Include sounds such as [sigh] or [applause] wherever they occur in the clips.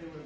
they were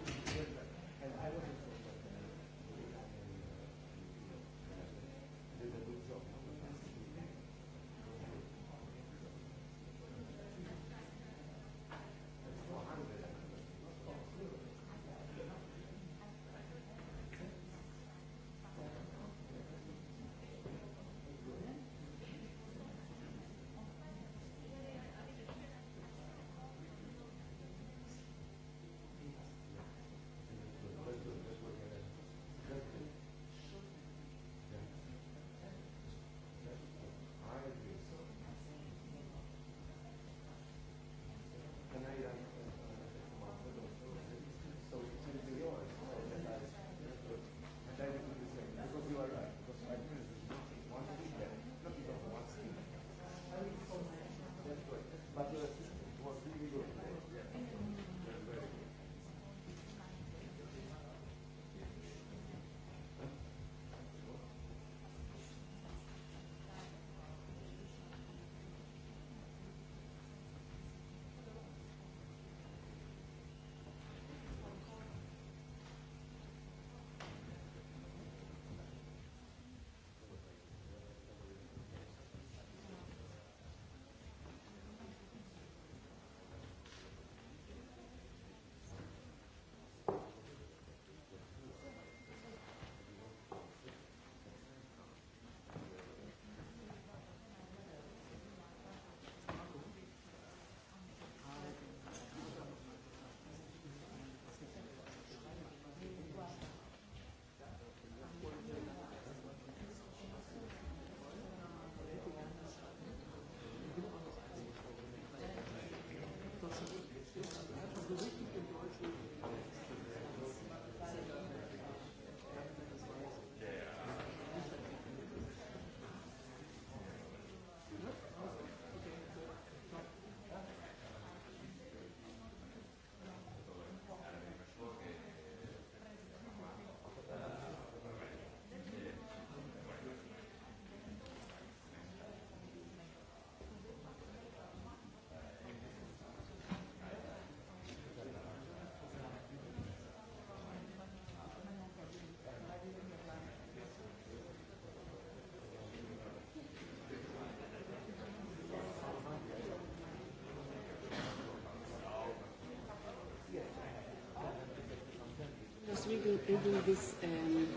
building, building this um,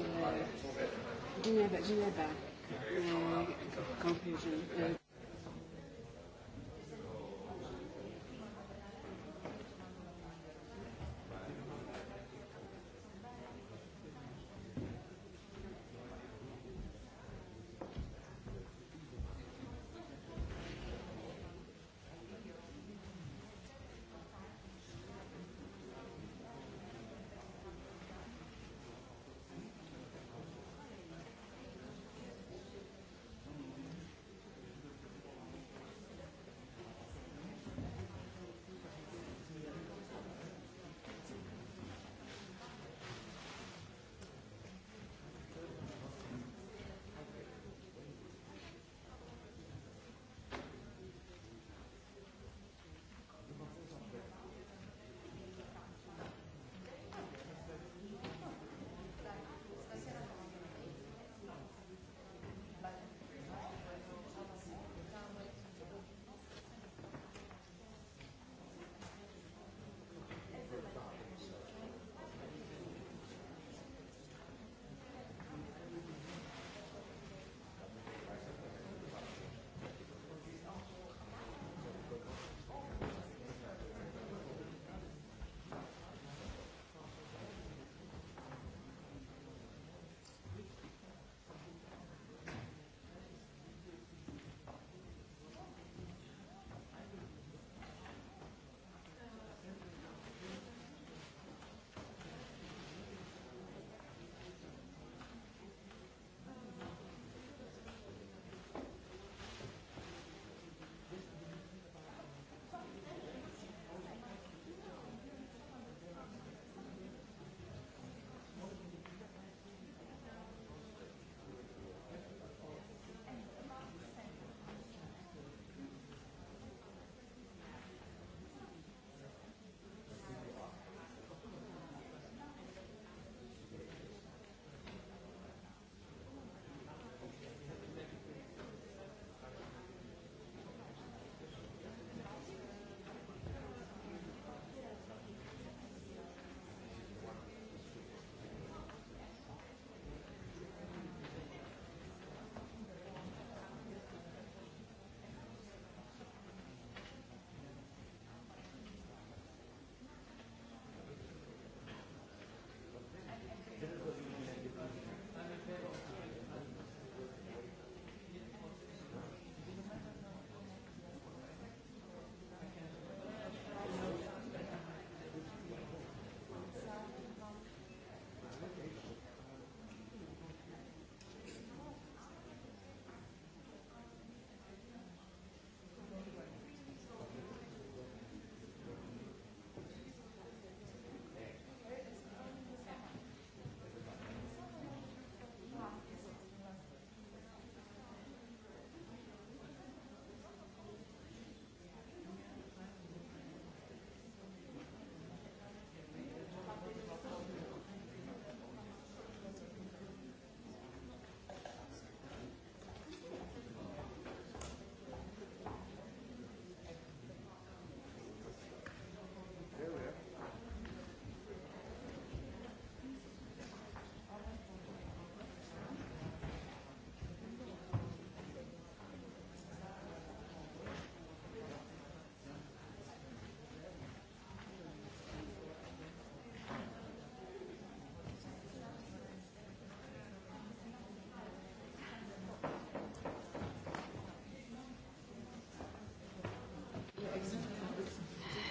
uh, Geneva, Geneva uh, conclusion. Uh,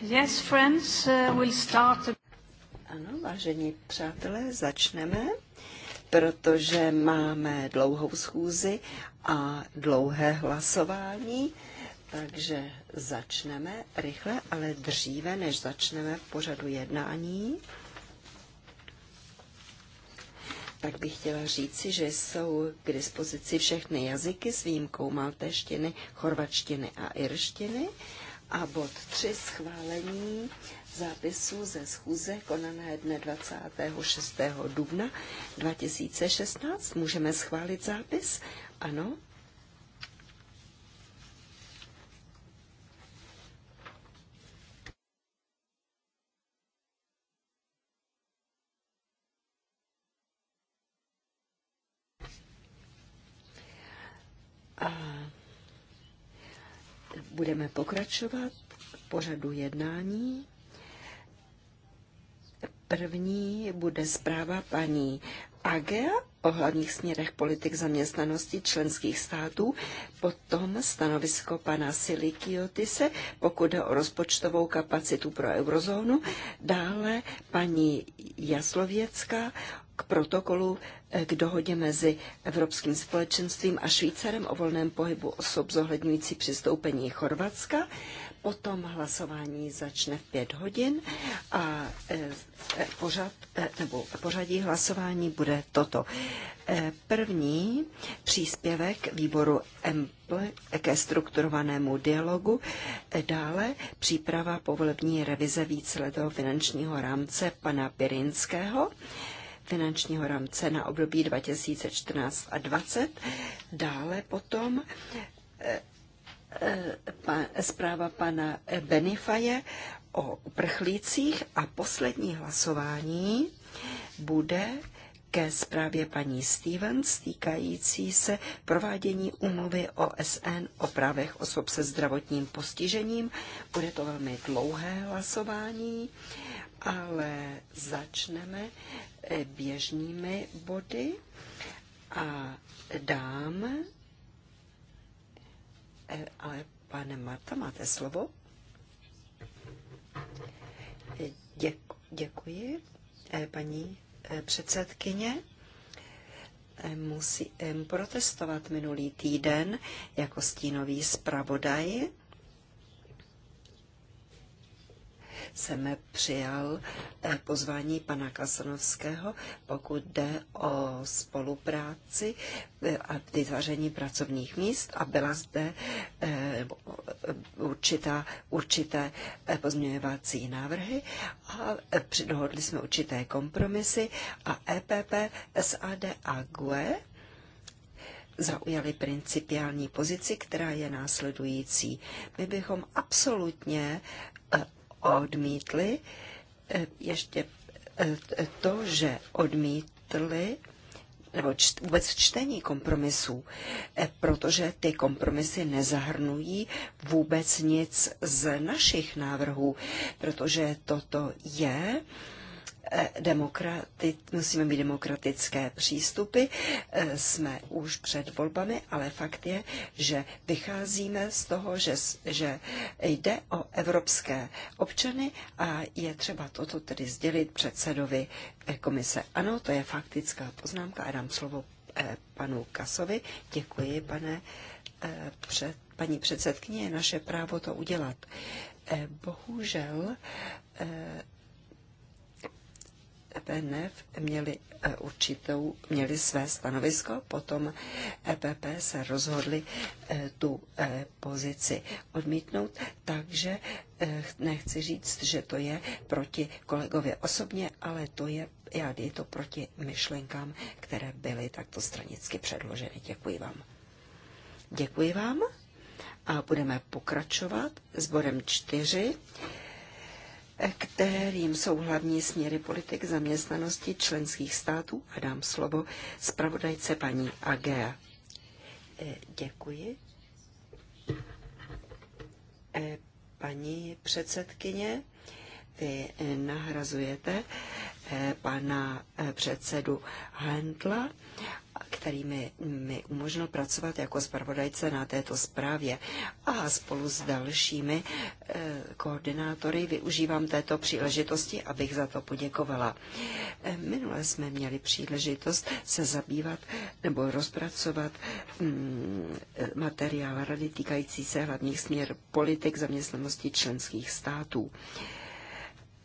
Yes, friends, uh, we'll start. Ano, vážení přátelé, začneme, protože máme dlouhou schůzi a dlouhé hlasování, takže začneme rychle, ale dříve, než začneme v pořadu jednání, tak bych chtěla říci, že jsou k dispozici všechny jazyky s výjimkou maltéštiny, chorvačtiny a irštiny. A bod 3 schválení zápisu ze schůze konané dne 26. dubna 2016. Můžeme schválit zápis? Ano. budeme pokračovat v pořadu jednání. První bude zpráva paní AGEA o hlavních směrech politik zaměstnanosti členských států, potom stanovisko pana Silikiotise, pokud jde o rozpočtovou kapacitu pro eurozónu, dále paní Jaslověcka k protokolu eh, k dohodě mezi Evropským společenstvím a Švýcarem o volném pohybu osob zohledňující přistoupení Chorvatska. Potom hlasování začne v pět hodin a eh, eh, pořad, nebo pořadí hlasování bude toto. První příspěvek výboru EMPL ke strukturovanému dialogu, dále příprava povolební revize víceletého finančního rámce pana Pirinského, finančního rámce na období 2014 a 2020. Dále potom eh, eh, zpráva pana Benifaje o uprchlících a poslední hlasování bude ke zprávě paní Stevens týkající se provádění úmluvy OSN o právech osob se zdravotním postižením. Bude to velmi dlouhé hlasování, ale začneme Eh, běžnými body a dám, eh, ale pane Marta, máte slovo? Eh, Děku, děkuji, paní předsedkyně musím protestovat minulý týden jako stínový zpravodaj jsem přijal eh, pozvání pana Kasanovského, pokud jde o spolupráci eh, a vytváření pracovních míst a byla zde eh, určitá, určité pozměňovací návrhy a dohodli jsme určité kompromisy a EPP, SAD a GUE zaujali principiální pozici, která je následující. My bychom absolutně odmítli eh, ještě eh, to, že odmítli nebo čt, vůbec čtení kompromisů, eh, protože ty kompromisy nezahrnují vůbec nic z našich návrhů, protože toto je Eh, demokrati- musíme mít demokratické přístupy. Eh, jsme už před volbami, ale fakt je, že vycházíme z toho, že, že jde o evropské občany a je třeba toto tedy sdělit předsedovi eh, komise. Ano, to je faktická poznámka a dám slovo panu Kasovi. Děkuji, pane před, paní předsedkyně, je naše právo to udělat. Bohužel EPNF měli e, určitou, měli své stanovisko, potom EPP se rozhodli e, tu e, pozici odmítnout, takže nechci říct, že to je proti kolegově osobně, ale to je, já je to proti myšlenkám, které byly takto stranicky předloženy. Děkuji vám. Děkuji vám a budeme pokračovat s bodem 4 kterým jsou hlavní směry politik zaměstnanosti členských států a dám slovo zpravodajce paní Agea. E, děkuji. E, paní předsedkyně, vy nahrazujete e, pana předsedu Hendla který mi, mi umožnil pracovat jako zpravodajce na této zprávě. A spolu s dalšími e, koordinátory využívám této příležitosti, abych za to poděkovala. E, minule jsme měli příležitost se zabývat nebo rozpracovat m, mm, materiál rady týkající se hlavních směr politik zaměstnanosti členských států. E,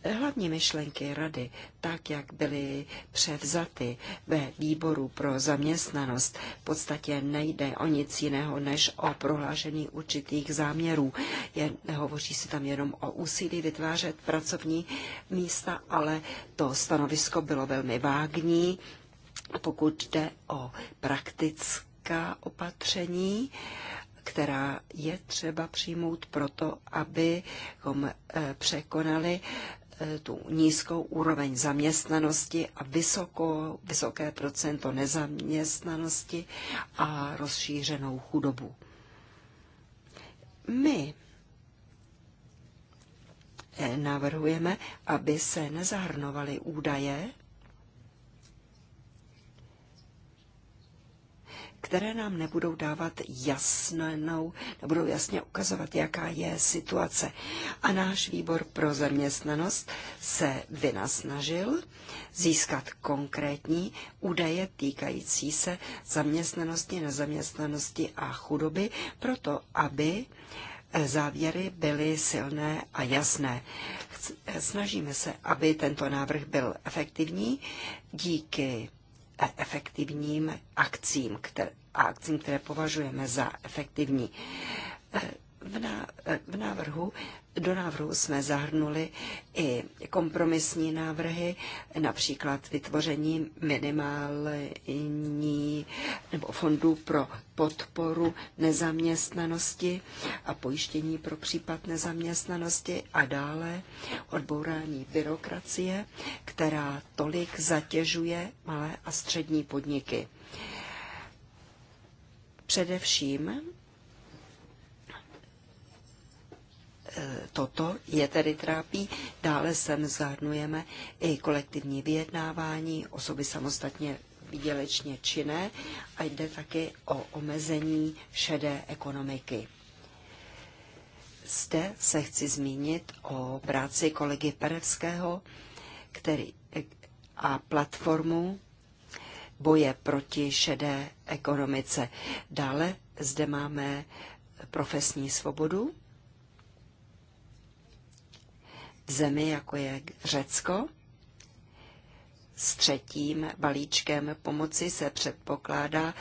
Hlavní myšlenky rady, tak jak byly převzaty ve výboru pro zaměstnanost, v podstatě nejde o nic jiného než o prohlášení určitých záměrů. Je, hovoří se tam jenom o úsilí vytvářet pracovní místa, ale to stanovisko bylo velmi vágní, pokud jde o praktická opatření která je třeba přijmout proto, abychom eh, překonali tu nízkou úroveň zaměstnanosti a vysoko, vysoké procento nezaměstnanosti a rozšířenou chudobu. My eh, navrhujeme, aby se nezahrnovaly údaje které nám nebudou dávat jasnou, nebudou jasně ukazovat, jaká je situace. A náš výbor pro zaměstnanost se vynasnažil získat konkrétní údaje týkající se zaměstnanosti, nezaměstnanosti a chudoby, proto aby eh, závěry byly silné a jasné. Eh, snažíme se, aby tento návrh byl efektivní díky efektivním akcím které, a akcím, které považujeme za efektivní. Eh, v, eh, v návrhu do návrhu jsme zahrnuli i kompromisní návrhy, například vytvoření minimální nebo fondů pro podporu nezaměstnanosti a pojištění pro případ nezaměstnanosti a dále odbourání byrokracie, která tolik zatěžuje malé a střední podniky. Především E, toto je tedy trápí. Dále sem zahrnujeme i kolektivní vyjednávání, osoby samostatně výdělečně činné a jde taky o omezení šedé ekonomiky. Zde se chci zmínit o práci kolegy Perevského který, a platformu boje proti šedé ekonomice. Dále zde máme profesní svobodu, zemi, jako je Řecko. S třetím balíčkem pomoci se předpokládá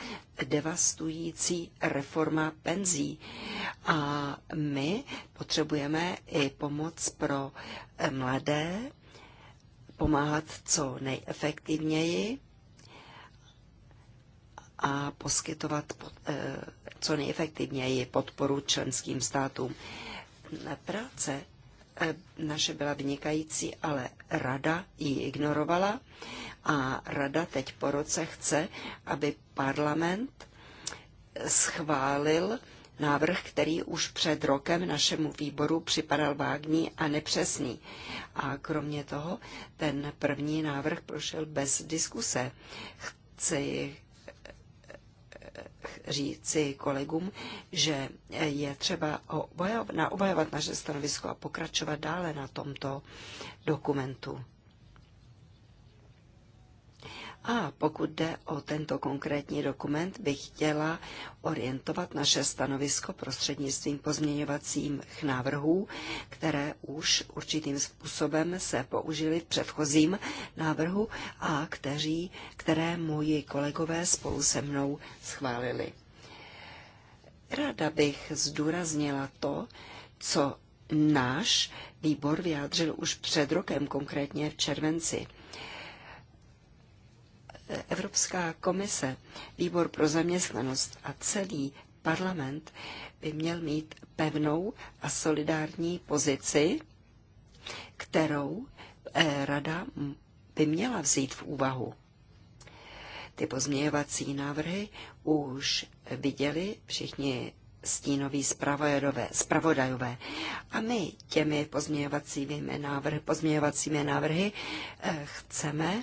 devastující reforma penzí. A my potřebujeme i pomoc pro eh, mladé, pomáhat co nejefektivněji a poskytovat eh, co nejefektivněji podporu členským státům. Práce Eh, naše byla vynikající, ale rada ji ignorovala a rada teď po roce chce, aby parlament schválil návrh, který už před rokem našemu výboru připadal vágní a nepřesný. A kromě toho ten první návrh prošel bez diskuse. Chci říci kolegům, že je třeba obojovat, naše stanovisko a pokračovat dále na tomto dokumentu. A pokud jde o tento konkrétní dokument, bych chtěla orientovat naše stanovisko prostřednictvím pozměňovacích návrhů, které už určitým způsobem se použily v předchozím návrhu a kteří, které moji kolegové spolu se mnou schválili. Ráda bych zdůraznila to, co náš výbor vyjádřil už před rokem, konkrétně v červenci – Evropská komise, výbor pro zaměstnanost a celý parlament by měl mít pevnou a solidární pozici, kterou eh, rada by měla vzít v úvahu. Ty pozměňovací návrhy už viděli všichni stínoví zpravodajové. A my těmi pozměňovacími návrhy, pozměňovacími návrhy eh, chceme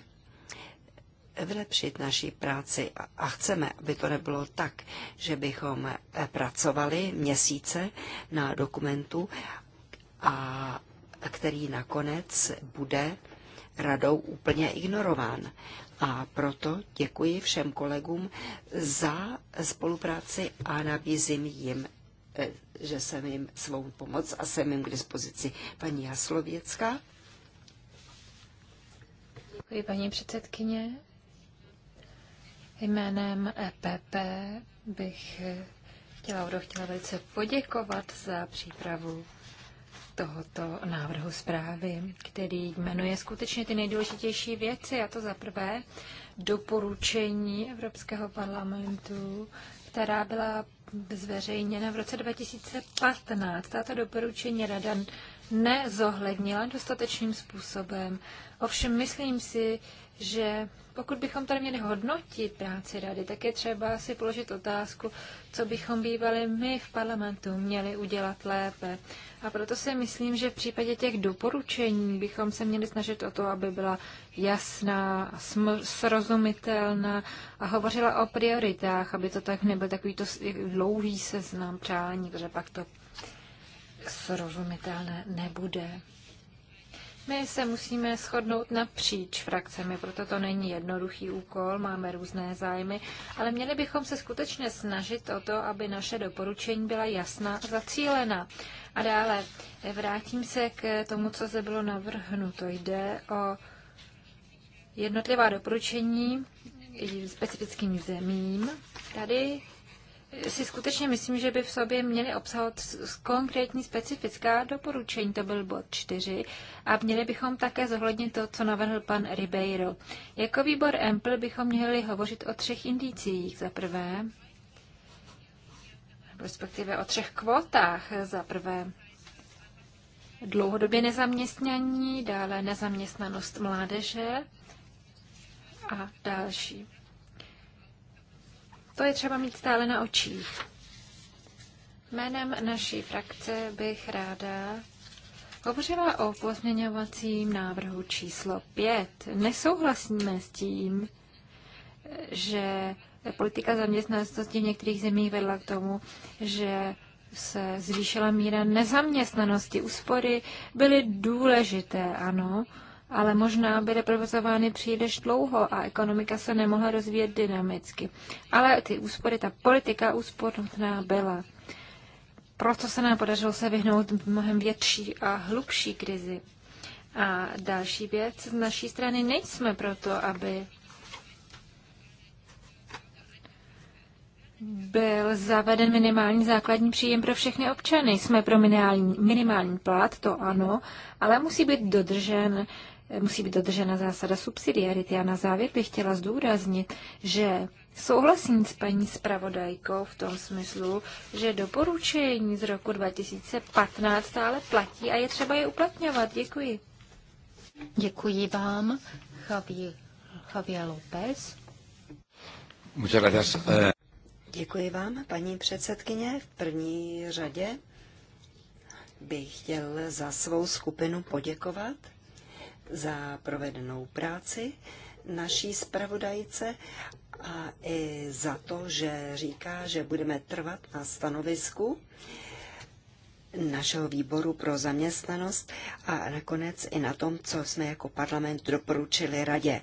vylepšit naší práci a chceme, aby to nebylo tak, že bychom eh, pracovali měsíce na dokumentu, a který nakonec bude radou úplně ignorován. A proto děkuji všem kolegům za spolupráci a nabízím jim, eh, že jsem jim svou pomoc a jsem jim k dispozici. Paní Jaslověcka. Děkuji, paní předsedkyně. Jménem EPP bych eh, chtěla, Odo, chtěla velice poděkovat za přípravu tohoto návrhu zprávy, který jmenuje skutečně ty nejdůležitější věci, a to za prvé doporučení Evropského parlamentu, která byla zveřejněna v roce 2015. Tato doporučení rada nezohlednila dostatečným způsobem. Ovšem myslím si, že pokud bychom tady měli hodnotit práci rady, tak je třeba si položit otázku, co bychom bývali my v parlamentu měli udělat lépe. A proto si myslím, že v případě těch doporučení bychom se měli snažit o to, aby byla jasná, srozumitelná a hovořila o prioritách, aby to tak nebyl takovýto dlouhý seznam přání, protože pak to srozumitelné nebude. My se musíme shodnout napříč frakcemi, proto to není jednoduchý úkol, máme různé zájmy, ale měli bychom se skutečně snažit o to, aby naše doporučení byla jasná a zacílená. A dále vrátím se k tomu, co zde bylo navrhnuto. Jde o jednotlivá doporučení specifickým zemím. Tady si skutečně myslím, že by v sobě měly obsahovat konkrétní specifická doporučení, to byl bod 4, a měli bychom také zohlednit to, co navrhl pan Ribeiro. Jako výbor EMPL bychom měli hovořit o třech indicích. Za prvé, respektive o třech kvotách. Za prvé, dlouhodobě nezaměstnaní, dále nezaměstnanost mládeže a další. To je třeba mít stále na očích. Jménem naší frakce bych ráda hovořila o pozměňovacím návrhu číslo 5. Nesouhlasíme s tím, že politika zaměstnanosti v některých zemích vedla k tomu, že se zvýšila míra nezaměstnanosti. Úspory byly důležité, ano, ale možná byly reprovozovány příliš dlouho a ekonomika se nemohla rozvíjet dynamicky. Ale ty úspory, ta politika úsporná byla. Proto se nám podařilo se vyhnout mnohem větší a hlubší krizi. A další věc, z naší strany nejsme proto, aby byl zaveden minimální základní příjem pro všechny občany. Jsme pro minimální, minimální plat, to ano, ale musí být dodržen musí být dodržena zásada subsidiarity. a na závěr bych chtěla zdůraznit, že souhlasím s paní zpravodajkou v tom smyslu, že doporučení z roku 2015 stále platí a je třeba je uplatňovat. Děkuji. Děkuji vám, Javier, Javier López. Eh, Děkuji vám, paní předsedkyně. V první řadě bych chtěl za svou skupinu poděkovat za provedenou práci naší zpravodajce a i za to, že říká, že budeme trvat na stanovisku našeho výboru pro zaměstnanost a nakonec i na tom, co jsme jako parlament doporučili radě.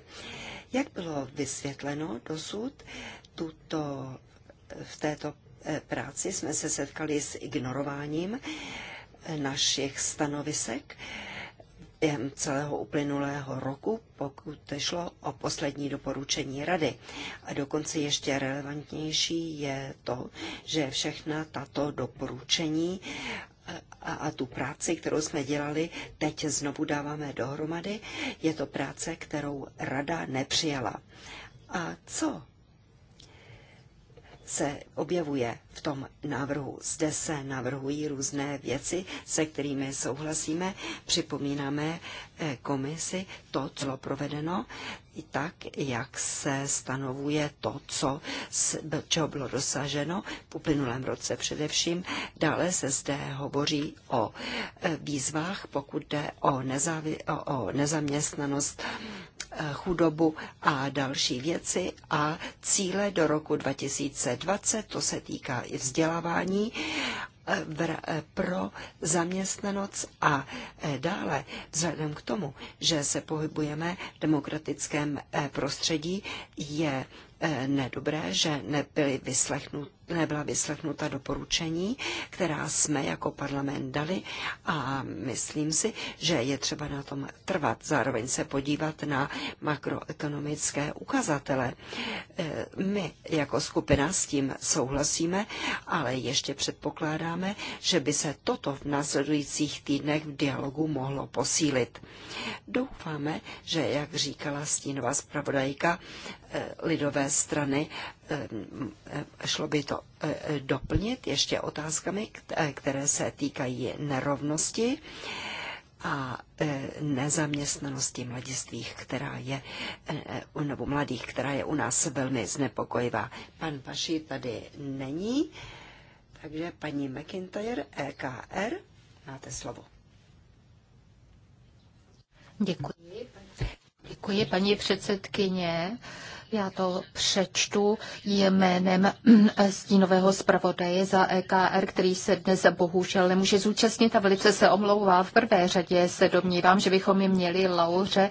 Jak bylo vysvětleno dosud, tuto, v této eh, práci jsme se setkali s ignorováním našich stanovisek během celého uplynulého roku, pokud šlo o poslední doporučení rady. A dokonce ještě relevantnější je to, že všechna tato doporučení a, a tu práci, kterou jsme dělali, teď znovu dáváme dohromady. Je to práce, kterou rada nepřijala. A co se objevuje v tom návrhu. Zde se navrhují různé věci, se kterými souhlasíme. Připomínáme eh, komisi to, co bylo provedeno, i tak, jak se stanovuje to, co, čeho bylo dosaženo v uplynulém roce především. Dále se zde hovoří o eh, výzvách, pokud jde o, nezávi, o, o nezaměstnanost chudobu a další věci a cíle do roku 2020, to se týká i vzdělávání eh, eh, pro zaměstnanost a eh, dále, vzhledem k tomu, že se pohybujeme v demokratickém prostředí, je nedobré, že nebyly vyslechnut nebyla vyslechnuta doporučení, která jsme jako parlament dali a myslím si, že je třeba na tom trvat. Zároveň se podívat na makroekonomické ukazatele. Eh, my jako skupina s tím souhlasíme, ale ještě předpokládáme, že by se toto v následujících týdnech v dialogu mohlo posílit. Doufáme, že, jak říkala stínová zpravodajka eh, lidové strany, Ehm, šlo by to e, doplnit ještě otázkami, e, které se týkají nerovnosti a e, nezaměstnanosti mladistvých, která je, nebo mladých, která je u nás velmi znepokojivá. Pan Paši tady není, takže paní McIntyre, EKR, máte slovo. Děkuji. Děkuji, paní předsedkyně. Já to přečtu jménem [clears throat] stínového zpravodaje za EKR, který se dnes bohužel nemůže zúčastnit a velice se omlouvá. V prvé řadě se domnívám, že bychom ji měli Lauře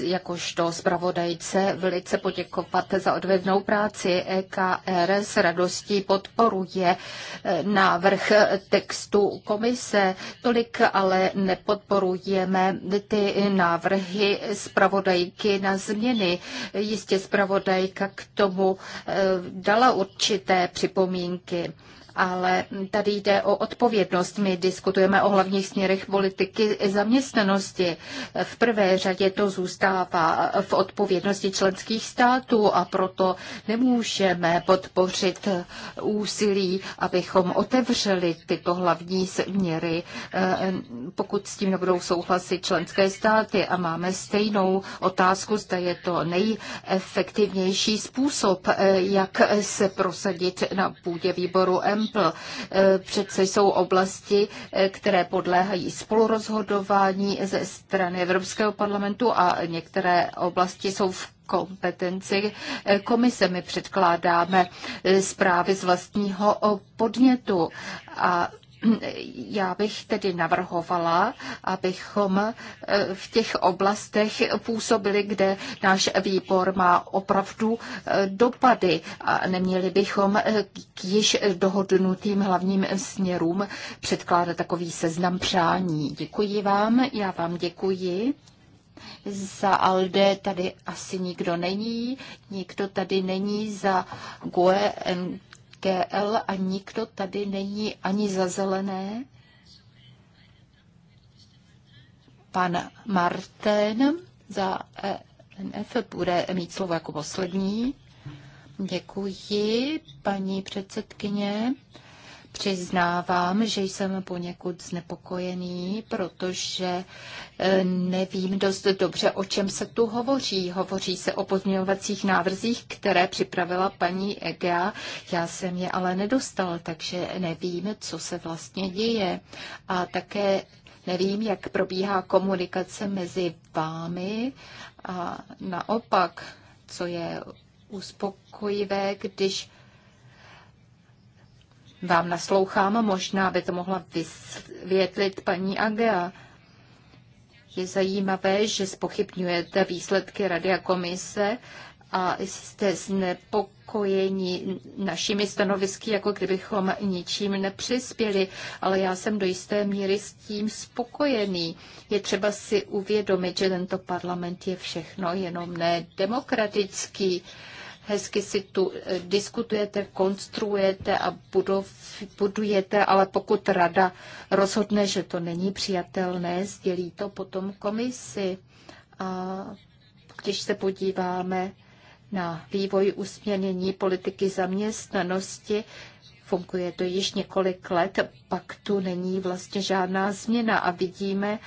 jakožto zpravodajce velice poděkovat za odvednou práci. EKR s radostí podporuje e, návrh textu komise, tolik ale nepodporujeme ty návrhy zpravodajky na změny. Jistě zpravodajka k tomu e, dala určité připomínky ale tady jde o odpovědnost. My diskutujeme o hlavních směrech politiky zaměstnanosti. V prvé řadě to zůstává v odpovědnosti členských států a proto nemůžeme podpořit úsilí, abychom otevřeli tyto hlavní směry, eh, pokud s tím nebudou souhlasit členské státy. A máme stejnou otázku, zda je to nejefektivnější způsob, eh, jak se prosadit na půdě výboru M EMPL. Eh, přece jsou oblasti, eh, které podléhají spolurozhodování ze strany Evropského parlamentu a některé oblasti jsou v kompetenci eh, komise. My předkládáme zprávy z vlastního podnětu a já bych tedy navrhovala, abychom eh, v těch oblastech působili, kde náš výbor má opravdu eh, dopady a neměli bychom eh, k již dohodnutým hlavním směrům předkládat takový seznam přání. Děkuji vám, já vám děkuji. Za Alde tady asi nikdo není, nikdo tady není za GUE KL a nikdo tady není ani za zelené. Pan Martin za e NF bude mít slovo jako poslední. Děkuji, paní předsedkyně. Přiznávám, že jsem poněkud znepokojený, protože e, nevím dost dobře, o čem se tu hovoří. Hovoří se o pozměňovacích návrzích, které připravila paní Egea. Já jsem je ale nedostal, takže nevím, co se vlastně děje. A také nevím, jak probíhá komunikace mezi vámi a naopak, co je uspokojivé, když vám naslouchám, možná by to mohla vysvětlit paní Agea. Je zajímavé, že spochybňujete výsledky Rady a komise a jste znepokojeni našimi stanovisky, jako kdybychom ničím nepřispěli, ale já jsem do jisté míry s tím spokojený. Je třeba si uvědomit, že tento parlament je všechno, jenom nedemokratický. demokratický hezky si tu eh, diskutujete, konstruujete a budujete, ale pokud rada rozhodne, že to není přijatelné, sdělí to potom komisi. A když se podíváme na vývoj usměrnění politiky zaměstnanosti, funguje to již několik let, pak tu není vlastně žádná změna a vidíme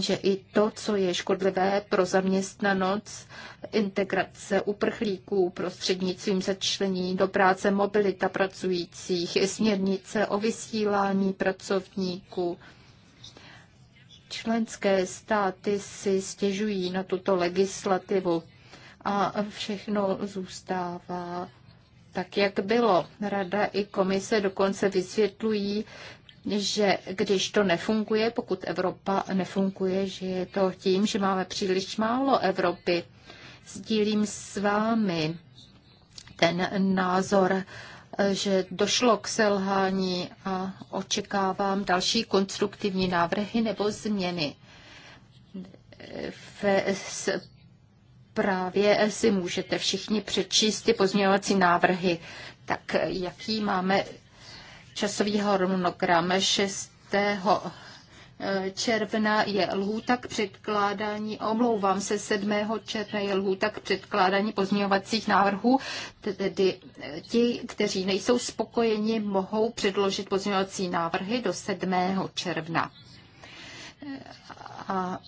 že i to, co je škodlivé pro zaměstnanost, integrace uprchlíků prostřednictvím začlení do práce mobilita pracujících, směrnice o vysílání pracovníků, členské státy si stěžují na tuto legislativu a všechno zůstává tak, jak bylo. Rada i komise dokonce vysvětlují, že když to nefunguje, pokud Evropa nefunguje, že je to tím, že máme příliš málo Evropy. Sdílím s vámi ten názor, že došlo k selhání a očekávám další konstruktivní návrhy nebo změny. Ve právě si můžete všichni přečíst ty pozměňovací návrhy. Tak jaký máme časový harmonogram 6. Eh, června je lhůta k předkládání, omlouvám se, 7. června je lhůta k předkládání pozměňovacích návrhů, tedy eh, ti, kteří nejsou spokojeni, mohou předložit pozměňovací návrhy do 7. června. Eh, a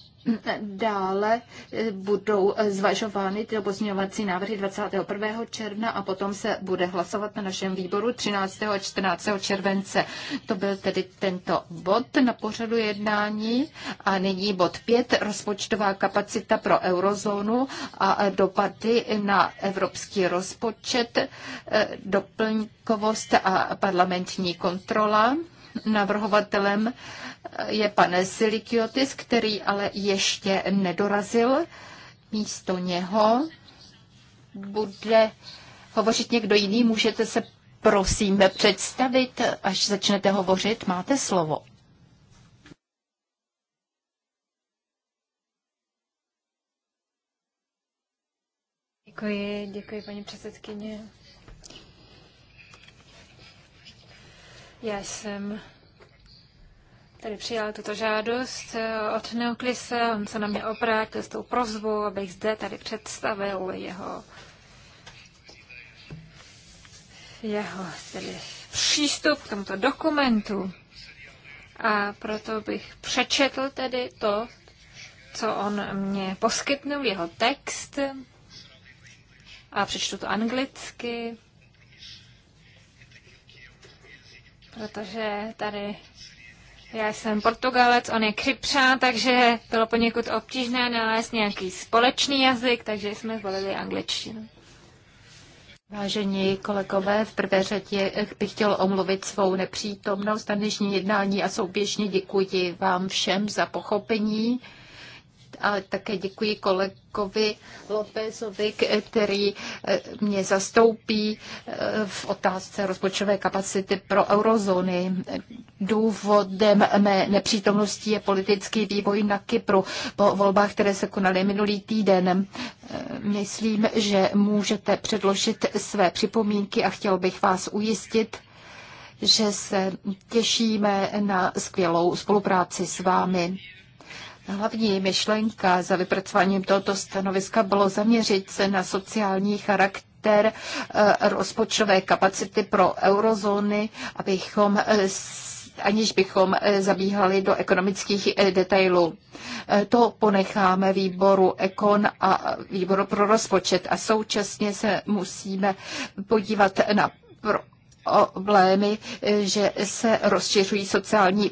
Dále eh, budou eh, zvažovány ty pozměňovací návrhy 21. června a potom se bude hlasovat na našem výboru 13. a 14. července. To byl tedy tento bod na pořadu jednání a nyní bod 5, rozpočtová kapacita pro eurozónu a eh, dopady na evropský rozpočet, doplňkovost a parlamentní kontrola. Navrhovatelem je pan Silikiotis, který ale ještě nedorazil. Místo něho bude hovořit někdo jiný. Můžete se prosím představit, až začnete hovořit, máte slovo. Děkuji, děkuji paní předsedkyně. Já jsem tady přijal tuto žádost eh, od Neoklise, on se na mě oprátil s tou prozbou, abych zde tady představil jeho jeho tedy přístup k tomuto dokumentu. A proto bych přečetl tedy to, co on mě poskytnul, jeho text. A přečtu to anglicky. protože tady já jsem Portugalec, on je Kypřan, takže bylo poněkud obtížné nalézt nějaký společný jazyk, takže jsme zvolili angličtinu. Vážení kolegové, v prvé řadě eh, bych chtěl omluvit svou nepřítomnost na dnešní jednání a souběžně děkuji vám všem za pochopení. Ale také děkuji kolegovi Lopezovi, který eh, mě zastoupí eh, v otázce rozpočtové kapacity pro eurozóny. Důvodem mé nepřítomnosti je politický vývoj na Kypru po volbách, které se konaly minulý týden. Eh, myslím, že můžete předložit své připomínky a chtěl bych vás ujistit, že se těšíme na skvělou spolupráci s vámi. Hlavní myšlenka za vypracováním tohoto stanoviska bylo zaměřit se na sociální charakter eh, rozpočtové kapacity pro eurozóny, abychom eh, aniž bychom eh, zabíhali do ekonomických detailů. To ponecháme výboru Ekon a výboru pro rozpočet a současně se musíme podívat na problémy, že se rozšiřují sociální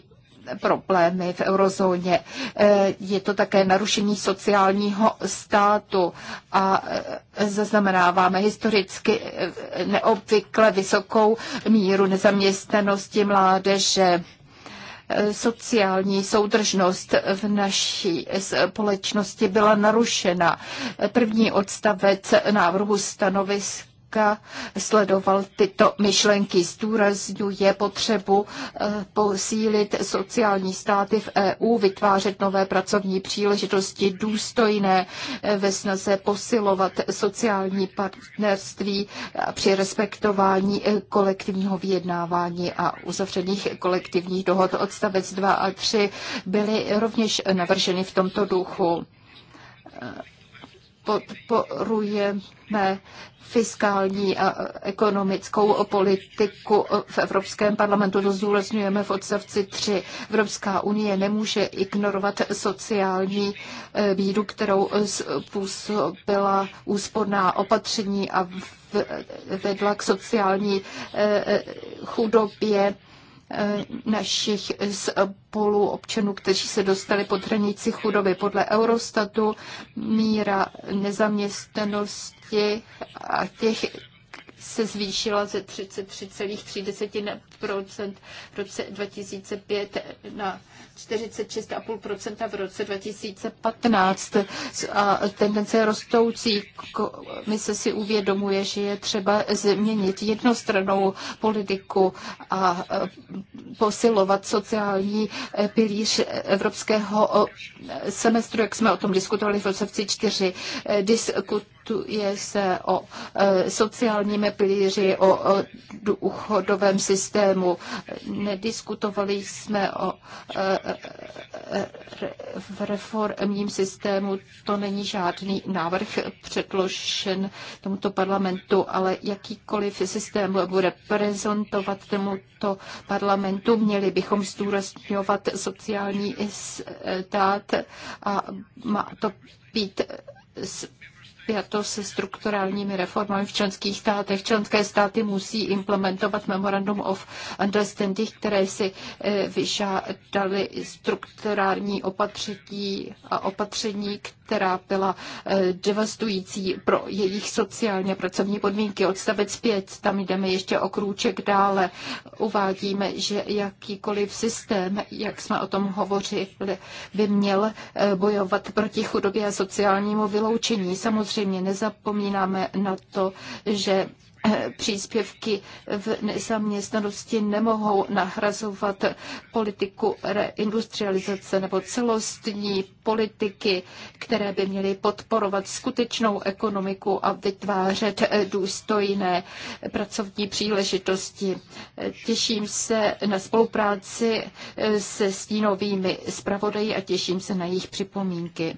problémy v eurozóně. Eh, je to také narušení sociálního státu a eh, zaznamenáváme historicky eh, neobvykle vysokou míru nezaměstnanosti mládeže sociální soudržnost v naší společnosti byla narušena. První odstavec návrhu stanoviska Baroka sledoval tyto myšlenky. Zdůrazňuje potřebu eh, posílit sociální státy v EU, vytvářet nové pracovní příležitosti důstojné eh, ve snaze posilovat sociální partnerství při respektování eh, kolektivního vyjednávání a uzavřených kolektivních dohod. Odstavec 2 a 3 byly rovněž navrženy v tomto duchu podporujeme fiskální a ekonomickou politiku v Evropském parlamentu. To zdůrazňujeme v odstavci 3. Evropská unie nemůže ignorovat sociální eh, bídu, kterou způsobila úsporná opatření a vedla k sociální eh, eh, chudobě Eh, našich spoluobčanů, kteří se dostali pod hranici chudoby. Podle Eurostatu míra nezaměstnanosti a těch, se zvýšila ze 33,3% v roce 2005 na 46,5% v roce 2015. A tendence rostoucí. Komise si uvědomuje, že je třeba změnit jednostranou politiku a e, posilovat sociální e, pilíř evropského e, semestru, jak jsme o tom diskutovali v roce 4. Diskut Diskutuje se o e, sociálním pilíři, o důchodovém systému. Nediskutovali jsme o e, e, v reformním systému. To není žádný návrh předložen tomuto parlamentu, ale jakýkoliv systém bude prezentovat tomuto parlamentu. Měli bychom zdůrazňovat sociální stát a má to být spjato se strukturálními reformami v členských státech. Členské státy musí implementovat Memorandum of Understanding, které si eh, vyžádali strukturální opatření a opatření, které která byla eh, devastující pro jejich sociálně pracovní podmínky. Odstavec 5, tam jdeme ještě o krůček dále. Uvádíme, že jakýkoliv systém, jak jsme o tom hovořili, by měl eh, bojovat proti chudobě a sociálnímu vyloučení. Samozřejmě nezapomínáme na to, že Eh, příspěvky v nezaměstnanosti nemohou nahrazovat politiku reindustrializace nebo celostní politiky, které by měly podporovat skutečnou ekonomiku a vytvářet eh, důstojné eh, pracovní příležitosti. Těším se na spolupráci se stínovými zpravodaji a těším se na jejich připomínky.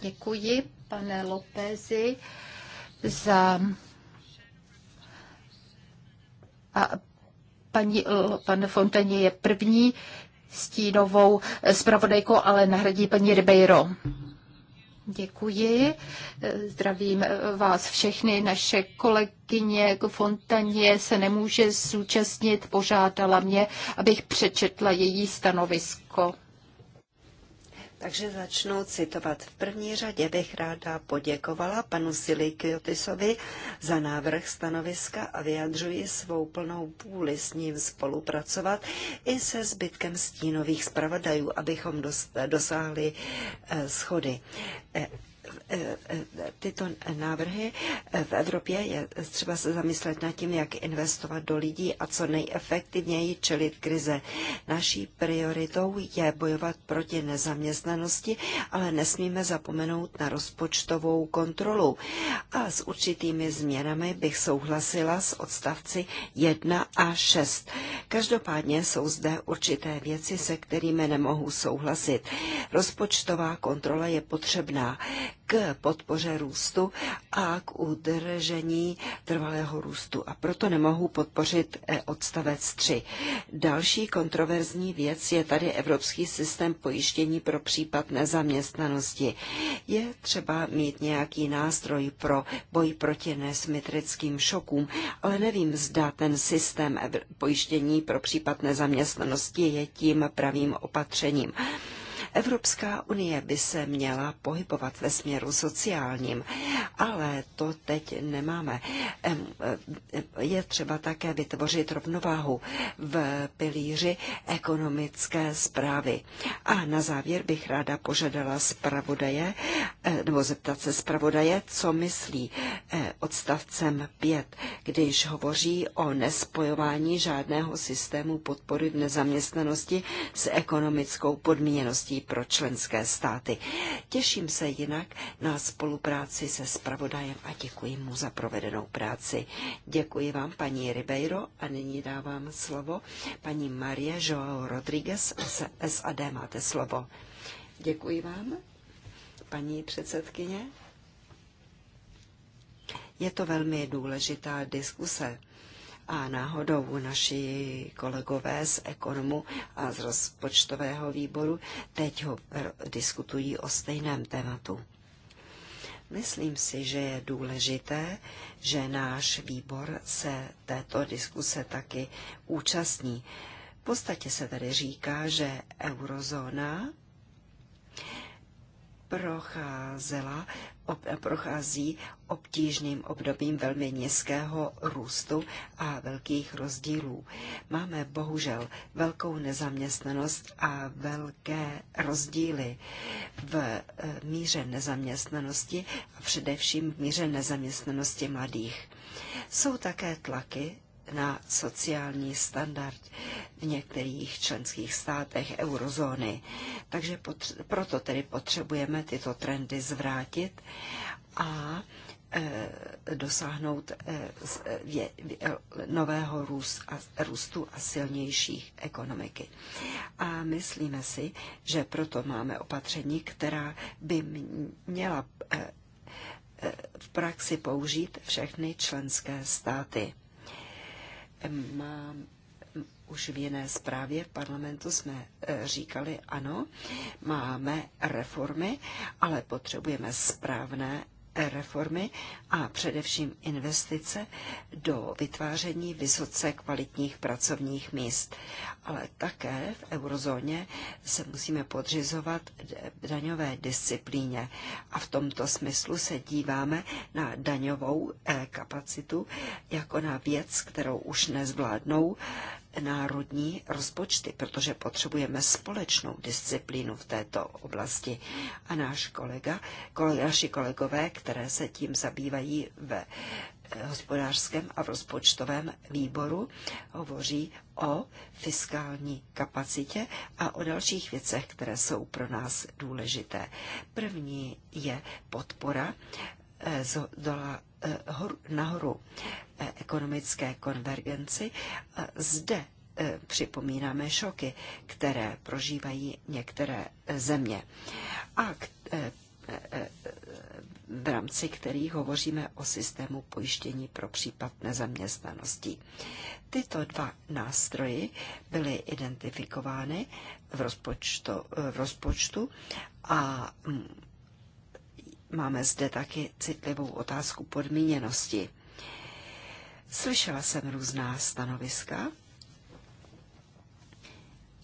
Děkuji, pane Lopezi za a paní eh, pan Fontaine je první stínovou eh, zpravodajkou, ale nahradí paní Ribeiro. Děkuji. Eh, zdravím vás všechny. Naše kolegyně Fontaně se nemůže zúčastnit. Požádala mě, abych přečetla její stanovisko. Takže začnu citovat. V první řadě bych ráda poděkovala panu Silikiotisovi za návrh stanoviska a vyjadřuji svou plnou půli s ním spolupracovat i se zbytkem stínových zpravodajů, abychom dosáhli eh, schody. Eh, Eh, eh, tyto návrhy v Evropě je třeba se zamyslet nad tím, jak investovat do lidí a co nejefektivněji čelit krize. Naší prioritou je bojovat proti nezaměstnanosti, ale nesmíme zapomenout na rozpočtovou kontrolu. A s určitými změnami bych souhlasila s odstavci 1 a 6. Každopádně jsou zde určité věci, se kterými nemohu souhlasit. Rozpočtová kontrola je potřebná k podpoře růstu a k udržení trvalého růstu. A proto nemohu podpořit eh, odstavec 3. Další kontroverzní věc je tady Evropský systém pojištění pro případ nezaměstnanosti. Je třeba mít nějaký nástroj pro boj proti nesymetrickým šokům, ale nevím, zda ten systém pojištění pro případ nezaměstnanosti je tím pravým opatřením. Evropská unie by se měla pohybovat ve směru sociálním, ale to teď nemáme. Je třeba také vytvořit rovnováhu v pilíři ekonomické zprávy. A na závěr bych ráda požadala zpravodaje, eh, nebo zeptat se zpravodaje, co myslí eh, odstavcem 5, když hovoří o nespojování žádného systému podpory v nezaměstnanosti s ekonomickou podmíněností pro členské státy. Těším se jinak na spolupráci se spravodajem a děkuji mu za provedenou práci. Děkuji vám, paní Ribeiro, a nyní dávám slovo paní Maria Joao Rodriguez z SAD. Máte slovo. Děkuji vám, paní předsedkyně. Je to velmi důležitá diskuse a náhodou naši kolegové z ekonomu a z rozpočtového výboru teď ho diskutují o stejném tématu. Myslím si, že je důležité, že náš výbor se této diskuse taky účastní. V podstatě se tady říká, že eurozóna procházela, ob, prochází obtížným obdobím velmi nízkého růstu a velkých rozdílů. Máme bohužel velkou nezaměstnanost a velké rozdíly v eh, míře nezaměstnanosti a především v míře nezaměstnanosti mladých. Jsou také tlaky na sociální standard v některých členských státech eurozóny. Takže proto tedy potřebujeme tyto trendy zvrátit a e, dosáhnout e, e, nového růstu a silnějších ekonomiky. A myslíme si, že proto máme opatření, která by měla v praxi použít všechny členské státy. Mám už v jiné zprávě v parlamentu jsme eh, říkali, ano, máme reformy, ale potřebujeme správné reformy a především investice do vytváření vysoce kvalitních pracovních míst. Ale také v eurozóně se musíme podřizovat daňové disciplíně a v tomto smyslu se díváme na daňovou eh, kapacitu jako na věc, kterou už nezvládnou národní rozpočty, protože potřebujeme společnou disciplínu v této oblasti. A náš kolega, kolega naši kolegové, které se tím zabývají ve eh, hospodářském a v rozpočtovém výboru hovoří o fiskální kapacitě a o dalších věcech, které jsou pro nás důležité. První je podpora eh, z dola, eh, nahoru E, ekonomické konvergenci. E, zde e, připomínáme šoky, které prožívají některé země a v rámci kterých hovoříme o systému pojištění pro případ nezaměstnanosti. Tyto dva nástroje byly identifikovány v rozpočtu, v rozpočtu a mm, máme zde taky citlivou otázku podmíněnosti Slyšela jsem různá stanoviska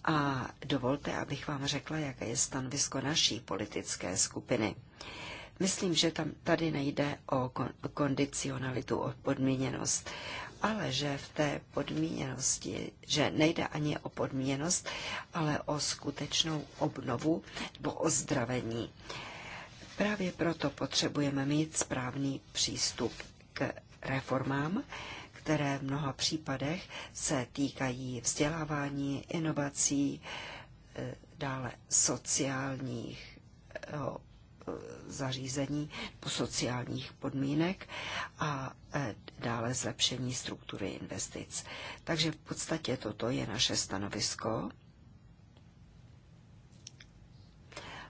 a dovolte, abych vám řekla, jaké je stanovisko naší politické skupiny. Myslím, že tam tady nejde o kondicionalitu, o podmíněnost, ale že v té podmíněnosti, že nejde ani o podmíněnost, ale o skutečnou obnovu nebo ozdravení. Právě proto potřebujeme mít správný přístup k reformám, které v mnoha případech se týkají vzdělávání, inovací, eh, dále sociálních eh, zařízení po sociálních podmínek a eh, dále zlepšení struktury investic. Takže v podstatě toto je naše stanovisko.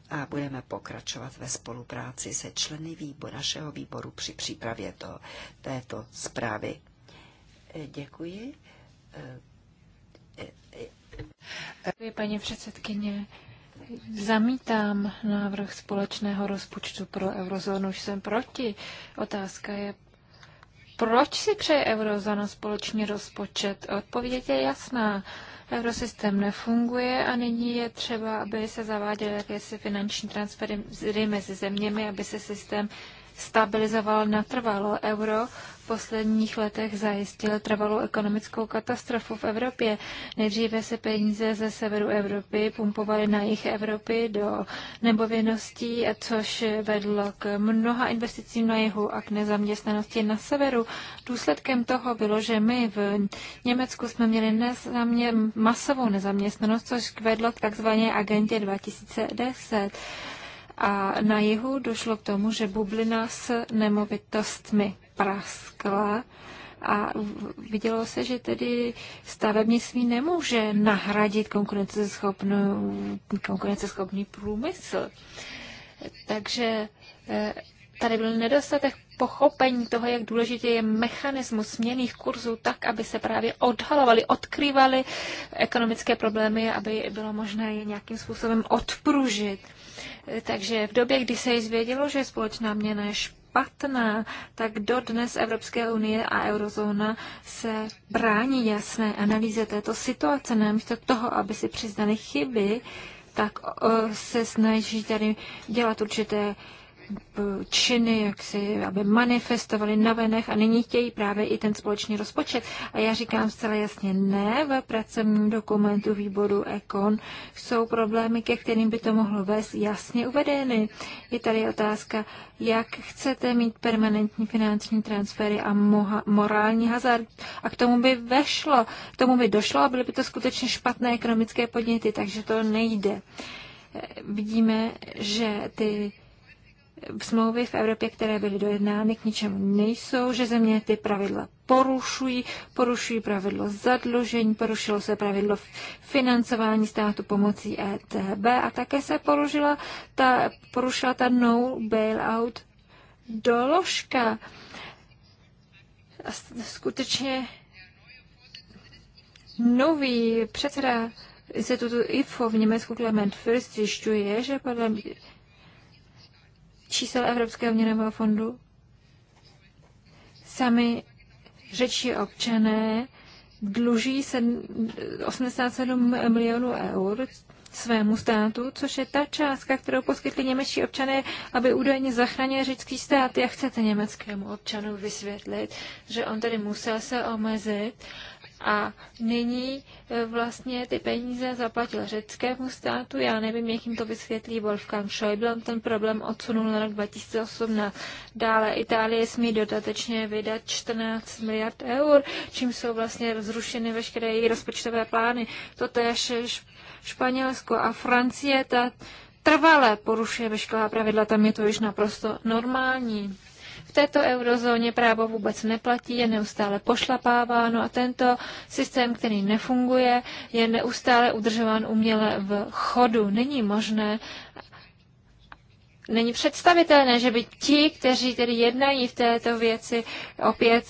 a budeme pokračovat ve spolupráci se členy výboru, našeho výboru při přípravě to, této zprávy. Děkuji. Děkuji, paní předsedkyně. Zamítám návrh společného rozpočtu pro eurozónu, už jsem proti. Otázka je, proč si přeje eurozóna společný rozpočet? Odpověď je jasná. Eurosystém nefunguje a nyní je třeba, aby se zaváděly jakési finanční transfery mezi zeměmi, aby se systém stabilizoval natrvalo euro, posledních letech zajistil trvalou ekonomickou katastrofu v Evropě. Nejdříve se peníze ze severu Evropy pumpovaly na jih Evropy do nebovinností, což vedlo k mnoha investicím na jihu a k nezaměstnanosti na severu. Důsledkem toho bylo, že my v Německu jsme měli nezamě, masovou nezaměstnanost, což vedlo k takzvané agentě 2010. A na jihu došlo k tomu, že bublina s nemovitostmi praskla a vidělo se, že tedy stavebnictví nemůže nahradit konkurenceschopný, konkurenceschopný průmysl. Takže eh, tady byl nedostatek pochopení toho, jak důležitý je mechanismus směných kurzů, tak, aby se právě odhalovaly, odkrývali ekonomické problémy, aby bylo možné je nějakým způsobem odpružit. Takže v době, kdy se jí zvědělo, že společná měna je špatná, tak dodnes Evropské unie a eurozóna se brání jasné analýze této situace, namísto toho, aby si přiznali chyby, tak eh, se snaží tady dělat určité Eh, činy, jak si, aby manifestovali na venech a nyní chtějí právě i ten společný rozpočet. A já říkám zcela jasně ne, ve pracovním dokumentu výboru ECON jsou problémy, ke kterým by to mohlo vést jasně uvedeny. Je tady otázka, jak chcete mít permanentní finanční transfery a moha, morální hazard. A k tomu by vešlo, k tomu by došlo a byly by to skutečně špatné ekonomické podněty, takže to nejde eh, vidíme, že ty smlouvy v Evropě, které byly dojednány, k ničemu nejsou, že země ty pravidla porušují, porušují pravidlo zadlužení, porušilo se pravidlo financování státu pomocí ETB a také se porušila ta, porušila ta no bailout doložka. A skutečně nový předseda institutu IFO v Německu Clement First zjišťuje, že podle čísel Evropského měnového fondu. Sami řeči občané dluží 87 milionů eur svému státu, což je ta částka, kterou poskytli němečtí občané, aby údajně zachránili řecký stát. Jak chcete německému občanu vysvětlit, že on tedy musel se omezit a nyní e, vlastně ty peníze zaplatil řeckému státu. Já nevím, jak jim to vysvětlí Wolfgang Schäuble. On ten problém odsunul na rok 2018. Dále Itálie smí dodatečně vydat 14 miliard eur, čím jsou vlastně zrušeny veškeré její rozpočtové plány. Toto je Španělsko a Francie, ta trvalé porušuje veškerá pravidla, tam je to již naprosto normální této eurozóně právo vůbec neplatí, je neustále pošlapáváno a tento systém, který nefunguje, je neustále udržován uměle v chodu. Není možné, není představitelné, že by ti, kteří tedy jednají v této věci, opět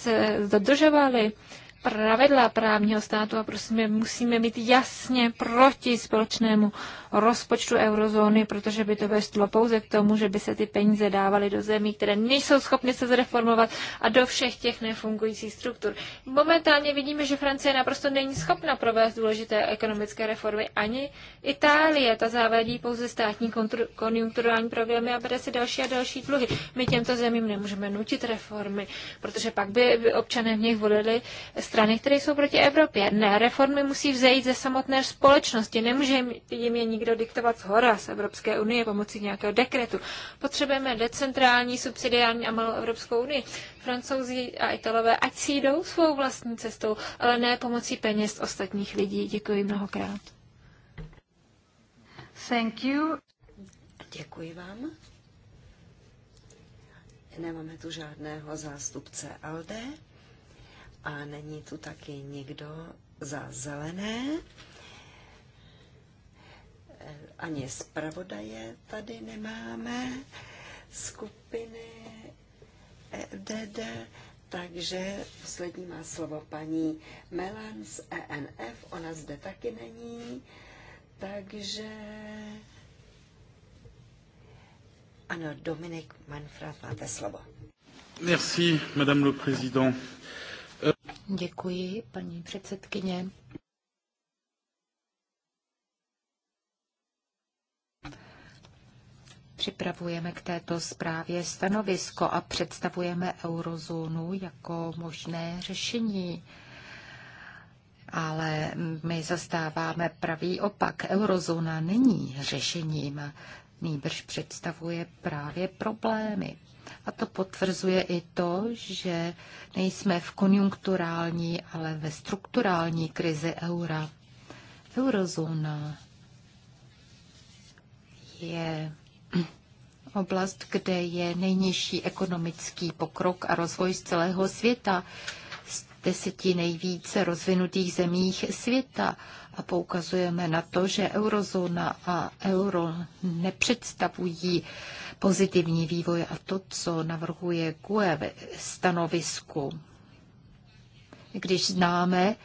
dodržovali eh, pravidla právního státu a prosím, musíme mít jasně proti společnému rozpočtu eurozóny, protože by to vestlo pouze k tomu, že by se ty peníze dávaly do zemí, které nejsou schopny se zreformovat a do všech těch nefungujících struktur. Momentálně vidíme, že Francie naprosto není schopna provést důležité ekonomické reformy, ani Itálie. Ta závadí pouze státní konjunkturální programy a bere si další a další dluhy. My těmto zemím nemůžeme nutit reformy, protože pak by občané v nich volili strany, které jsou proti Evropě. Ne, reformy musí vzejít ze samotné společnosti. Nemůže jim je nikdo diktovat z hora z Evropské unie pomocí nějakého dekretu. Potřebujeme decentrální, subsidiální a malou Evropskou unii. Francouzi a Italové, ať si jdou svou vlastní cestou, ale ne pomocí peněz ostatních lidí. Děkuji mnohokrát. Thank you. Děkuji vám. Nemáme tu žádného zástupce ALDE. A není tu taky nikdo za zelené. Ani zpravodaje tady nemáme. Skupiny EDD. Takže poslední má slovo paní Melan z ENF. Ona zde taky není. Takže... Ano, Dominik Manfred, máte slovo. Merci, madame le président. Děkuji, paní předsedkyně. Připravujeme k této zprávě stanovisko a představujeme eurozónu jako možné řešení. Ale my zastáváme pravý opak. Eurozóna není řešením, nýbrž představuje právě problémy. A to potvrzuje i to, že nejsme v konjunkturální, ale ve strukturální krizi eura. Eurozóna je oblast, kde je nejnižší ekonomický pokrok a rozvoj z celého světa, z deseti nejvíce rozvinutých zemích světa. A poukazujeme na to, že eurozóna a euro nepředstavují uh, pozitivní vývoj a to, co navrhuje GUE v stanovisku. Když známe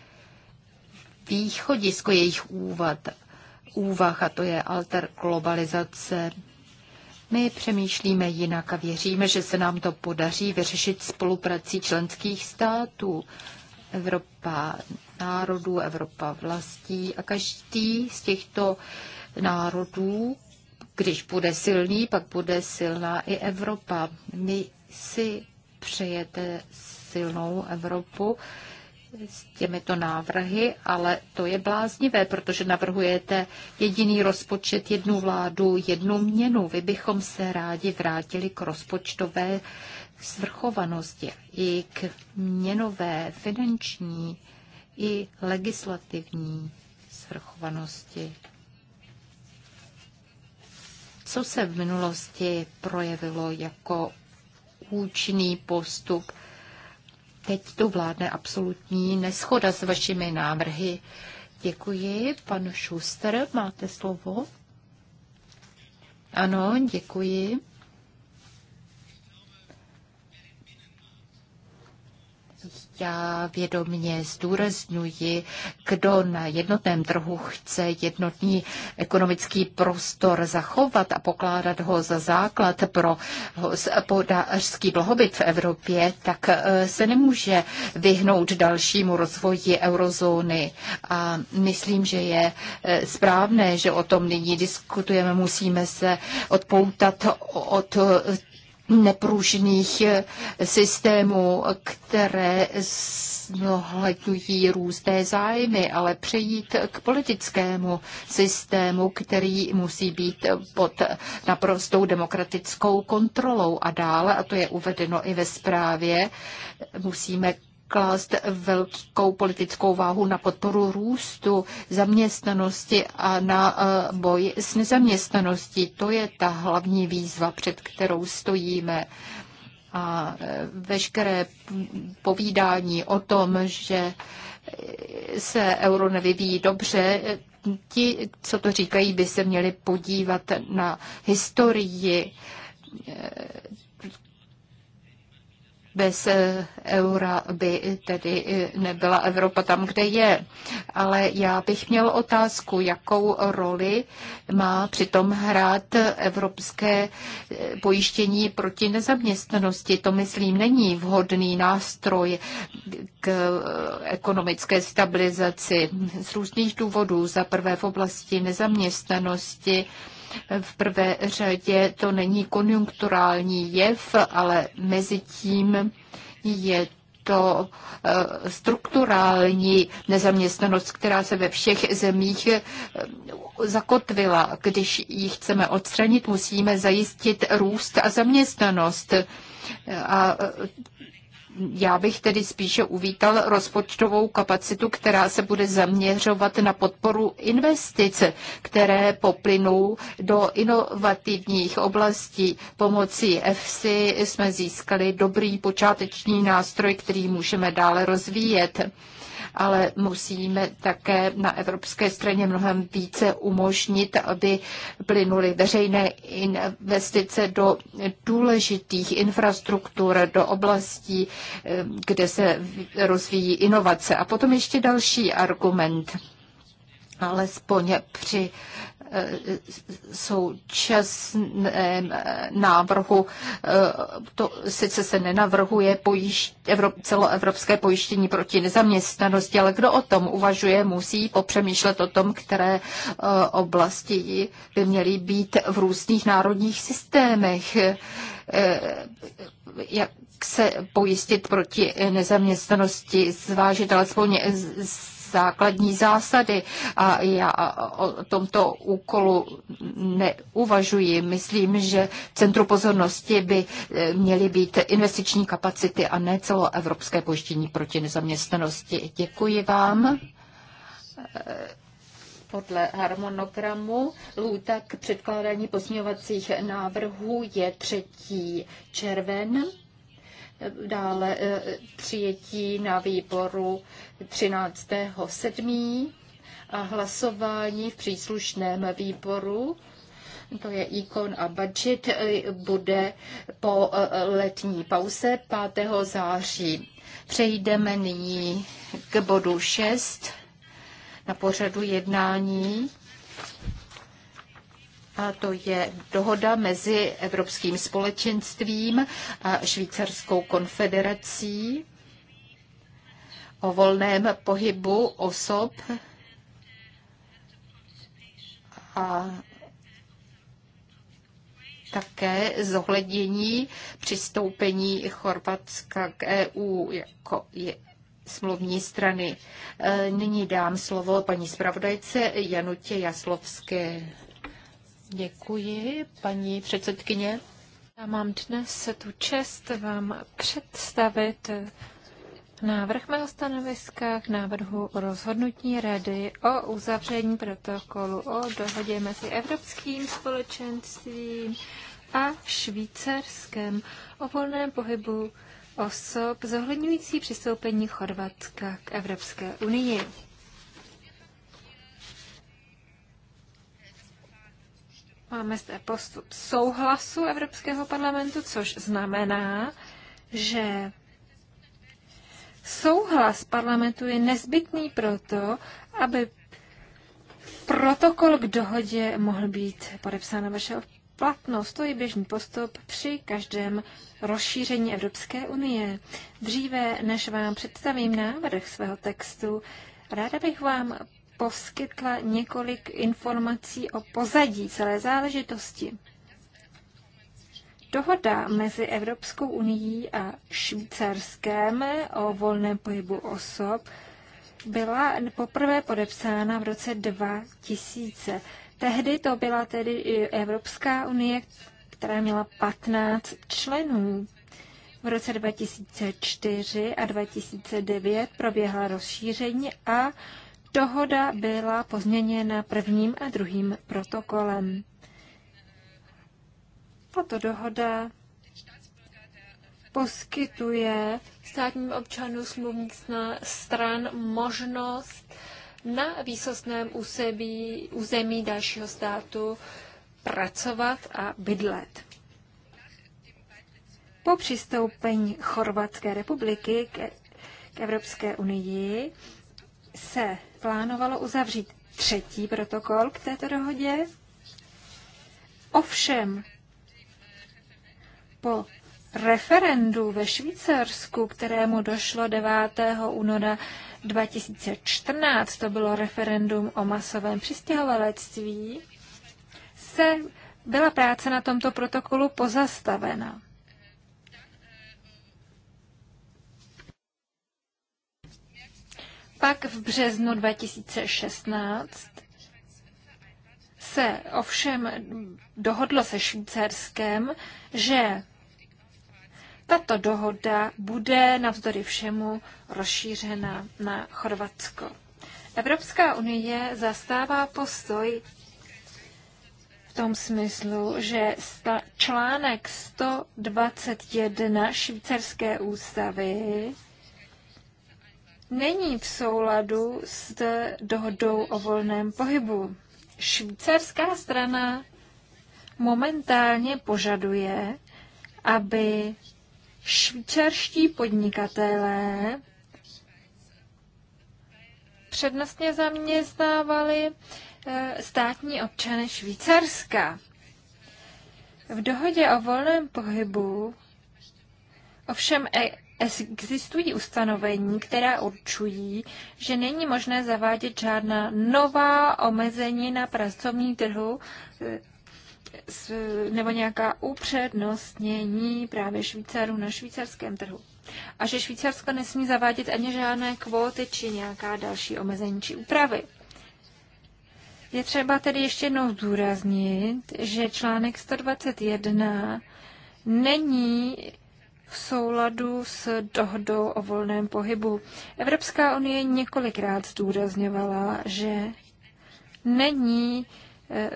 východisko jejich úvad, úvah, a to je alter globalizace, my přemýšlíme jinak a věříme, že se nám to podaří vyřešit spoluprací členských států. Evropa národů, Evropa vlastí a každý z těchto národů když bude silný, pak bude silná i Evropa. My si přejete silnou Evropu s těmito návrhy, ale to je bláznivé, protože navrhujete jediný rozpočet, jednu vládu, jednu měnu. Vy bychom se rádi vrátili k rozpočtové svrchovanosti i k měnové, finanční i legislativní svrchovanosti co se v minulosti projevilo jako účinný postup. Teď tu vládne absolutní neschoda s vašimi návrhy. Děkuji. Pan Schuster, máte slovo. Ano, děkuji. já vědomně zdůraznuji, kdo na jednotném trhu chce jednotný ekonomický prostor zachovat a pokládat ho za základ pro hospodářský blahobyt v Evropě, tak eh, se nemůže vyhnout dalšímu rozvoji eurozóny. A myslím, že je eh, správné, že o tom nyní diskutujeme. Musíme se odpoutat od nepružných eh, systémů, které zohledňují různé zájmy, ale přejít k politickému systému, který musí být pod naprostou demokratickou kontrolou a dále, a to je uvedeno i ve zprávě, musíme klást velkou politickou váhu na podporu růstu, zaměstnanosti a na eh, boj s nezaměstnaností. To je ta hlavní výzva, před kterou stojíme. A eh, veškeré povídání o tom, že se euro nevyvíjí dobře, ti, co to říkají, by se měli podívat na historii eh, bez eh, eura by tedy eh, nebyla Evropa tam, kde je. Ale já bych měl otázku, jakou roli má přitom hrát evropské eh, pojištění proti nezaměstnanosti. To, myslím, není vhodný nástroj k ekonomické stabilizaci z různých důvodů. Za prvé v oblasti nezaměstnanosti v prvé řadě to není konjunkturální jev, ale mezi tím je to eh, strukturální nezaměstnanost, která se ve všech zemích eh, zakotvila. Když ji chceme odstranit, musíme zajistit růst a zaměstnanost. A eh, já bych tedy spíše uvítal rozpočtovou kapacitu, která se bude zaměřovat na podporu investic, které poplynou do inovativních oblastí. Pomocí EFSI jsme získali dobrý počáteční nástroj, který můžeme dále rozvíjet ale musíme také na evropské straně mnohem více umožnit, aby plynuly veřejné investice do důležitých infrastruktur, do oblastí, eh, kde se rozvíjí inovace. A potom ještě další argument alespoň při eh, současném eh, návrhu, eh, to sice se nenavrhuje pojišť, Evrop, celoevropské pojištění proti nezaměstnanosti, ale kdo o tom uvažuje, musí popřemýšlet o tom, které oblasti by měly být v různých národních systémech jak se pojistit proti nezaměstnanosti, zvážit alespoň základní zásady a já o tomto úkolu neuvažuji. Myslím, že centru pozornosti by eh, měly být investiční kapacity a ne celoevropské pojištění proti nezaměstnanosti. Děkuji vám eh, podle harmonogramu. Lůta k předkládání pozměňovacích návrhů je 3. červen dále e, přijetí na výboru 13. 7. a hlasování v příslušném výboru to je ikon a budget, e, bude po e, letní pauze 5. září. Přejdeme nyní k bodu 6 na pořadu jednání a to je dohoda mezi Evropským společenstvím a Švýcarskou konfederací o volném pohybu osob a také zohlednění přistoupení Chorvatska k EU jako je smluvní strany. E, nyní dám slovo paní zpravodajce Janutě Jaslovské. Děkuji, paní předsedkyně. Já mám dnes tu čest vám představit návrh mého stanoviska k návrhu rozhodnutí Rady o uzavření protokolu o dohodě mezi Evropským společenstvím a Švýcarském o volném pohybu osob zohledňující přistoupení Chorvatska k Evropské unii. Máme zde postup souhlasu Evropského parlamentu, což znamená, že souhlas parlamentu je nezbytný proto, aby protokol k dohodě mohl být podepsán na vaše platnost. To je běžný postup při každém rozšíření Evropské unie. Dříve, než vám představím návrh svého textu, ráda bych vám poskytla několik informací o pozadí celé záležitosti. Dohoda mezi Evropskou unii a Švýcarském o volném pohybu osob byla poprvé podepsána v roce 2000. Tehdy to byla tedy i Evropská unie, která měla 15 členů. V roce 2004 a 2009 proběhla rozšíření a Dohoda byla pozměněna prvním a druhým protokolem. Tato dohoda poskytuje státním občanům smluvních stran možnost na výsostném úsebí, území dalšího státu pracovat a bydlet. Po přistoupení Chorvatské republiky k, k Evropské unii se plánovalo uzavřít třetí protokol k této dohodě. Ovšem, po referendu ve Švýcarsku, kterému došlo 9. února 2014, to bylo referendum o masovém přistěhovalectví, se byla práce na tomto protokolu pozastavena. Pak v březnu 2016 se ovšem dohodlo se Švýcarskem, že tato dohoda bude navzdory všemu rozšířena na Chorvatsko. Evropská unie zastává postoj v tom smyslu, že článek 121 švýcarské ústavy není v souladu s dohodou o volném pohybu. Švýcarská strana momentálně požaduje, aby švýcarští podnikatelé přednostně zaměstnávali eh, státní občany Švýcarska. V dohodě o volném pohybu ovšem existují ustanovení, která určují, že není možné zavádět žádná nová omezení na pracovní trhu eh, nebo nějaká upřednostnění právě Švýcarů na švýcarském trhu. A že Švýcarsko nesmí zavádět ani žádné kvóty či nějaká další omezení či úpravy. Je třeba tedy ještě jednou zdůraznit, že článek 121 není v souladu s dohodou o volném pohybu. Evropská unie několikrát zdůrazňovala, že není eh,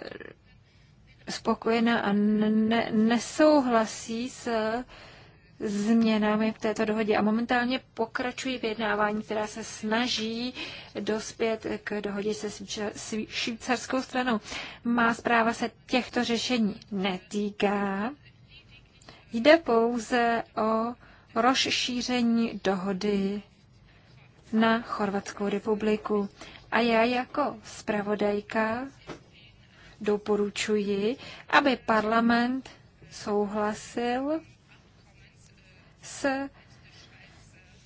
spokojena a ne, nesouhlasí s eh, změnami v této dohodě a momentálně pokračují vyjednávání, která se snaží dospět k dohodě se švýcarskou stranou. Má zpráva se těchto řešení netýká, Jde pouze o rozšíření dohody na Chorvatskou republiku. A já jako zpravodajka doporučuji, aby parlament souhlasil s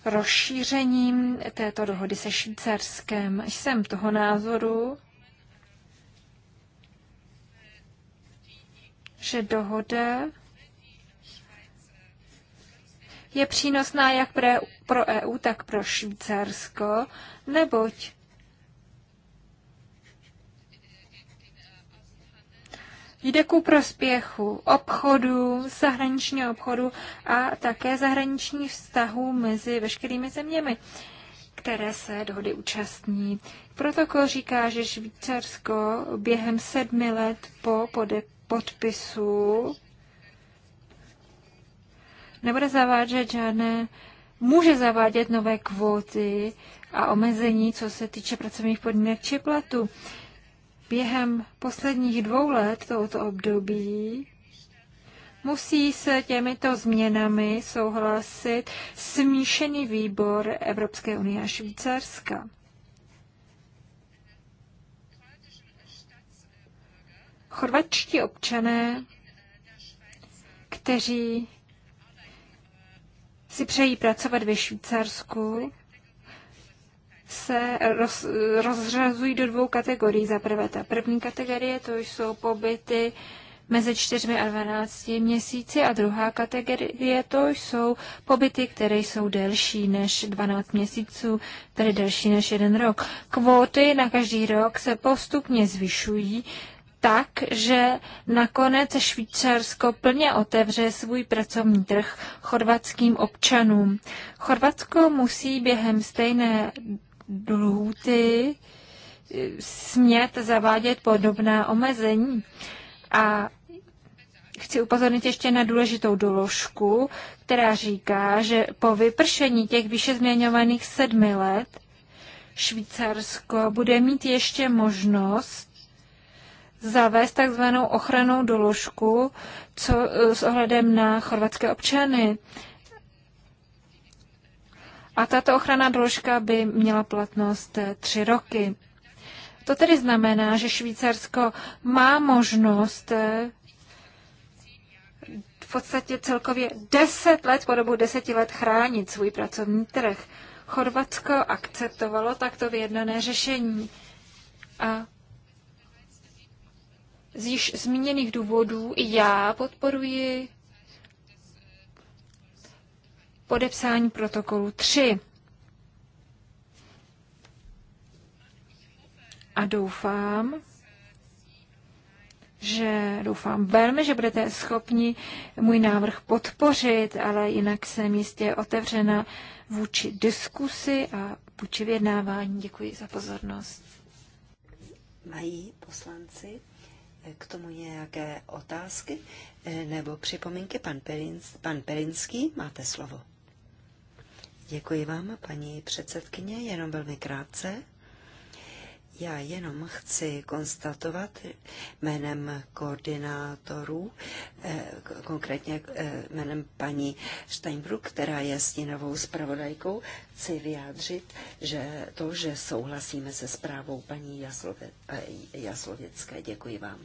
rozšířením této dohody se Švýcarskem. Jsem toho názoru, že dohoda je přínosná jak pro EU, tak pro Švýcarsko, neboť jde ku prospěchu obchodu, zahraničního obchodu a také zahraničních vztahů mezi veškerými zeměmi, které se dohody účastní. Protokol říká, že Švýcarsko během sedmi let po podpisu nebude zavádět žádné, může zavádět nové kvóty a omezení, co se týče pracovních podmínek či platu. Během posledních dvou let tohoto období musí se těmito změnami souhlasit smíšený výbor Evropské unie a Švýcarska. Chorvatští občané, kteří si přejí pracovat ve Švýcarsku, se roz, rozřazují do dvou kategorií. Za prvé ta první kategorie, to jsou pobyty mezi 4 a 12 měsíci a druhá kategorie to jsou pobyty, které jsou delší než 12 měsíců, tedy delší než jeden rok. Kvóty na každý rok se postupně zvyšují tak, že nakonec Švýcarsko plně otevře svůj pracovní trh chorvatským občanům. Chorvatsko musí během stejné dluhuty eh, smět zavádět podobná omezení. A chci upozornit ještě na důležitou doložku, která říká, že po vypršení těch výše změňovaných sedmi let Švýcarsko bude mít ještě možnost zavést takzvanou ochranou doložku co, eh, s ohledem na chorvatské občany. A tato ochrana doložka by měla platnost eh, tři roky. To tedy znamená, že Švýcarsko má možnost eh, v podstatě celkově 10 let, po dobu deseti let chránit svůj pracovní trh. Chorvatsko akceptovalo takto vyjednané řešení a z již zmíněných důvodů i já podporuji podepsání protokolu 3. A doufám, že doufám velmi, že budete schopni můj návrh podpořit, ale jinak jsem jistě otevřena vůči diskusi a vůči vyjednávání. Děkuji za pozornost. Mají poslanci k tomu nějaké otázky eh, nebo připomínky? Pan, Perins, pan Perinský, máte slovo. Děkuji vám, paní předsedkyně, jenom velmi krátce. Já jenom chci konstatovat jménem koordinátorů, eh, konkrétně eh, jménem paní Steinbruck, která je stínovou zpravodajkou, chci vyjádřit, že to, že souhlasíme se zprávou paní Jaslove, eh, Jaslovické. Děkuji vám.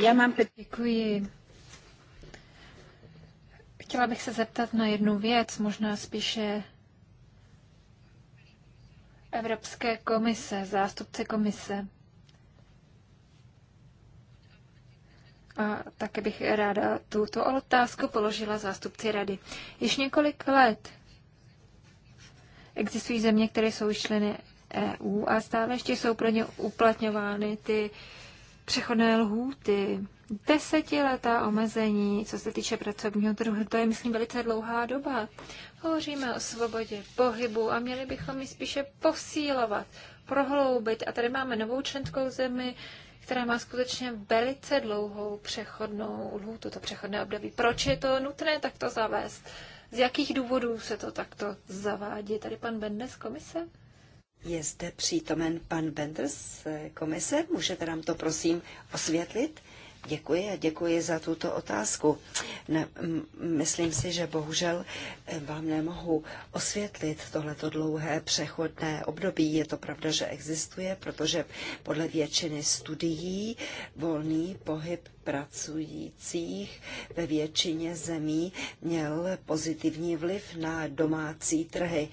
Já mám... Děkuji. Chtěla bych se zeptat na jednu věc, možná spíše Evropské komise, zástupce komise. A také bych ráda tuto otázku položila zástupci rady. Již několik let existují země, které jsou členy EU a stále ještě jsou pro ně uplatňovány ty přechodné lhůty desetiletá omezení, co se týče pracovního trhu. To je, myslím, velice dlouhá doba. Hovoříme o svobodě pohybu a měli bychom ji spíše posílovat, prohloubit. A tady máme novou členskou zemi, která má skutečně velice dlouhou přechodnou lhůtu, to přechodné období. Proč je to nutné takto zavést? Z jakých důvodů se to takto zavádí? Tady pan Bende z komise? Je zde přítomen pan Bender z komise. Můžete nám to prosím osvětlit? Děkuji a děkuji za tuto otázku. Ne, myslím si, že bohužel eh, vám nemohu osvětlit tohleto dlouhé přechodné období. Je to pravda, že existuje, protože podle většiny studií volný pohyb pracujících ve většině zemí měl pozitivní vliv na domácí trhy,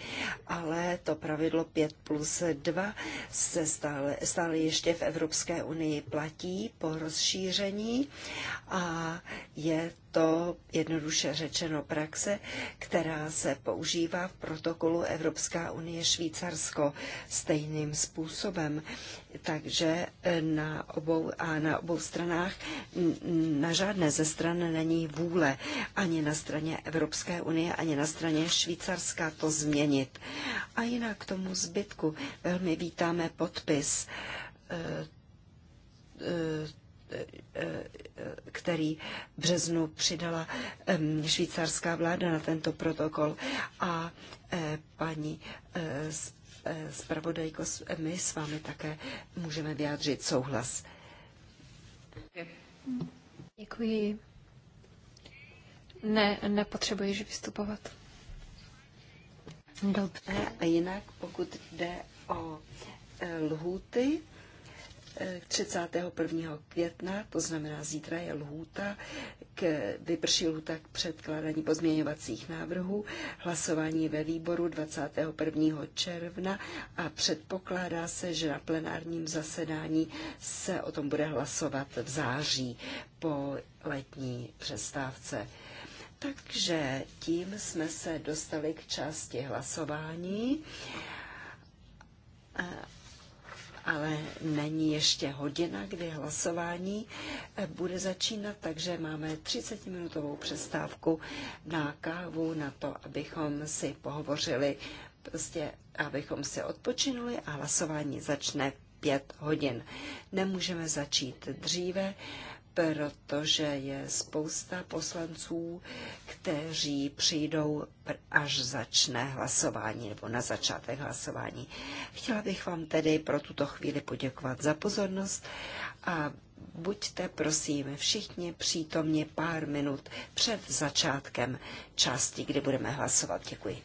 ale to pravidlo 5 plus 2 se stále, stále ještě v Evropské unii platí po rozšíření a je to jednoduše řečeno praxe, která se používá v protokolu Evropská unie Švýcarsko stejným způsobem. Takže eh, na obou, a na obou stranách na žádné ze stran není vůle ani na straně Evropské unie, ani na straně Švýcarska to změnit. A jinak k tomu zbytku velmi vítáme podpis eh, eh, který v březnu přidala švýcarská vláda na tento protokol. A e, paní e, e, zpravodajko, my s vámi také můžeme vyjádřit souhlas. Děkuji. Ne, nepotřebuješ vystupovat. Dobře. A jinak, pokud jde o lhuty, 31. Eh, května, to znamená zítra je lhůta, k, vyprší lhůta k předkládání pozměňovacích návrhů, hlasování ve výboru 21. června a předpokládá se, že na plenárním zasedání se o tom bude hlasovat v září po letní přestávce. Takže tím jsme se dostali k části hlasování. A ale není ještě hodina, kdy hlasování eh, bude začínat, takže máme 30-minutovou přestávku na kávu, na to, abychom si pohovořili, prostě abychom si odpočinuli a hlasování začne pět hodin. Nemůžeme začít dříve, protože je spousta poslanců, kteří přijdou až začne hlasování nebo na začátek hlasování. Chtěla bych vám tedy pro tuto chvíli poděkovat za pozornost a buďte prosím všichni přítomně pár minut před začátkem části, kdy budeme hlasovat. Děkuji.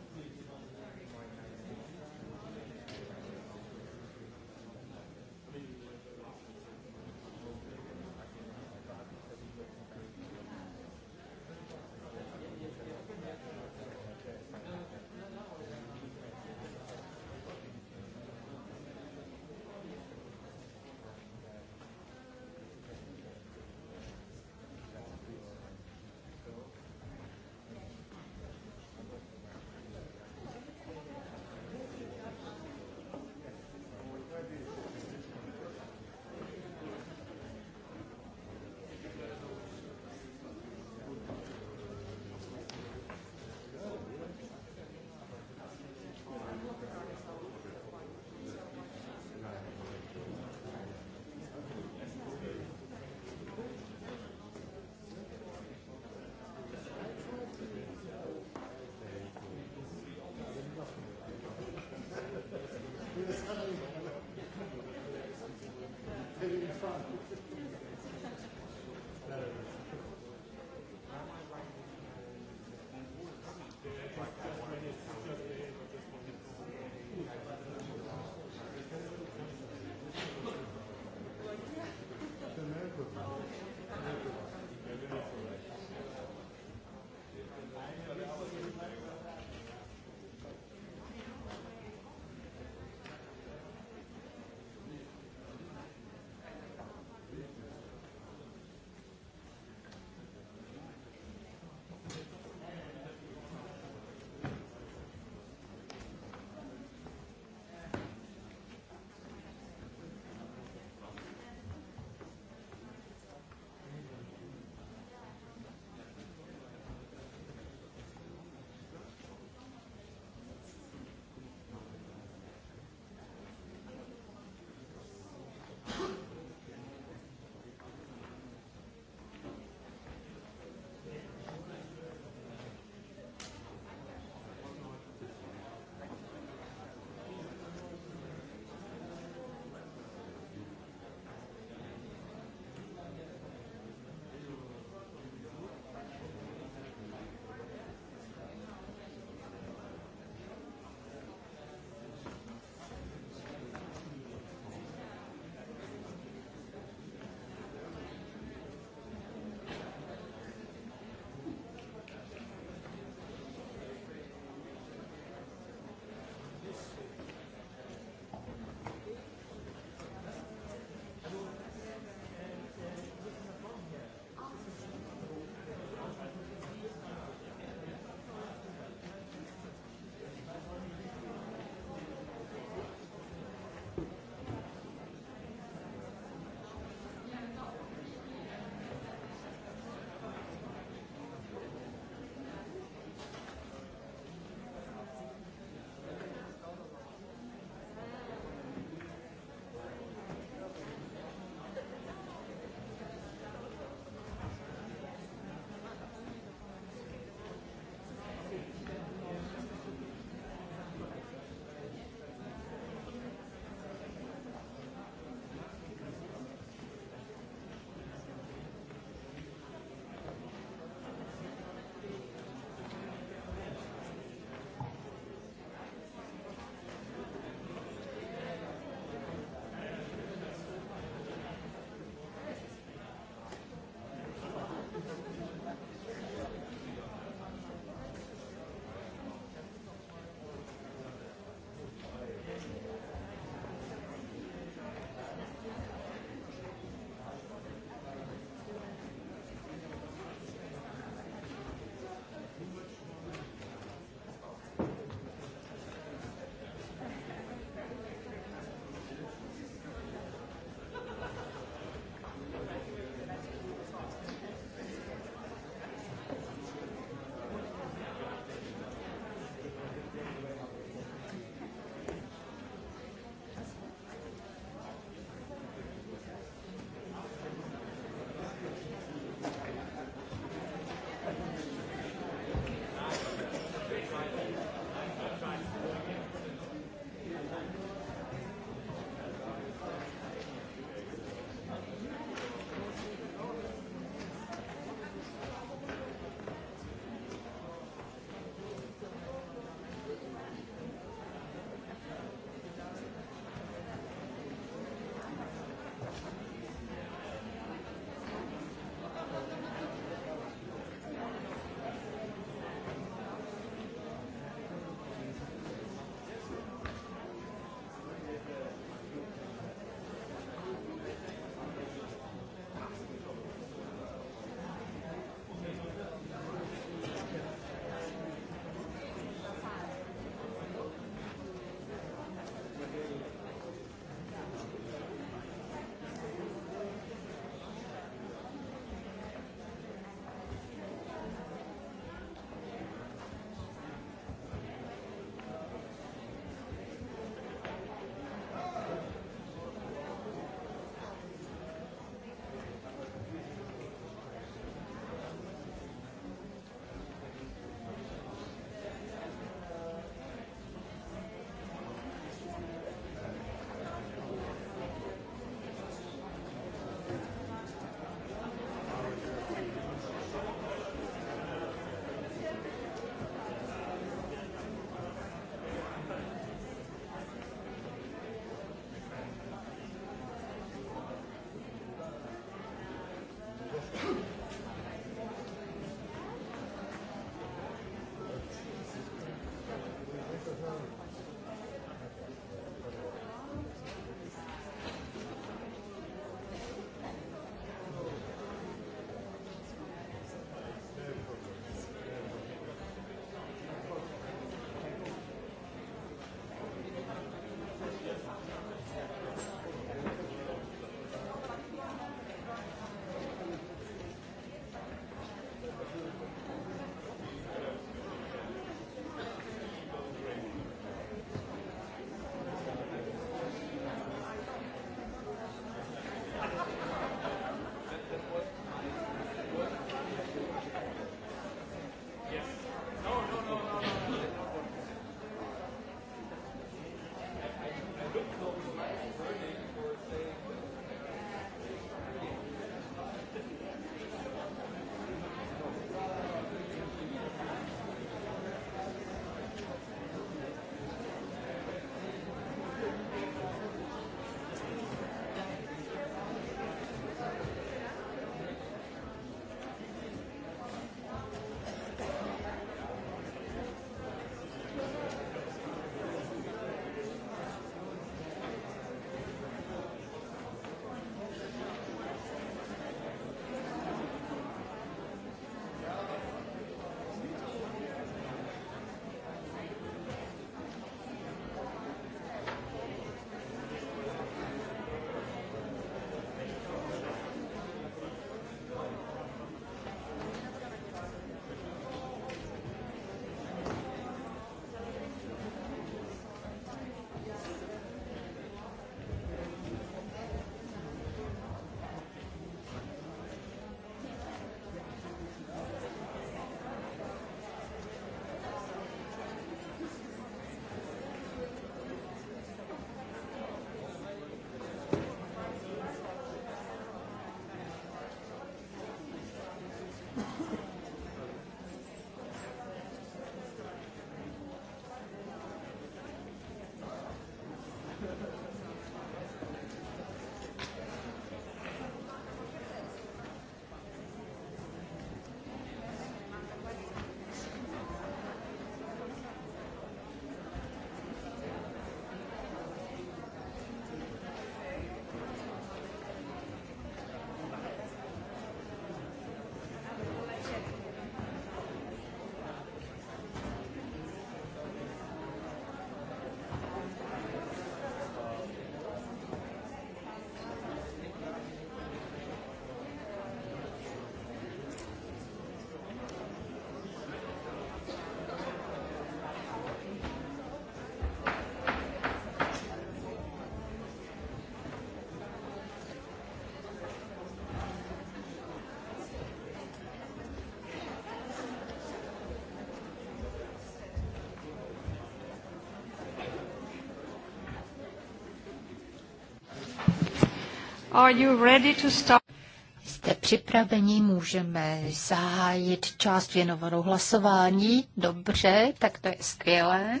Jste připraveni, můžeme zahájit část věnovanou hlasování. Dobře, tak to je skvělé.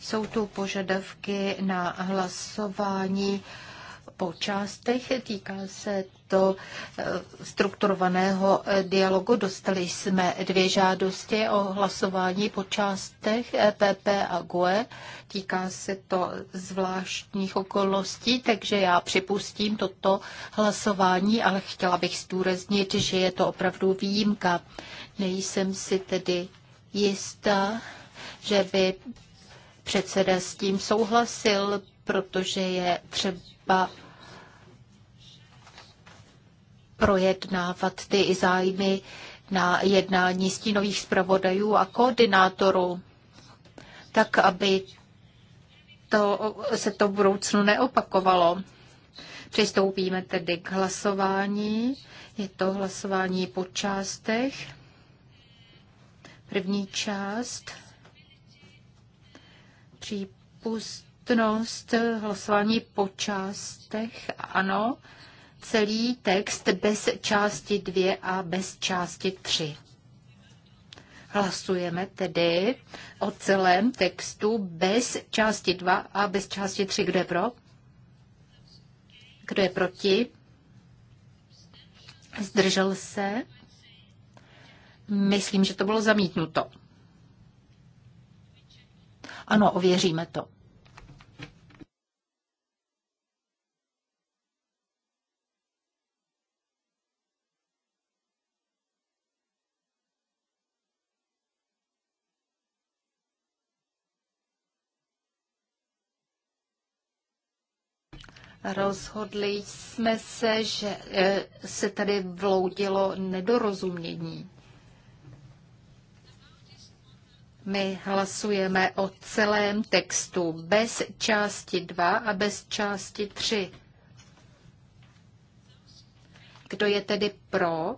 Jsou tu požadavky na hlasování po částech. Týká se místo eh, strukturovaného eh, dialogu. Dostali jsme dvě žádosti o hlasování po částech EPP a GUE. Týká se to zvláštních okolností, takže já připustím toto hlasování, ale chtěla bych zdůraznit, že je to opravdu výjimka. Nejsem si tedy jistá, že by předseda s tím souhlasil, protože je třeba projednávat ty zájmy na jednání stínových zpravodajů a koordinátorů, tak aby to, se to v budoucnu neopakovalo. Přistoupíme tedy k hlasování. Je to hlasování po částech. První část přípustnost hlasování po částech, ano celý text bez části 2 a bez části 3. Hlasujeme tedy o celém textu bez části 2 a bez části 3. Kdo je pro? Kdo je proti? Zdržel se? Myslím, že to bylo zamítnuto. Ano, ověříme to. Rozhodli jsme se, že eh, se tady vloudilo nedorozumění. My hlasujeme o celém textu bez části 2 a bez části 3. Kdo je tedy pro?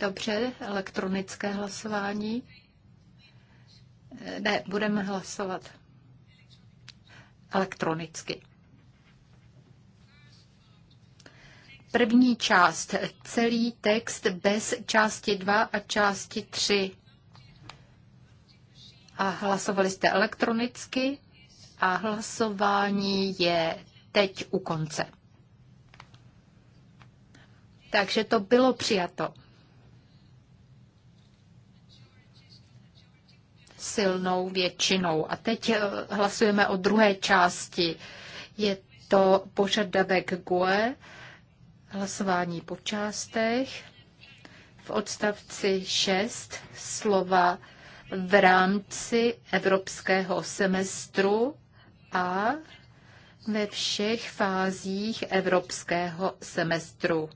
Dobře, elektronické hlasování. Ne, budeme hlasovat elektronicky. První část, celý text bez části 2 a části 3. A hlasovali jste elektronicky a hlasování je teď u konce. Takže to bylo přijato. silnou většinou. A teď eh, hlasujeme o druhé části. Je to požadavek GUE, hlasování po částech. V odstavci 6 slova v rámci evropského semestru a ve všech fázích evropského semestru.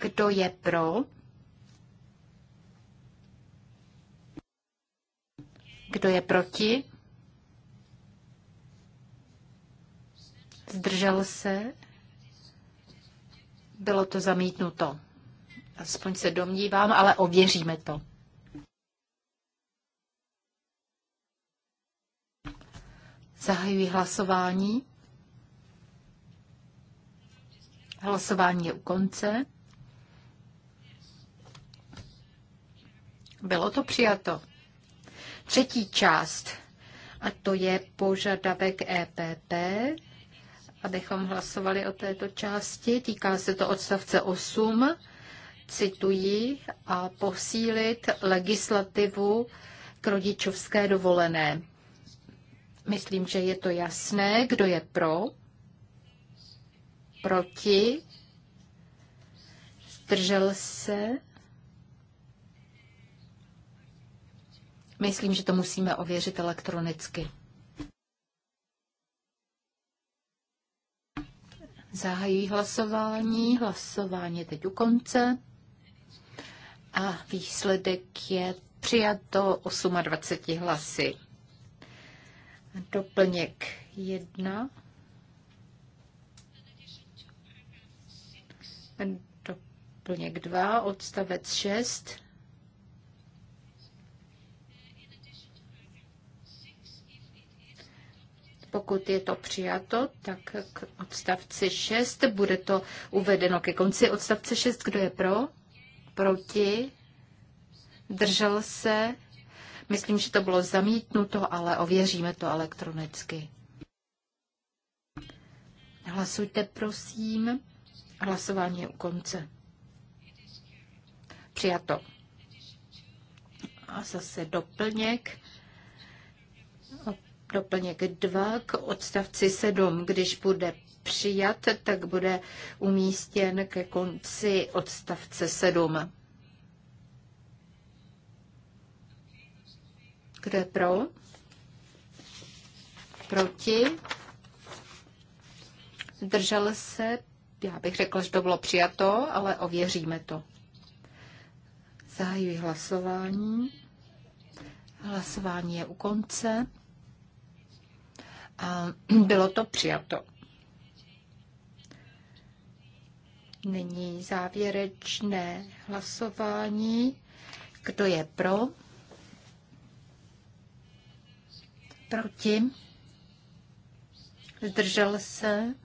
Kdo je pro? Kdo je proti? Zdržel se? Bylo to zamítnuto. Aspoň se domnívám, ale ověříme to. Zahajuji hlasování. Hlasování je u konce. Bylo to přijato. Třetí část, a to je požadavek EPP, abychom hlasovali o této části. Týká se to odstavce 8, cituji, a posílit legislativu k rodičovské dovolené. Myslím, že je to jasné, kdo je pro, proti, zdržel se, Myslím, že to musíme ověřit elektronicky. Zahají hlasování. Hlasování je teď u konce. A výsledek je přijato 28 hlasy. Doplněk 1. Doplněk 2, odstavec 6. Pokud je to přijato, tak k odstavci 6 bude to uvedeno ke konci odstavce 6. Kdo je pro? Proti? Držel se? Myslím, že to bylo zamítnuto, ale ověříme to elektronicky. Hlasujte, prosím. Hlasování je u konce. Přijato. A zase doplněk doplněk 2 k odstavci 7. Když bude přijat, tak bude umístěn ke konci odstavce 7. Kdo je pro? Proti? Zdržel se? Já bych řekla, že to bylo přijato, ale ověříme to. Zahajuji hlasování. Hlasování je u konce a [clears throat] bylo to přijato. Nyní závěrečné hlasování. Kdo je pro? Proti? Zdržel se? [clears throat]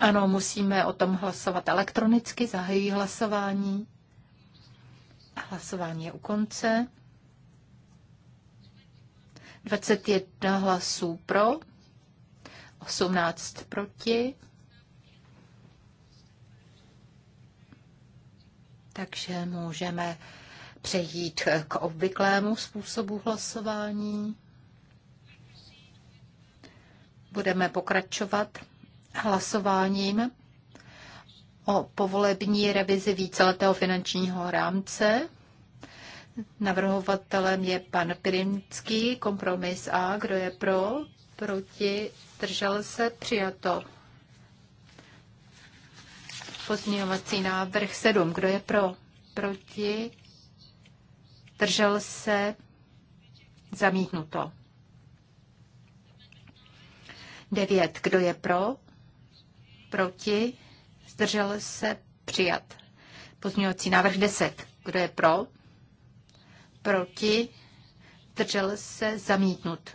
Ano, musíme o tom hlasovat elektronicky. Zahají hlasování. Hlasování je u konce. 21 hlasů pro, 18 proti. Takže můžeme přejít k obvyklému způsobu hlasování. Budeme pokračovat hlasováním o povolební revizi víceletého finančního rámce. Navrhovatelem je pan Pirinský, kompromis A. Kdo je pro? Proti? Držel se? Přijato. Pozměňovací návrh 7. Kdo je pro? Proti? Držel se? Zamítnuto. 9. Kdo je pro? Proti? Zdržel se? Přijat. Pozměňovací návrh 10. Kdo je pro? proti, držel se zamítnut.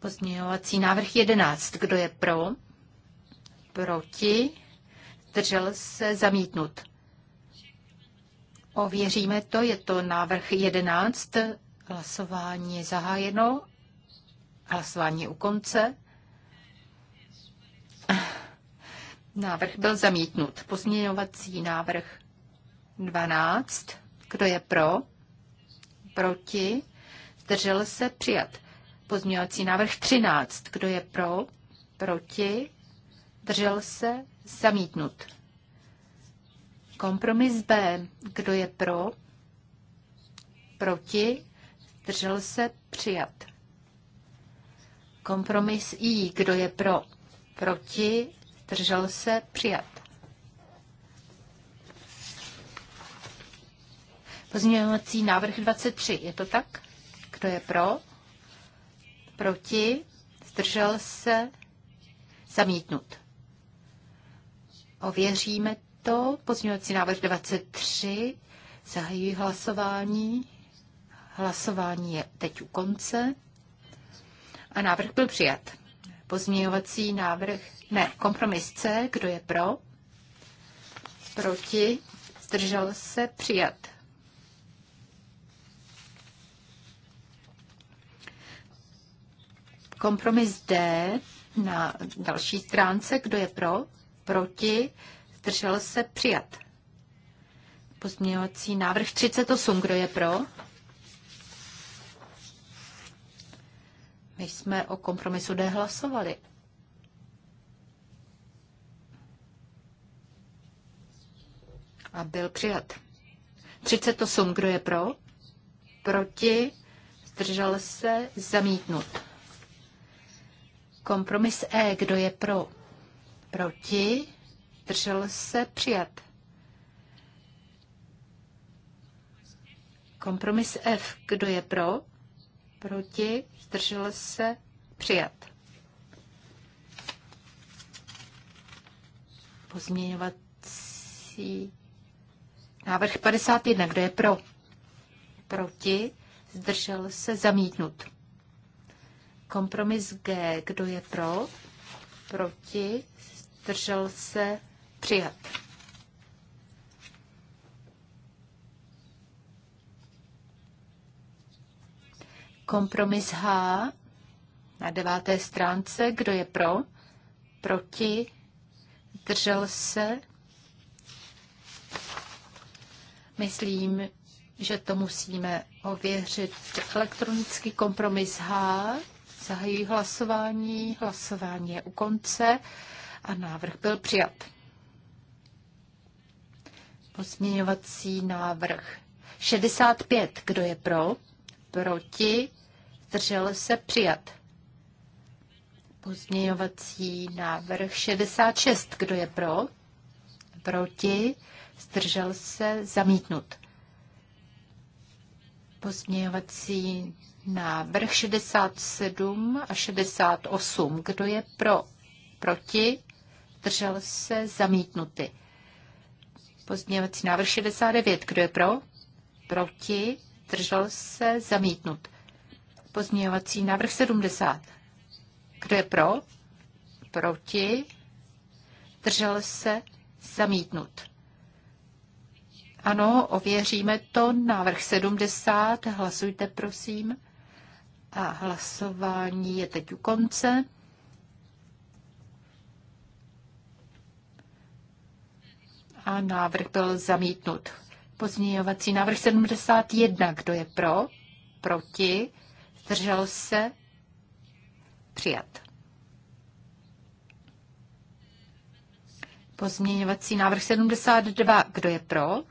Pozměňovací návrh 11. Kdo je pro? Proti? Držel se zamítnut. Ověříme to, je to návrh 11. Hlasování je zahájeno. Hlasování je u konce. Návrh byl zamítnut. Pozměňovací návrh 12. Kdo je pro? proti, zdržel se, přijat. Pozměňovací návrh 13, kdo je pro, proti, držel se, zamítnut. Kompromis B, kdo je pro, proti, držel se, přijat. Kompromis I, kdo je pro, proti, držel se, přijat. Pozměňovací návrh 23, je to tak? Kdo je pro? Proti? Zdržel se? Zamítnut. Ověříme to. Pozměňovací návrh 23. Zahajuji hlasování. Hlasování je teď u konce. A návrh byl přijat. Pozměňovací návrh, ne, kompromis C, kdo je pro? Proti, zdržel se, přijat. Kompromis D na další stránce, kdo je pro, proti, zdržel se přijat. Pozměňovací návrh 38, kdo je pro? My jsme o kompromisu D hlasovali. A byl přijat. 38, kdo je pro? Proti, zdržel se, zamítnut. Kompromis E, kdo je pro? Proti? Držel se přijat. Kompromis F, kdo je pro? Proti? Zdržel se přijat. Pozměňovací návrh 51, kdo je pro? Proti? Zdržel se zamítnut. Kompromis G. Kdo je pro? Proti? Zdržel se? Přijat. Kompromis H na deváté stránce. Kdo je pro? Proti? Držel se? Myslím, že to musíme ověřit. Elektronický kompromis H Zahajuji hlasování. Hlasování je u konce a návrh byl přijat. Pozměňovací návrh 65. Kdo je pro? Proti? Zdržel se přijat. Pozměňovací návrh 66. Kdo je pro? Proti? Zdržel se zamítnut. Pozměňovací návrh 67 a 68. Kdo je pro? Proti? Držel se zamítnuty. Pozměňovací návrh 69. Kdo je pro? Proti? Držel se zamítnut. Pozměňovací návrh 70. Kdo je pro? Proti? Držel se zamítnut. Ano, ověříme to. Návrh 70. Hlasujte, prosím. A hlasování je teď u konce. A návrh byl zamítnut. Pozměňovací návrh 71. Kdo je pro? Proti? Zdržel se? Přijat. Pozměňovací návrh 72. Kdo je pro?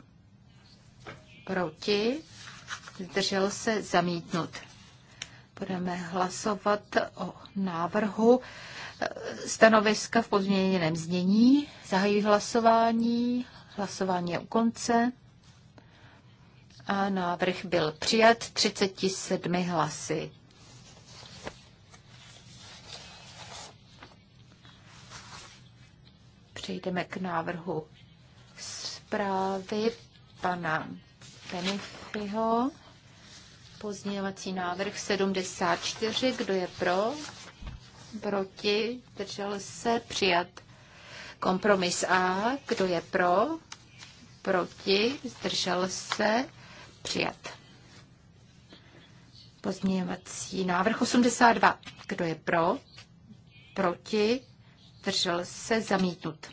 Proti? Zdržel se? Zamítnut budeme hlasovat o návrhu stanoviska v pozměněném znění. Zahajuji hlasování. Hlasování je u konce. A návrh byl přijat 37 hlasy. Přejdeme k návrhu zprávy pana Benifyho. Pozměňovací návrh 74. Kdo je pro? Proti? Držel se? Přijat. Kompromis A. Kdo je pro? Proti? Zdržel se? Přijat. Pozměňovací návrh 82. Kdo je pro? Proti? Držel se? Zamítnut.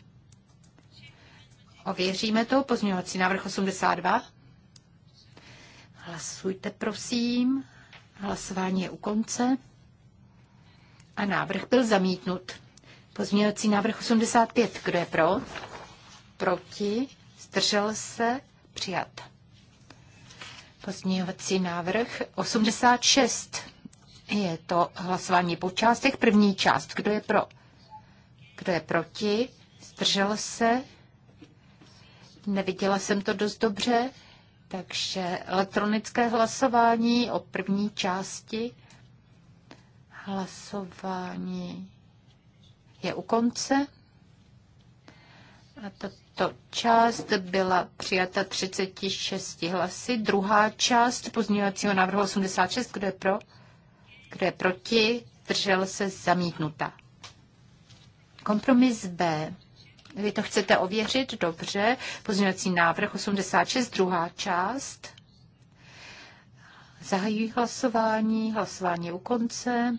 Ověříme to. Pozměňovací návrh 82. Hlasujte, prosím. Hlasování je u konce. A návrh byl zamítnut. Pozměňovací návrh 85. Kdo je pro? Proti? Zdržel se? Přijat. Pozměňovací návrh 86. Je to hlasování po částech. První část. Kdo je pro? Kdo je proti? Zdržel se? Neviděla jsem to dost dobře. Takže elektronické hlasování o první části. Hlasování je u konce. A tato část byla přijata 36 hlasy. Druhá část pozměňovacího návrhu 86. Kdo je pro? Kdo je proti? Držel se zamítnuta. Kompromis B. Vy to chcete ověřit? Dobře. Pozměňovací návrh 86, druhá část. Zahajují hlasování, hlasování u konce.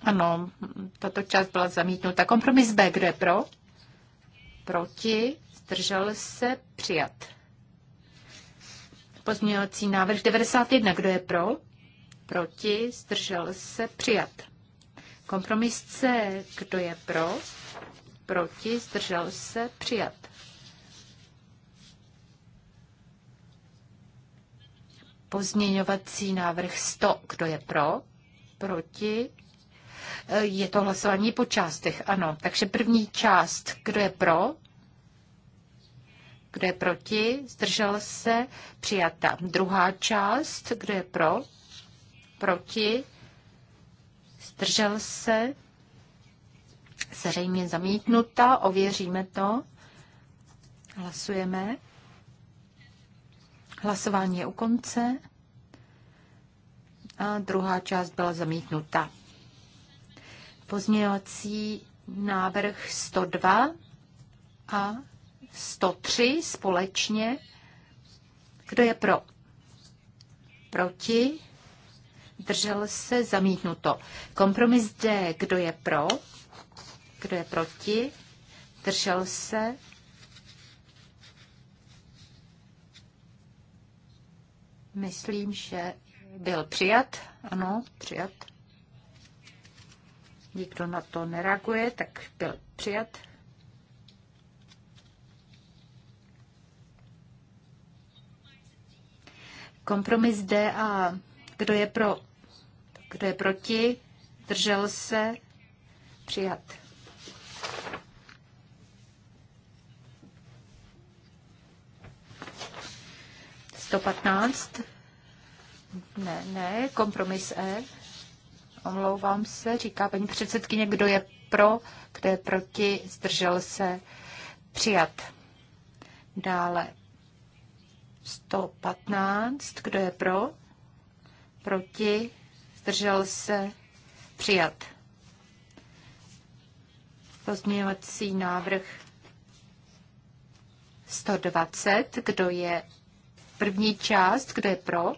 Ano, tato část byla zamítnuta. Kompromis B, kdo je pro? Proti, zdržel se, přijat. Pozměňovací návrh 91, kdo je pro? Proti, zdržel se, přijat. Kompromis C, kdo je pro? proti, zdržel se, přijat. Pozměňovací návrh 100, kdo je pro, proti, e, je to hlasování po částech, ano. Takže první část, kdo je pro, kdo je proti, zdržel se, přijata. Druhá část, kdo je pro, proti, zdržel se, zřejmě zamítnuta. Ověříme to. Hlasujeme. Hlasování je u konce. A druhá část byla zamítnuta. Pozměňovací návrh 102 a 103 společně. Kdo je pro? Proti? Držel se zamítnuto. Kompromis D. Kdo je pro? Kdo je proti? Držel se? Myslím, že byl přijat. Ano, přijat. Nikdo na to nereaguje, tak byl přijat. Kompromis D a kdo je pro, kdo je proti, držel se, přijat. 115? Ne, ne, kompromis E. Omlouvám se, říká paní předsedkyně, kdo je pro, kdo je proti, zdržel se, přijat. Dále 115, kdo je pro, proti, zdržel se, přijat. Pozměňovací návrh 120, kdo je První část, kde je pro,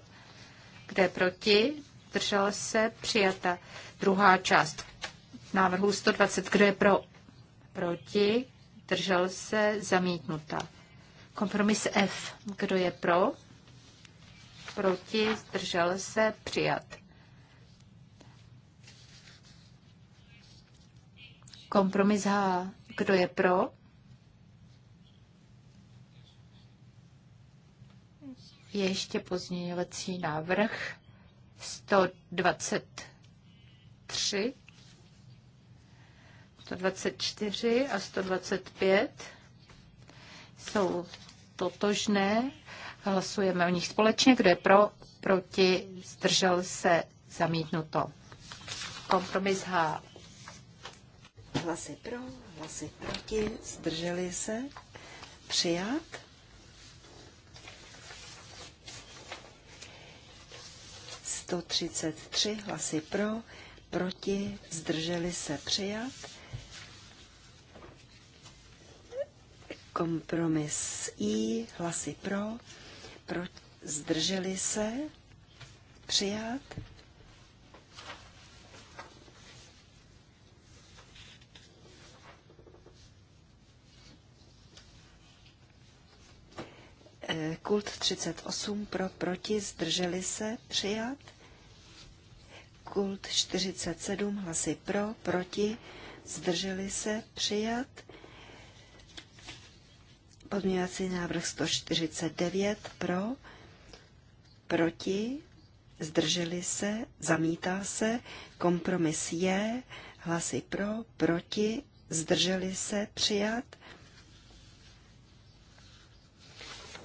kde je proti, držel se, přijata. Druhá část návrhu 120, kde je pro, proti, držel se, zamítnuta. Kompromis F, kdo je pro, proti, držel se, přijat. Kompromis H, kdo je pro, ještě pozměňovací návrh 123, 124 a 125 jsou totožné. Hlasujeme o nich společně. Kdo je pro, proti, zdržel se, zamítnuto. Kompromis H. Hlasy pro, hlasy proti, zdrželi se, přijat. 133 hlasy pro, proti, zdrželi se přijat. Kompromis I, hlasy pro, pro zdrželi se přijat. Eh, kult 38 pro proti zdrželi se přijat. Kult 47 hlasy pro, proti, zdrželi se, přijat. Podměňovací návrh 149 pro, proti, zdrželi se, zamítá se, kompromis je, hlasy pro, proti, zdrželi se, přijat.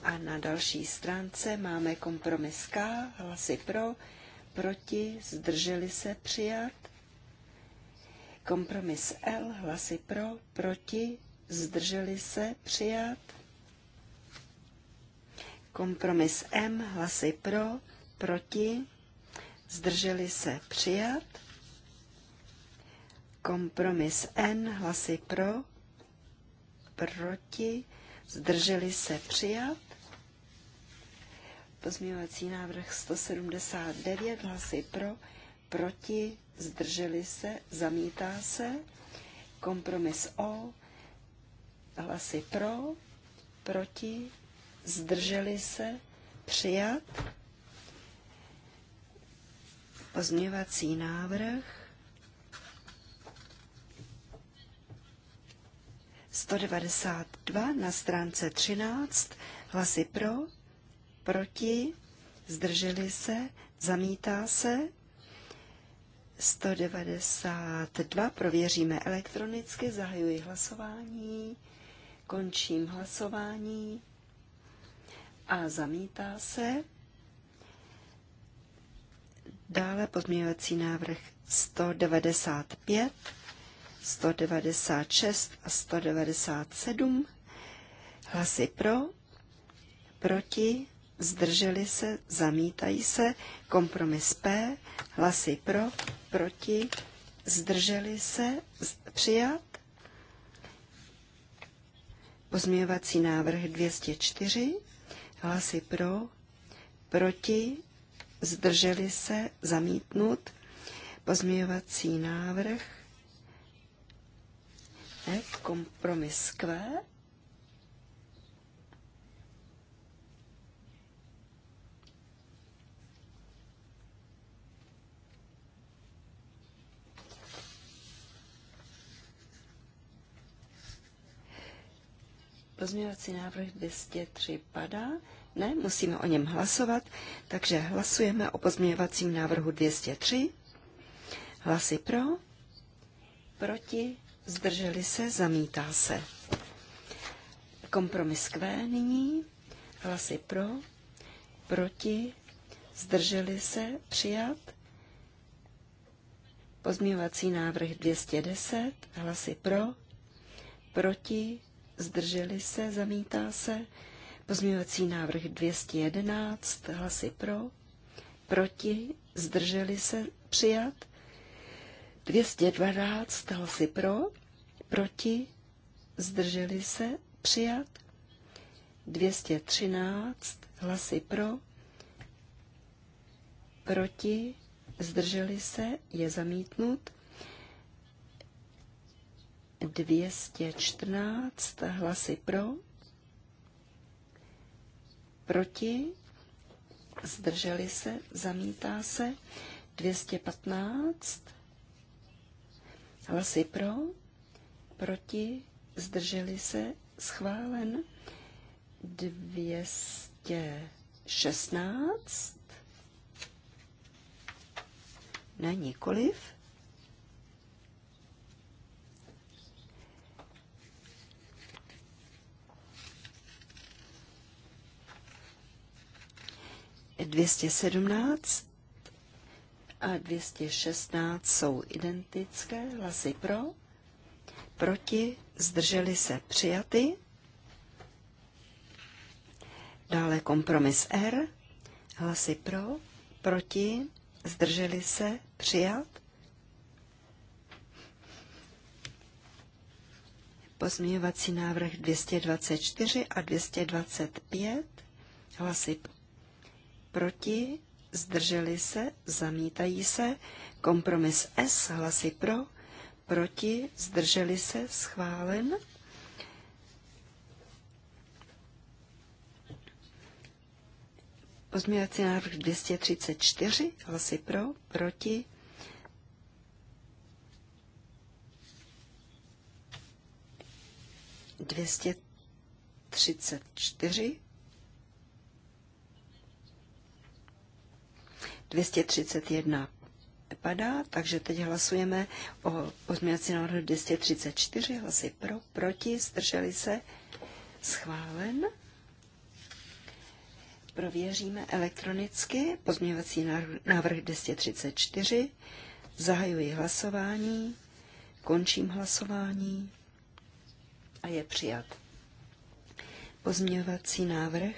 A na další stránce máme kompromis K, hlasy pro, proti, zdrželi se přijat. Kompromis L, hlasy pro, proti, zdrželi se přijat. Kompromis M, hlasy pro, proti, zdrželi se přijat. Kompromis N, hlasy pro, proti, zdrželi se přijat. Pozměňovací návrh 179, hlasy pro, proti, zdrželi se, zamítá se. Kompromis O, hlasy pro, proti, zdrželi se, přijat. Pozměňovací návrh 192 na stránce 13, hlasy pro, proti, zdrželi se, zamítá se. 192 prověříme elektronicky, zahajuji hlasování, končím hlasování a zamítá se. Dále pozměňovací návrh 195, 196 a 197. Hlasy pro, proti, zdrželi se, zamítají se, kompromis P, hlasy pro, proti, zdrželi se, přijat. Pozměňovací návrh 204, hlasy pro, proti, zdrželi se, zamítnut. Pozměňovací návrh, ne, kompromis Q, Pozměňovací návrh 203 padá. Ne, musíme o něm hlasovat, takže hlasujeme o pozměňovacím návrhu 203. Hlasy pro, proti, zdrželi se, zamítá se. Kompromis Q nyní, hlasy pro, proti, zdrželi se, přijat. Pozměňovací návrh 210, hlasy pro, proti, zdrželi se, zamítá se. Pozměňovací návrh 211, hlasy pro, proti, zdrželi se, přijat. 212, hlasy pro, proti, zdrželi se, přijat. 213, hlasy pro, proti, zdrželi se, je zamítnut. 214 hlasy pro, proti, zdrželi se, zamítá se, 215 hlasy pro, proti, zdrželi se, schválen, 216, ne nikoliv, 217 a 216 jsou identické. Hlasy pro, proti, zdrželi se přijaty. Dále kompromis R. Hlasy pro, proti, zdrželi se přijat. Pozměňovací návrh 224 a 225. Hlasy proti, zdrželi se, zamítají se, kompromis S, hlasy pro, proti, zdrželi se, schválen. Pozměňovací návrh 234, hlasy pro, proti, Dvěstě třicet čtyři. 231 padá, takže teď hlasujeme o pozměňovací návrhu 234, hlasy pro, proti, zdrželi se, schválen. Prověříme elektronicky pozměňovací návrh 234, zahajuji hlasování, končím hlasování a je přijat. Pozměňovací návrh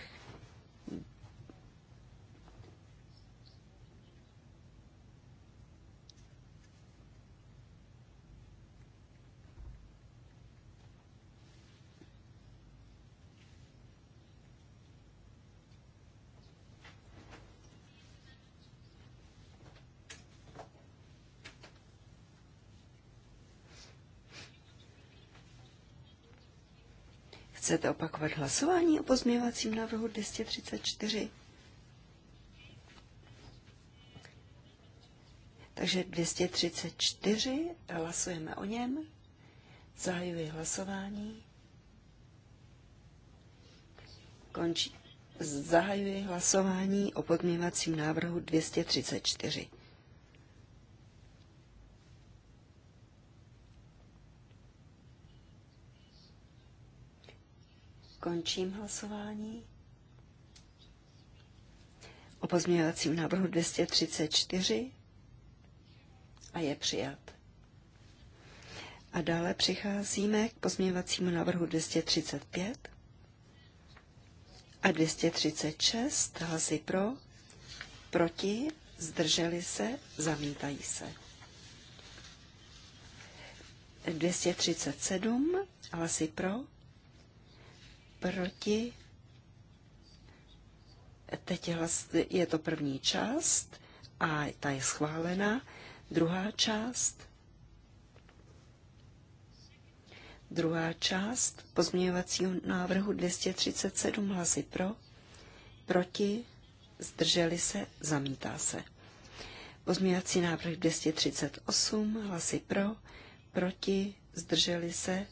Chcete opakovat hlasování o pozměňovacím návrhu 234? Takže 234, hlasujeme o něm. Zahajuji hlasování. Končí. Zahajuji hlasování o podměvacím návrhu 234. Končím hlasování. O pozměňovacím návrhu 234 a je přijat. A dále přicházíme k pozměňovacímu návrhu 235 a 236 hlasy pro, proti, zdrželi se, zamítají se. 237 hlasy pro, proti. Teď je to první část a ta je schválena. Druhá část. Druhá část pozměňovacího návrhu 237 hlasy pro, proti, zdrželi se, zamítá se. Pozměňovací návrh 238 hlasy pro, proti, zdrželi se,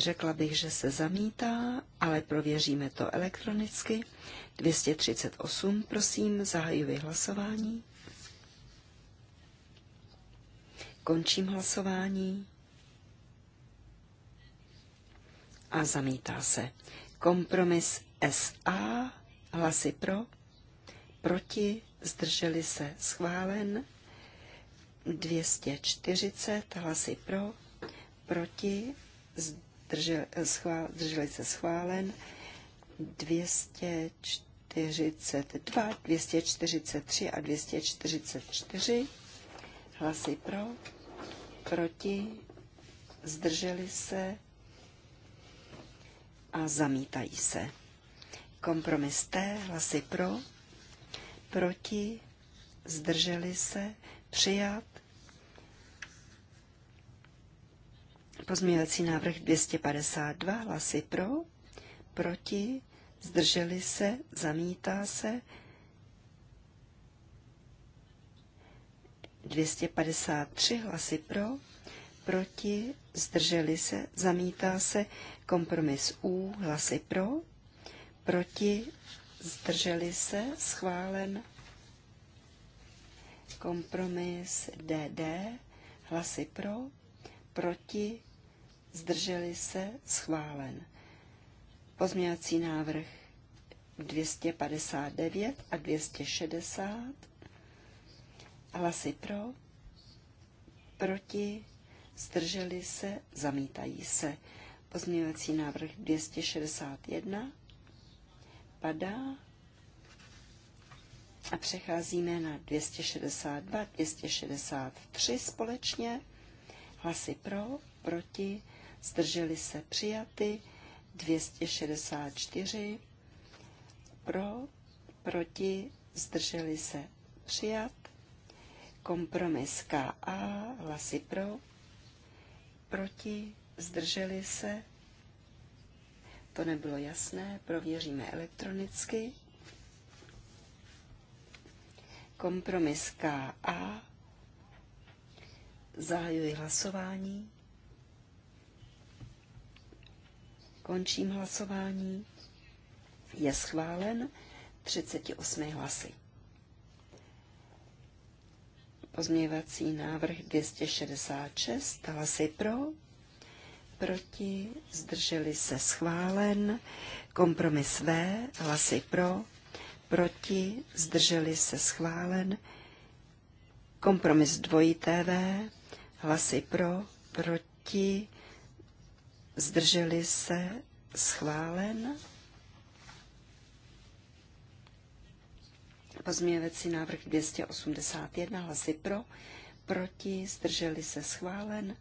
Řekla bych, že se zamítá, ale prověříme to elektronicky. 238, prosím, zahajuji hlasování. Končím hlasování. A zamítá se. Kompromis SA, hlasy pro, proti, zdrželi se, schválen. 240, hlasy pro, proti, zdrželi držel, schvál, drželi se schválen, 242, 243 a 244 hlasy pro, proti, zdrželi se a zamítají se. Kompromis T, hlasy pro, proti, zdrželi se, přijat, Pozměňovací návrh 252, hlasy pro, proti, zdrželi se, zamítá se. 253 hlasy pro, proti, zdrželi se, zamítá se. Kompromis U, hlasy pro, proti, zdrželi se, schválen. Kompromis DD, hlasy pro, proti, zdrželi se, schválen. Pozměňovací návrh 259 a 260, hlasy pro, proti, zdrželi se, zamítají se. Pozměňovací návrh 261 padá a přecházíme na 262, 263 společně. Hlasy pro, proti, zdrželi se přijaty, 264 pro, proti, zdrželi se přijat, kompromis KA, hlasy pro, proti, zdrželi se, to nebylo jasné, prověříme elektronicky. Kompromis KA, zahajuji hlasování. Končím hlasování. Je schválen 38 hlasy. Pozměvací návrh 266, hlasy pro, proti, zdrželi se schválen, kompromis V, hlasy pro, proti, zdrželi se schválen, kompromis dvojité V, hlasy pro, proti, Zdrželi se? Schválen. pozměvěcí návrh 281 hlasy pro, proti, zdrželi se schválen.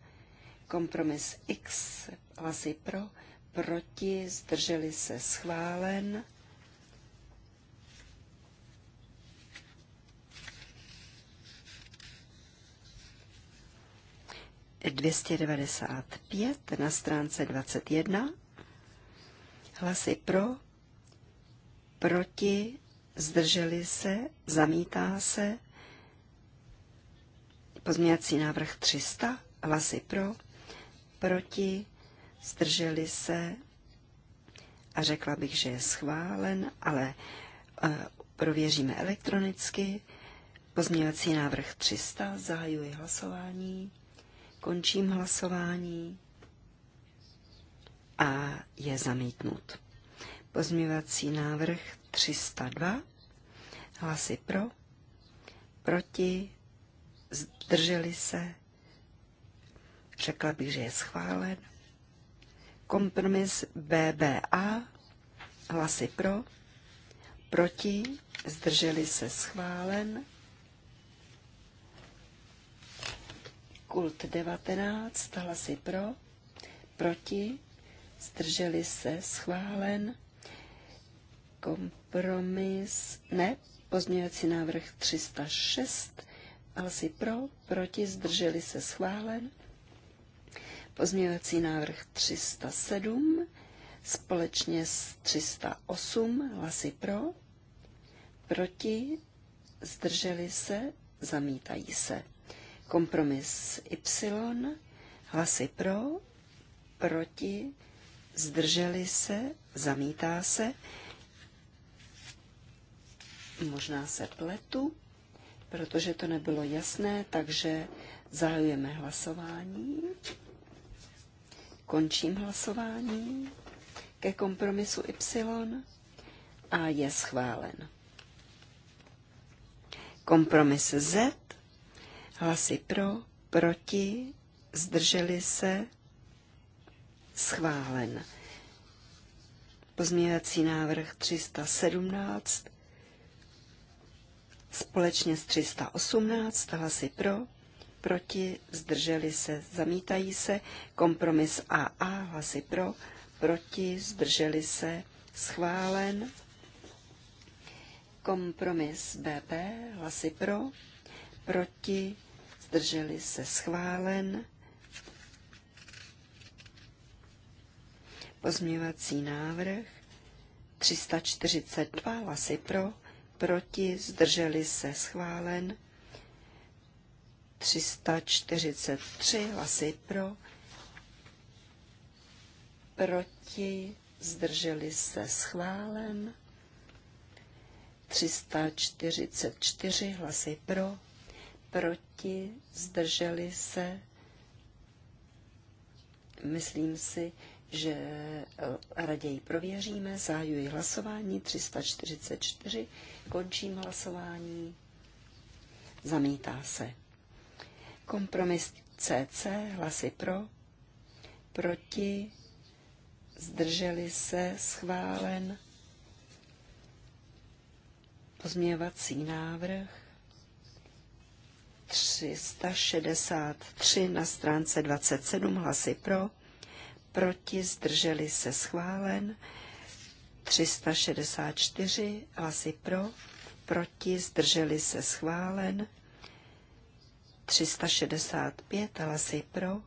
Kompromis X hlasy pro, proti, zdrželi se schválen. 295 na stránce 21. Hlasy pro, proti, zdrželi se, zamítá se. Pozměňovací návrh 300. Hlasy pro, proti, zdrželi se. A řekla bych, že je schválen, ale uh, prověříme elektronicky. Pozměňovací návrh 300. Zahajuji hlasování. Končím hlasování a je zamítnut. Pozměvací návrh 302. Hlasy pro, proti, zdrželi se. Řekla bych, že je schválen. Kompromis BBA. Hlasy pro, proti, zdrželi se schválen. Kult 19, hlasy pro, proti, zdrželi se, schválen, kompromis, ne, pozměňovací návrh 306, hlasy pro, proti, zdrželi se, schválen, pozměňovací návrh 307, společně s 308, hlasy pro, proti, zdrželi se, zamítají se. Kompromis Y, hlasy pro, proti, zdrželi se, zamítá se, možná se pletu, protože to nebylo jasné, takže zahajujeme hlasování, končím hlasování ke kompromisu Y a je schválen. Kompromis Z hlasy pro, proti, zdrželi se, schválen. Pozměňovací návrh 317 společně s 318 hlasy pro, proti, zdrželi se, zamítají se, kompromis AA, hlasy pro, proti, zdrželi se, schválen, kompromis BP, hlasy pro, proti, zdrželi se schválen. Pozměvací návrh 342 hlasy pro, proti, zdrželi se schválen. 343 hlasy pro, proti, zdrželi se schválen. 344 hlasy pro, proti, zdrželi se. Myslím si, že eh, raději prověříme. Zahajuji hlasování 344, končím hlasování, zamítá se. Kompromis CC, hlasy pro, proti, zdrželi se, schválen. Pozměvací návrh 363 na stránce 27 hlasy pro, proti zdrželi se schválen, 364 hlasy pro, proti zdrželi se schválen, 365 hlasy pro,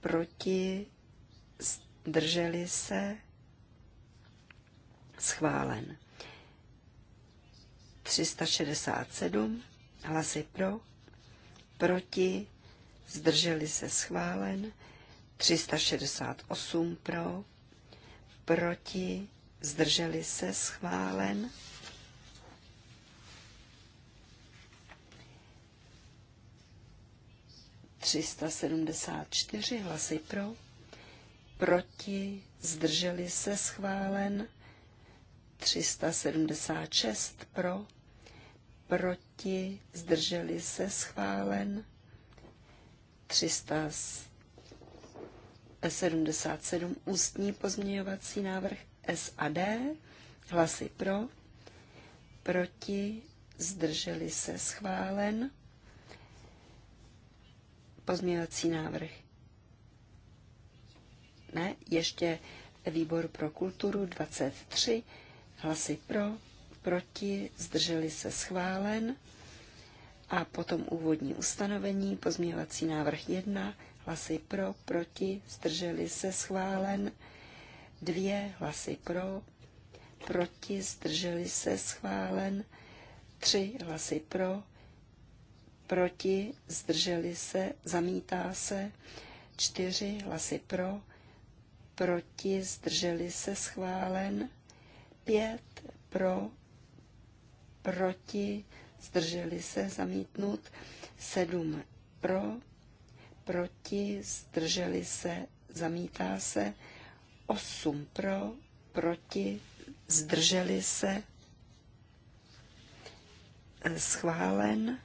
proti zdrželi se schválen. 367 hlasy pro, proti, zdrželi se schválen, 368 pro, proti, zdrželi se schválen, 374 hlasy pro, proti, zdrželi se schválen, 376 pro, proti, zdrželi se, schválen. 377 ústní pozměňovací návrh SAD, hlasy pro, proti, zdrželi se, schválen. Pozměňovací návrh. Ne, ještě výbor pro kulturu 23, hlasy pro, proti, zdrželi se schválen. A potom úvodní ustanovení, pozměňovací návrh 1, hlasy pro, proti, zdrželi se schválen. Dvě hlasy pro, proti, zdrželi se schválen. Tři hlasy pro, proti, zdrželi se, zamítá se. Čtyři hlasy pro, proti, zdrželi se schválen. Pět pro, proti, zdrželi se zamítnut, sedm pro, proti, zdrželi se, zamítá se, osm pro, proti, zdrželi se, schválen,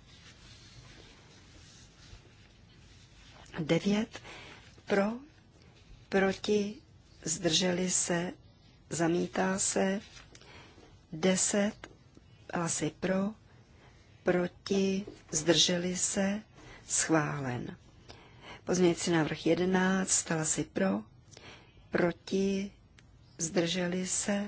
devět pro, proti, zdrželi se, zamítá se, deset hlasy pro, proti, zdrželi se, schválen. Pozměňující návrh 11, hlasy pro, proti, zdrželi se,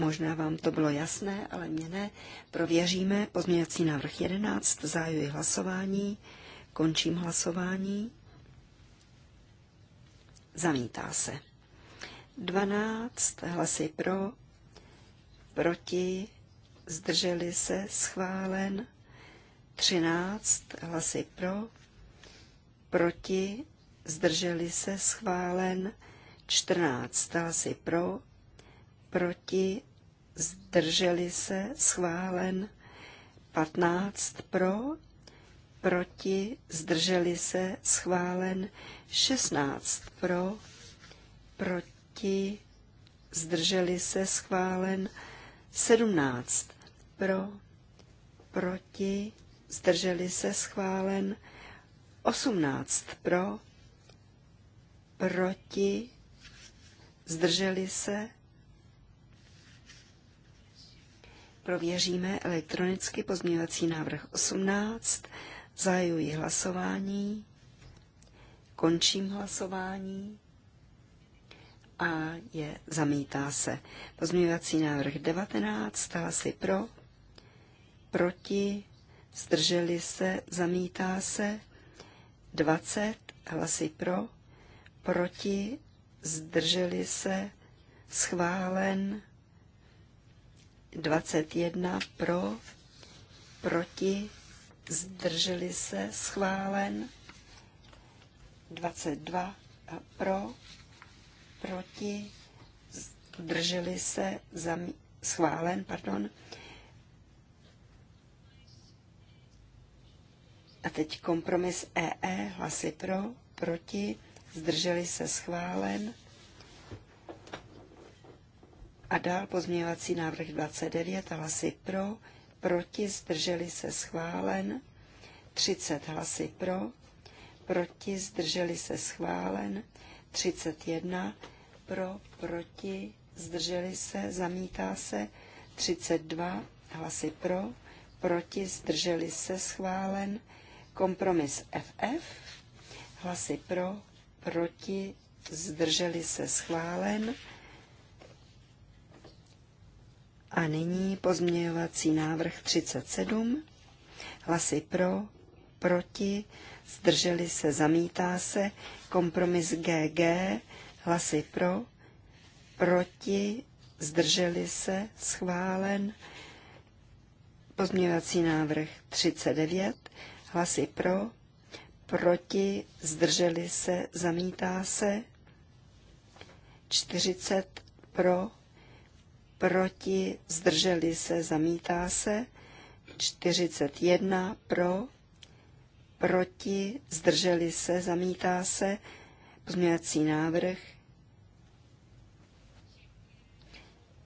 Možná vám to bylo jasné, ale mě ne. Prověříme pozměňovací návrh 11, Zájuji hlasování, končím hlasování. Zamítá se. 12 hlasy pro, proti, zdrželi se, schválen. 13 hlasy pro, proti, zdrželi se, schválen. 14 hlasy pro, proti, zdrželi se, schválen. 15 pro, proti, zdrželi se, schválen 16 pro, proti, zdrželi se, schválen 17 pro, proti, zdrželi se, schválen 18 pro, proti, zdrželi se, prověříme elektronicky pozměňovací návrh 18, Zahajuji hlasování, končím hlasování a je zamítá se. Pozměňovací návrh 19, si pro, proti, zdrželi se, zamítá se, 20, hlasy pro, proti, zdrželi se, schválen, 21 pro, proti, zdrželi se, schválen. 22 eh, pro, proti, zdrželi se, zam, schválen, pardon. A teď kompromis EE, e, hlasy pro, proti, zdrželi se, schválen. A dál pozměňovací návrh 29, hlasy pro, proti, zdrželi se schválen, 30 hlasy pro, proti, zdrželi se schválen, 31 pro, proti, zdrželi se, zamítá se, 32 hlasy pro, proti, zdrželi se, schválen, kompromis FF, hlasy pro, proti, zdrželi se, schválen, a nyní pozměňovací návrh 37. Hlasy pro, proti, zdrželi se, zamítá se. Kompromis GG, hlasy pro, proti, zdrželi se, schválen. Pozměňovací návrh 39, hlasy pro, proti, zdrželi se, zamítá se. 40 pro, proti, zdrželi se, zamítá se. 41 pro, proti, zdrželi se, zamítá se. Pozměňovací návrh.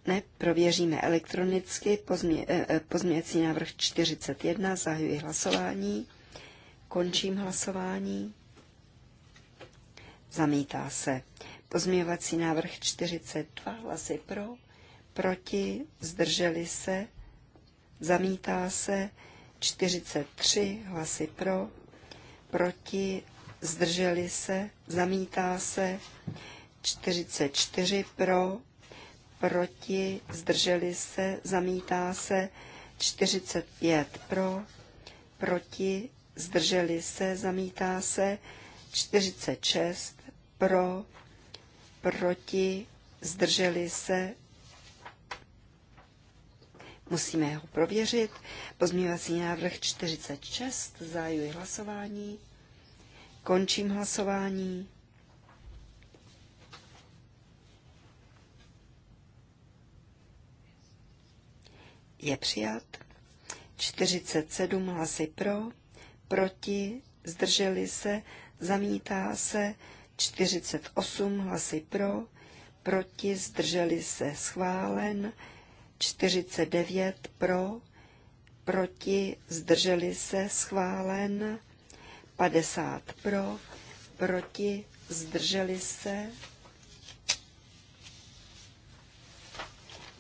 Ne, prověříme elektronicky. Pozmě, eh, eh, pozměňovací návrh 41, zahajuji hlasování. Končím hlasování. Zamítá se. Pozměňovací návrh 42, hlasy pro, proti, zdrželi se, zamítá se, 43 hlasy pro, proti, zdrželi se, zamítá se, 44 pro, proti, zdrželi se, zamítá se, 45 pro, proti, zdrželi se, zamítá se, 46 pro, proti, zdrželi se, Musíme ho prověřit. Pozměňovací návrh 46. Zájuji hlasování. Končím hlasování. Je přijat. 47 hlasy pro, proti, zdrželi se, zamítá se, 48 hlasy pro, proti, zdrželi se, schválen, 49 pro, proti, zdrželi se, schválen, 50 pro, proti, zdrželi se.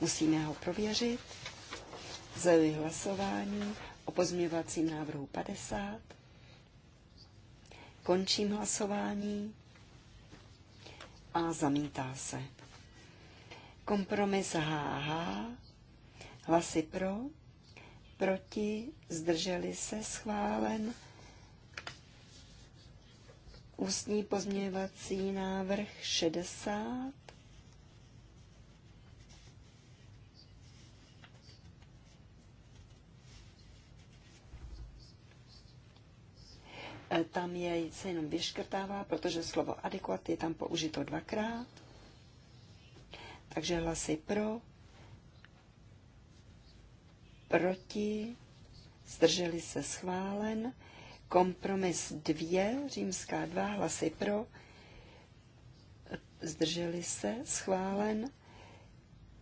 Musíme ho prověřit. Zajuji hlasování o pozměvacím návrhu 50. Končím hlasování a zamítá se. Kompromis HH hlasy pro, proti, zdrželi se, schválen. Ústní pozměvací návrh 60. E, tam je, se jenom vyškrtává, protože slovo adekvat je tam použito dvakrát. Takže hlasy pro, proti, zdrželi se schválen, kompromis dvě římská dva, hlasy pro, zdrželi se schválen,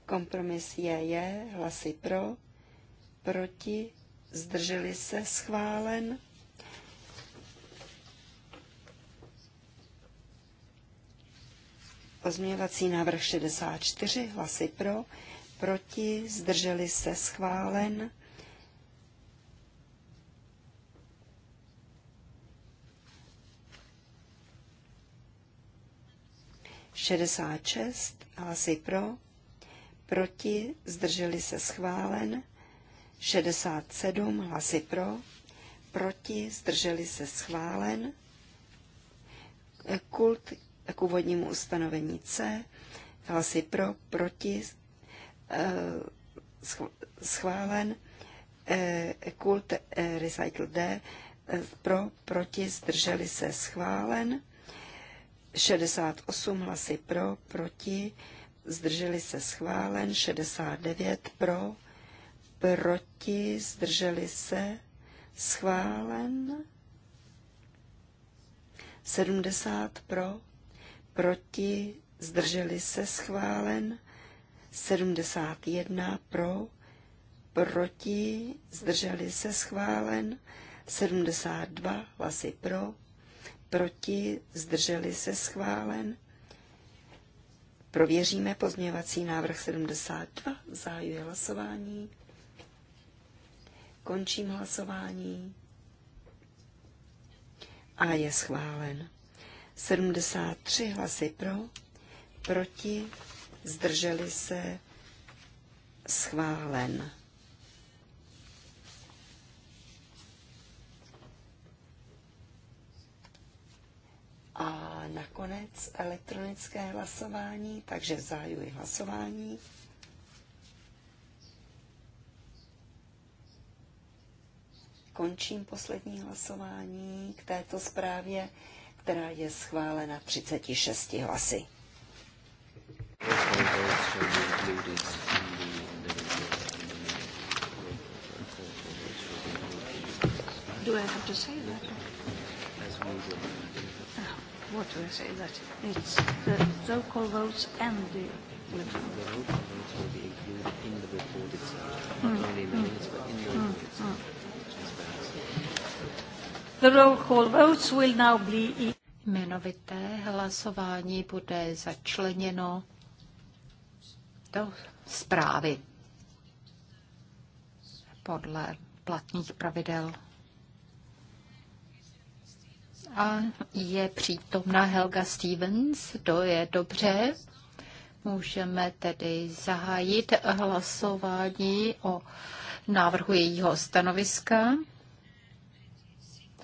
kompromis je, je, hlasy pro, proti, zdrželi se schválen, Pozměňovací návrh 64, hlasy pro, proti, zdrželi se schválen. Šedesát šest, hlasy pro, proti, zdrželi se schválen. šedesát sedm hlasy pro, proti, zdrželi se schválen. Kult k úvodnímu ustanovení C, hlasy pro, proti, Eh, schválen eh, kult eh, Recycle D pro, proti, zdrželi se schválen, 68 hlasy pro, proti, zdrželi se schválen, 69 pro, proti, zdrželi se schválen, 70 pro, proti, zdrželi se schválen, 71 pro, proti, zdrželi se schválen, 72 hlasy pro, proti, zdrželi se schválen. Prověříme pozměňovací návrh 72, zahajuje hlasování. Končím hlasování. A je schválen. 73 hlasy pro, proti, zdrželi se, schválen. A nakonec elektronické hlasování, takže zahajuji hlasování. Končím poslední hlasování k této zprávě, která je schválena 36 hlasy. Do I have to say that? As usual. Uh, oh, what do I say that? It's the so-called votes and the report. The vocal votes will be included in the report itself, not mm. only in the hmm, minutes, but in the mm. report hmm. itself. Mm. The roll call votes will now be... Jmenovité hlasování bude začleněno do zprávy podle platných pravidel. A je přítomna Helga Stevens, to je dobře. Můžeme tedy zahájit hlasování o návrhu jejího stanoviska.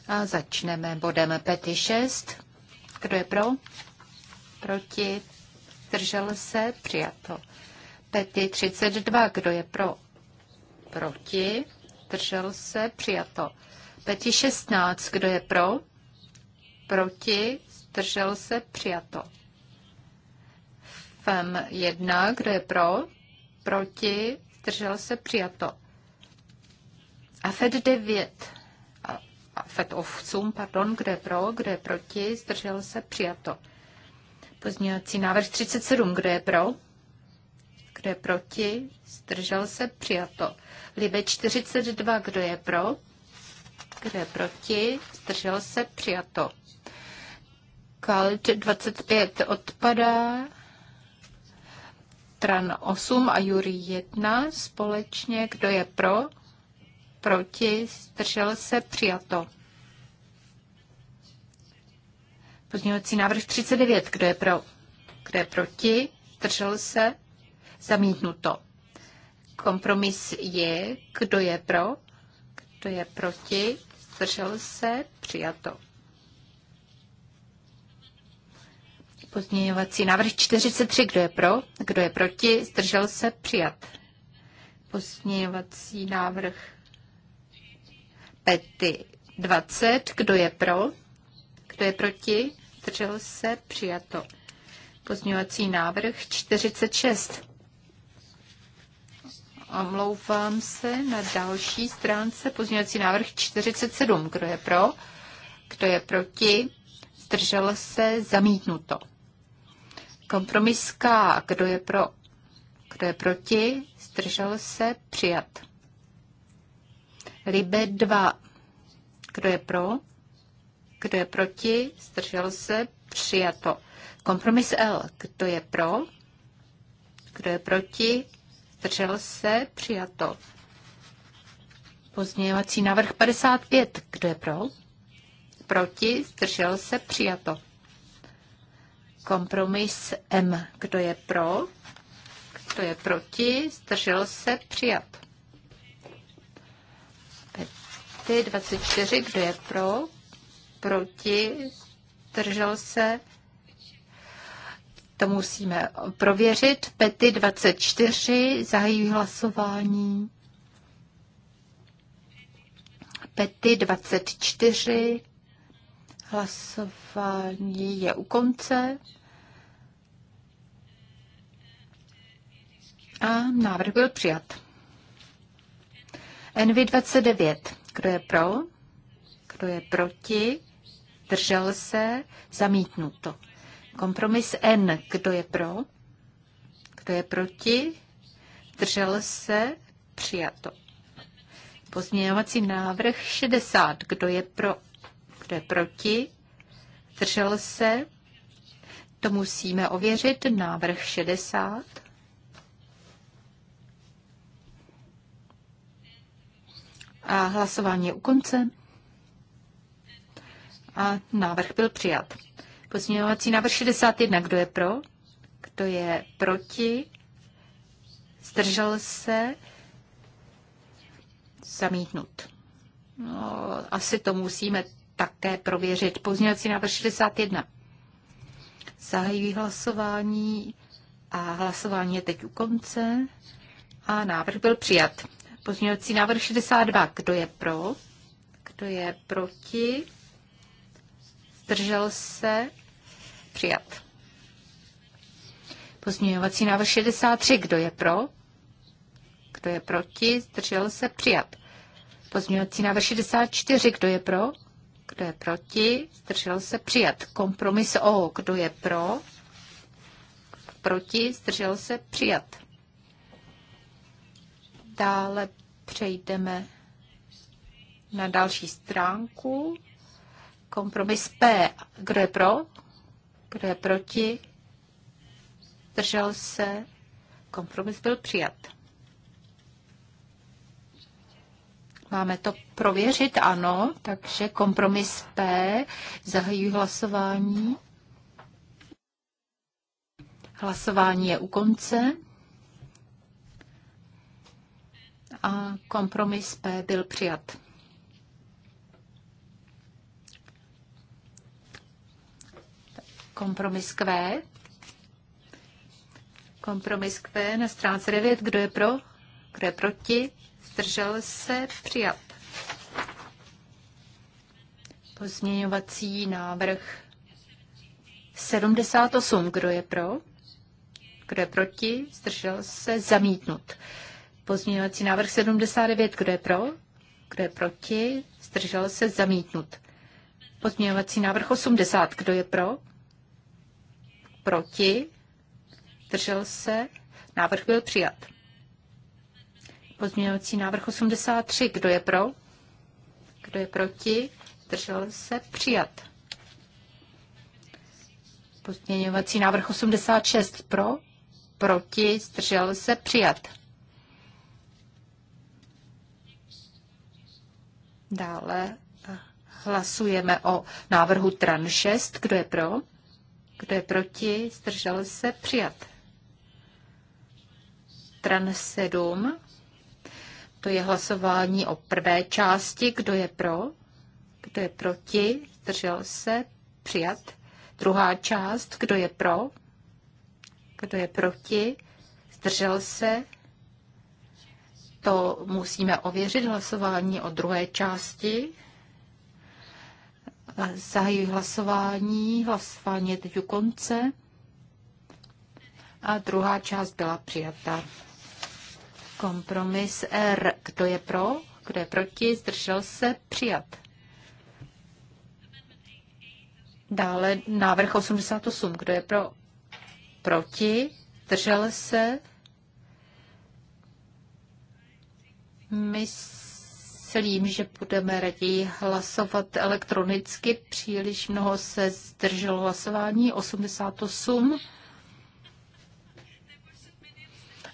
A začneme bodem pety 6. Kdo je pro? Proti? Držel se? Přijato. Peti 32. Kdo je pro? Proti. Držel se. Přijato. Peti 16. Kdo je pro? Proti. Držel se. Přijato. FEM 1. Kdo je pro? Proti. Držel se. Přijato. A FED 9. A of sum pardon, kde je pro, kde je proti, zdržel se, přijato. Pozměňovací návrh 37, kde je pro, kdo je proti? Zdržel se? Přijato. Libe 42. Kdo je pro? Kdo je proti? Zdržel se? Přijato. Kalt 25 odpadá. Tran 8 a Jury 1 společně. Kdo je pro? Proti? Zdržel se? Přijato. Pozměňovací návrh 39. Kdo je pro? Kdo je proti? Zdržel se? Zamítnuto. Kompromis je, kdo je pro, kdo je proti, zdržel se, přijato. Pozměňovací návrh 43, kdo je pro, kdo je proti, zdržel se, přijat. Pozměňovací návrh Pety 20, kdo je pro, kdo je proti, zdržel se, přijato. Pozměňovací návrh 46, Omlouvám se na další stránce pozměňovací návrh 47. Kdo je pro? Kdo je proti? Zdržel se zamítnuto. Kompromis K. Kdo je pro? Kdo je proti? Zdržel se přijat. Libe 2. Kdo je pro? Kdo je proti? Zdržel se přijato. Kompromis L. Kdo je pro? Kdo je proti? zdržel se, přijato. Pozměňovací návrh 55, kdo je pro? Proti, zdržel se, přijato. Kompromis M, kdo je pro? Kdo je proti, zdržel se, přijat. Pety 24, kdo je pro? Proti, zdržel se, to musíme prověřit. Pety 24, zahají hlasování. Pety 24, hlasování je u konce. A návrh byl přijat. NV29. Kdo je pro? Kdo je proti? Držel se? Zamítnuto. Kompromis N. Kdo je pro? Kdo je proti? Držel se? Přijato. Pozměňovací návrh 60. Kdo je pro? Kdo je proti? Držel se? To musíme ověřit. Návrh 60. A hlasování je u konce. A návrh byl přijat. Pozměňovací návrh 61. Kdo je pro? Kdo je proti? Zdržel se? Zamítnut. No, asi to musíme také prověřit. Pozměňovací návrh 61. Zahajují hlasování a hlasování je teď u konce a návrh byl přijat. Pozměňovací návrh 62. Kdo je pro? Kdo je proti? zdržel se, přijat. Pozměňovací návrh 63, kdo je pro, kdo je proti, zdržel se, přijat. Pozměňovací návrh 64, kdo je pro, kdo je proti, zdržel se, přijat. Kompromis O, kdo je pro, proti, zdržel se, přijat. Dále přejdeme na další stránku Kompromis P. Kdo je pro? Kdo je proti? Držel se? Kompromis byl přijat. Máme to prověřit, ano, takže kompromis P, zahajuji hlasování. Hlasování je u konce. A kompromis P byl přijat. Kompromis Q. Kompromis Q na stránce 9. Kdo je pro? Kdo je proti? Zdržel se? Přijat. Pozměňovací návrh 78. Kdo je pro? Kdo je proti? Zdržel se? Zamítnut. Pozměňovací návrh 79. Kdo je pro? Kdo je proti? Zdržel se? Zamítnut. Pozměňovací návrh 80. Kdo je pro? proti, držel se, návrh byl přijat. Pozměňovací návrh 83, kdo je pro, kdo je proti, držel se, přijat. Pozměňovací návrh 86 pro, proti, zdržel se, přijat. Dále eh, hlasujeme o návrhu TRAN 6. Kdo je pro? Kdo je proti? Zdržel se? Přijat. Tran 7. To je hlasování o prvé části. Kdo je pro? Kdo je proti? Zdržel se? Přijat. Druhá část. Kdo je pro? Kdo je proti? Zdržel se? To musíme ověřit hlasování o druhé části. Zahajuji hlasování. Hlasování je teď u konce. A druhá část byla přijata. Kompromis R. Kdo je pro? Kdo je proti? Zdržel se? Přijat. Dále návrh 88. Kdo je pro? Proti? Zdržel se? Myslím, myslím, že budeme raději hlasovat elektronicky. Příliš mnoho se zdrželo hlasování, 88.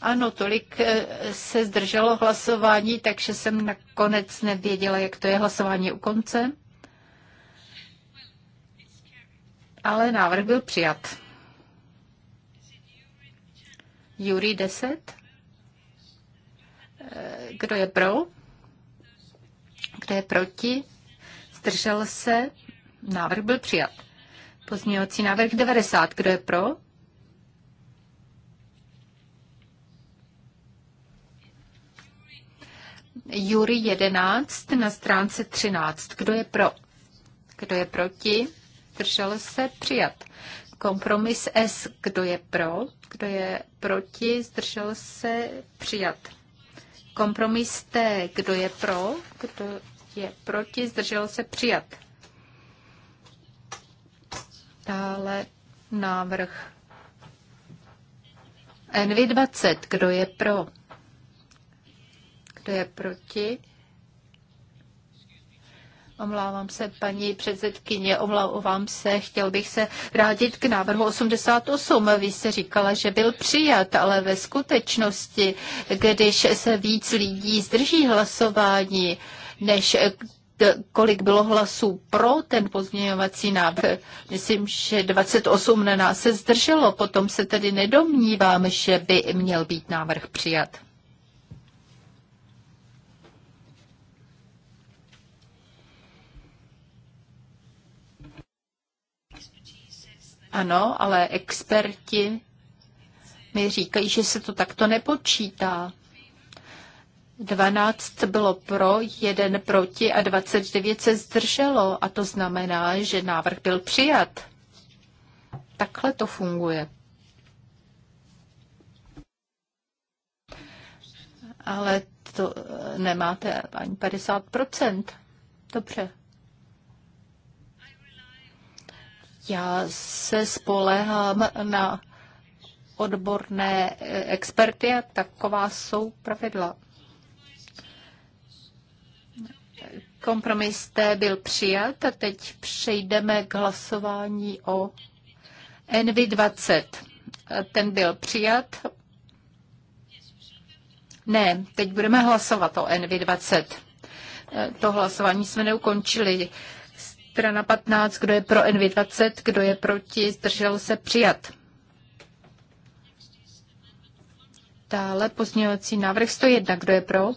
Ano, tolik eh, se zdrželo hlasování, takže jsem nakonec nevěděla, jak to je hlasování u konce. Ale návrh byl přijat. Jury 10. Eh, kdo je pro? Kdo je proti? Zdržel se? Návrh byl přijat. Pozměňovací návrh 90. Kdo je pro? Jury 11 na stránce 13. Kdo je pro? Kdo je proti? Držel se přijat. Kompromis S. Kdo je pro? Kdo je proti? Zdržel se přijat. Kompromis T. Kdo je pro? Kdo je proti? Zdržel se přijat. Dále návrh NV20. Kdo je pro? Kdo je proti? Omlávám se, paní předsedkyně, omlouvám se, chtěl bych se vrátit k návrhu 88. Vy jste říkala, že byl přijat, ale ve skutečnosti, když se víc lidí zdrží hlasování, než kolik bylo hlasů pro ten pozměňovací návrh. Myslím, že 28 na nás se zdrželo, potom se tedy nedomnívám, že by měl být návrh přijat. Ano, ale experti mi říkají, že se to takto nepočítá. 12 bylo pro, 1 proti a 29 se zdrželo. A to znamená, že návrh byl přijat. Takhle to funguje. Ale to eh, nemáte ani 50%. Dobře. Já se spolehám na odborné e, experty a taková jsou pravidla. Kompromis té byl přijat a teď přejdeme k hlasování o NV20. Ten byl přijat. Ne, teď budeme hlasovat o NV20. E, to hlasování jsme neukončili. ITRA na 15, kdo je pro NV20, kdo je proti, zdržel se přijat. Dále pozměňovací návrh 101, kdo je pro,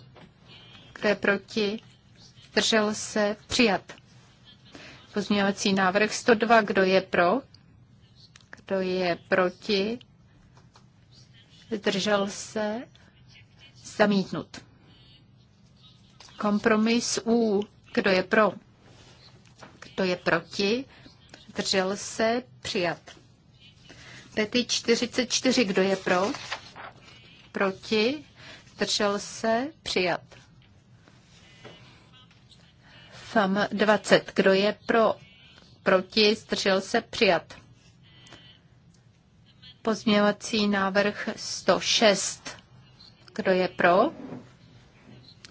kdo je proti, zdržel se přijat. Pozměňovací návrh 102, kdo je pro, kdo je proti, zdržel se zamítnut. Kompromis U, kdo je pro? Kdo je proti? držel se? Přijat. Pety 44. Kdo je pro? Proti? držel se? Přijat. FAM 20. Kdo je pro? Proti? Zdržel se? Přijat. Pozměňovací návrh 106. Kdo je pro?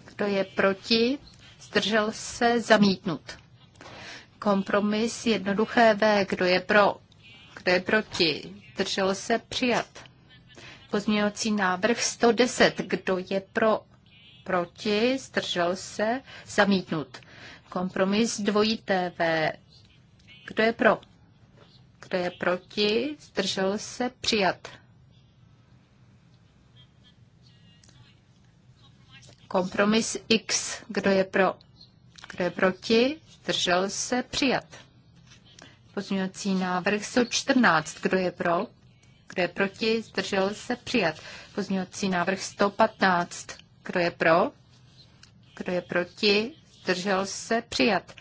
Kdo je proti? Zdržel se? Zamítnut. Kompromis jednoduché V. Kdo je pro? Kdo je proti? Držel se přijat. Pozměňovací návrh 110. Kdo je pro? Proti? Zdržel se? Zamítnut. Kompromis dvojité V. Kdo je pro? Kdo je proti? Zdržel se? Přijat. Kompromis X. Kdo je pro? Kdo je proti? zdržel se, přijat. Pozměňovací návrh 114, kdo je pro, kdo je proti, zdržel se, přijat. Pozměňovací návrh 115, kdo je pro, kdo je proti, zdržel se, přijat.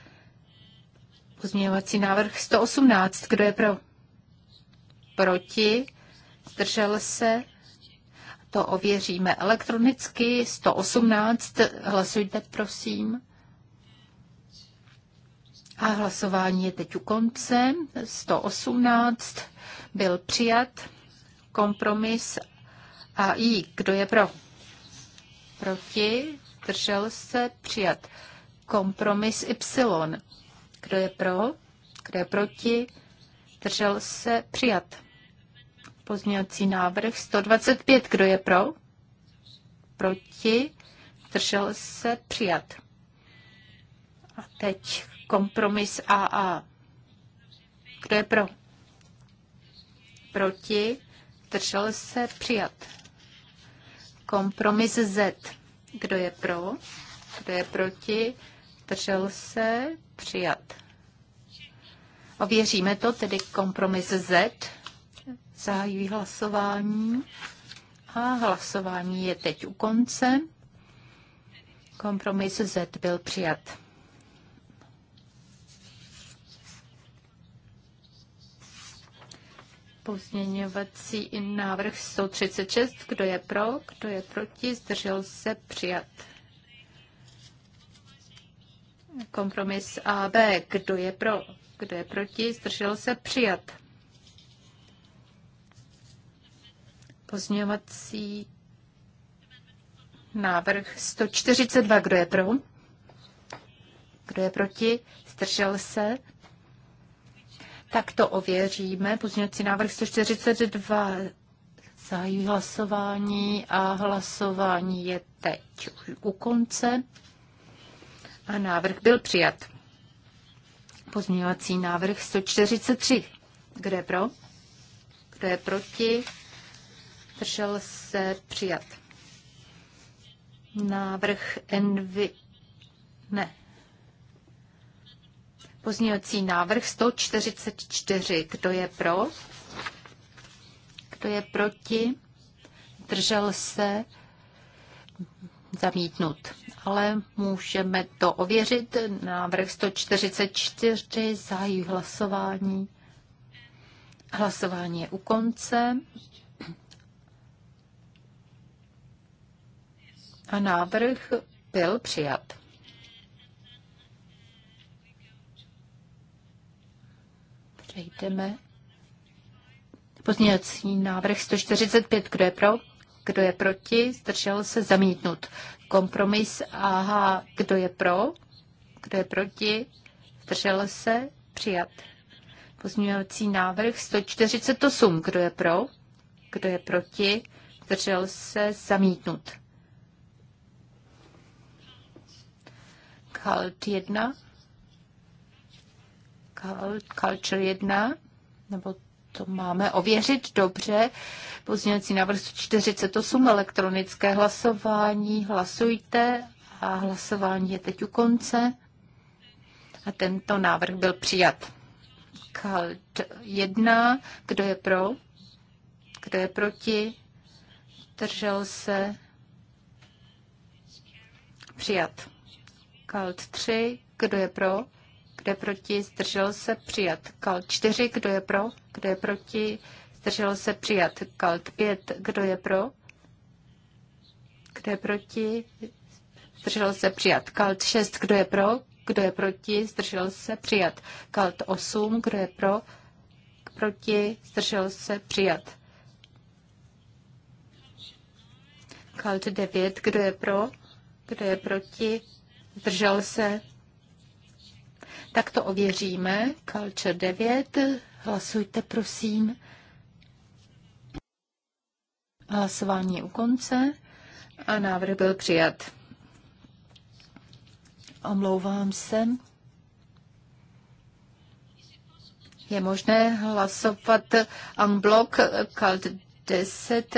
Pozměňovací návrh 118, kdo je pro, proti, zdržel se, to ověříme elektronicky. 118, hlasujte prosím. A hlasování je teď u konce. 118 byl přijat. Kompromis a i kdo je pro? Proti? Držel se? Přijat. Kompromis Y. Kdo je pro? Kdo je proti? Držel se? Přijat. Pozměňovací návrh 125. Kdo je pro? Proti? Držel se? Přijat. A teď Kompromis AA. Kdo je pro? Proti? Držel se? Přijat. Kompromis Z. Kdo je pro? Kdo je proti? Držel se? Přijat. Ověříme to, tedy kompromis Z. Zahajují hlasování. A hlasování je teď u konce. Kompromis Z byl přijat. Pozměňovací návrh 136. Kdo je pro? Kdo je proti? Zdržel se přijat. Kompromis AB. Kdo je pro? Kdo je proti? Zdržel se přijat. Pozměňovací návrh 142. Kdo je pro? Kdo je proti? Zdržel se? Tak to ověříme. Pozměňovací návrh 142 zahájí hlasování a hlasování je teď u konce. A návrh byl přijat. Pozměňovací návrh 143. Kdo je pro? Kdo je proti? Držel se přijat. Návrh Envy... Ne, Pozměňovací návrh 144. Kdo je pro? Kdo je proti? Držel se? Zamítnut. Ale můžeme to ověřit. Návrh 144. Zahají hlasování. Hlasování je u konce. A návrh byl přijat. Přejdeme. Pozměňovací návrh 145. Kdo je pro? Kdo je proti? Zdržel se zamítnut. Kompromis Aha, Kdo je pro? Kdo je proti? Zdržel se přijat. Pozměňovací návrh 148. Kdo je pro? Kdo je proti? Zdržel se zamítnut. Kalt 1. Culture 1, nebo to máme ověřit dobře. Pozměňovací návrh 48, elektronické hlasování, hlasujte a hlasování je teď u konce. A tento návrh byl přijat. Kalt 1, kdo je pro? Kdo je proti? Držel se? Přijat. Kalt 3, kdo je pro? kdo je proti, zdržel se přijat. Kalt 4, kdo je pro, kdo je proti, zdržel se přijat. Kalt 5, kdo je pro, kdo je proti, zdržel se přijat. Kalt 6, kdo je pro, kdo je proti, zdržel se přijat. Kalt 8, kdo je pro, proti, zdržel se přijat. Kalt 9, kdo je pro, kdo je proti, zdržel se tak to ověříme. Culture 9. Hlasujte, prosím. Hlasování u konce a návrh byl přijat. Omlouvám se. Je možné hlasovat unblock kalt 10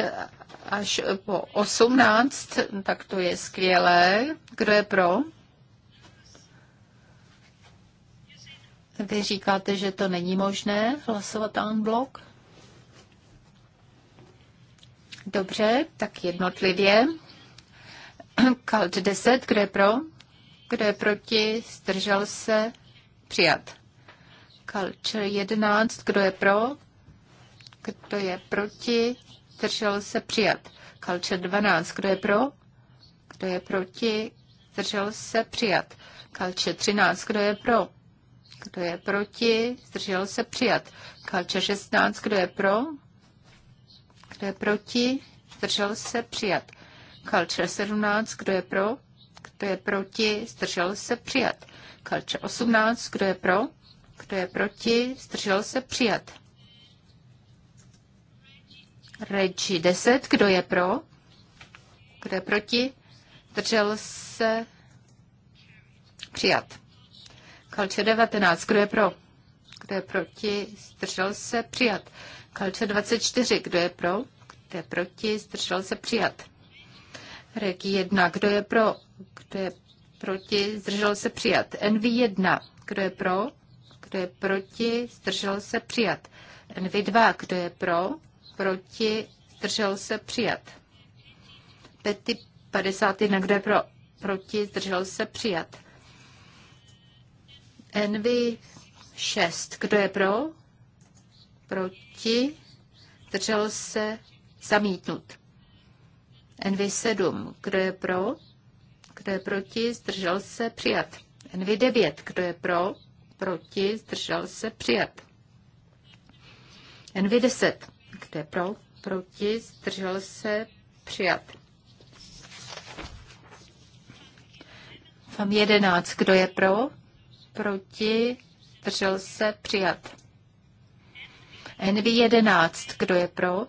až po 18, tak to je skvělé. Kdo je pro? Vy říkáte, že to není možné hlasovat en blok? Dobře, tak jednotlivě. Kalt 10, kdo je pro? Kdo je proti? Zdržel se? Přijat. Kalt 11, kdo je pro? Kdo je proti? Zdržel se? Přijat. Kalt 12, kdo je pro? Kdo je proti? Zdržel se? Přijat. Culture 13, kdo je pro? Kdo je proti? Zdržel se přijat. Kalče 16. Kdo je pro? Kdo je proti? Zdržel se přijat. Kalče 17. Kdo je pro? Kdo je proti? Zdržel se přijat. Kalče 18. Kdo je pro? Kdo je proti? Zdržel se přijat. Regi 10. Kdo je pro? Kdo je proti? Zdržel se přijat. Kalče 19, kdo je pro? Kdo je proti? Zdržel se přijat. Kalče 24, kdo je pro? Kdo je proti? Zdržel se přijat. Regi 1, kdo je pro? Kdo je proti? Zdržel se přijat. NV 1, kdo je pro? Kdo je proti? Zdržel se přijat. NV 2, kdo je pro? Proti? Zdržel se přijat. Pety 51, kdo je pro? Proti? Zdržel se přijat. Envy 6. Kdo je pro? Proti? Držel se? Zamítnut. Envy 7. Kdo je pro? Kdo je proti? Zdržel se? Přijat. Envy 9. Kdo je pro? Proti? Zdržel se? Přijat. Envy 10. Kdo je pro? Proti? Zdržel se? Přijat. FAM 11. Kdo je pro? proti, držel se, přijat. NV11, kdo je pro,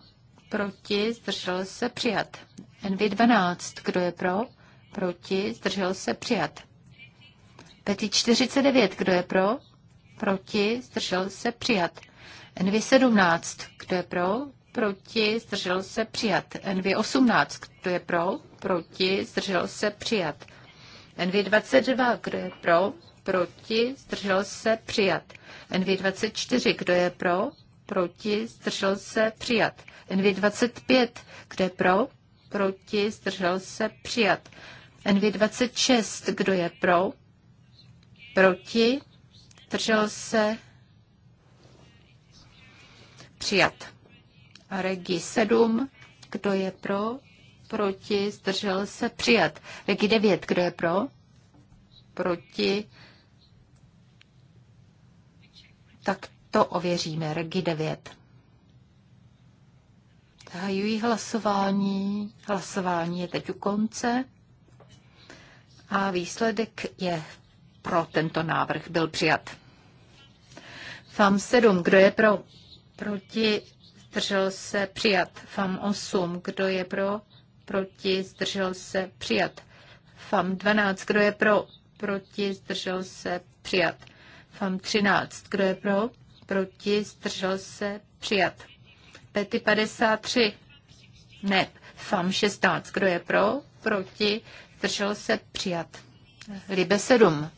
proti, zdržel se, přijat. NV12, kdo je pro, proti, zdržel se, přijat. Peti 49, kdo je pro, proti, zdržel se, přijat. NV17, kdo je pro, proti, zdržel se, přijat. NV18, kdo je pro, proti, zdržel se, přijat. NV22, kdo je pro, proti, zdržel se, přijat. NV24, kdo je pro, proti, zdržel se, přijat. NV25, kdo je pro, proti, zdržel se, přijat. NV26, kdo je pro, proti, zdržel se, přijat. A Regi 7, kdo je pro, proti, zdržel se, přijat. Regi 9, kdo je pro, proti, tak to ověříme. Regi 9. Zahajuji hlasování. Hlasování je teď u konce. A výsledek je pro tento návrh. Byl přijat. FAM 7. Kdo je pro? Proti? Zdržel se? Přijat. FAM 8. Kdo je pro? Proti? Zdržel se? Přijat. FAM 12. Kdo je pro? Proti? Zdržel se? Přijat. FAM 13. Kdo je pro? Proti? Zdržel se? Přijat. Pety 53. Ne. FAM 16. Kdo je pro? Proti? Zdržel se? Přijat. Libe 7.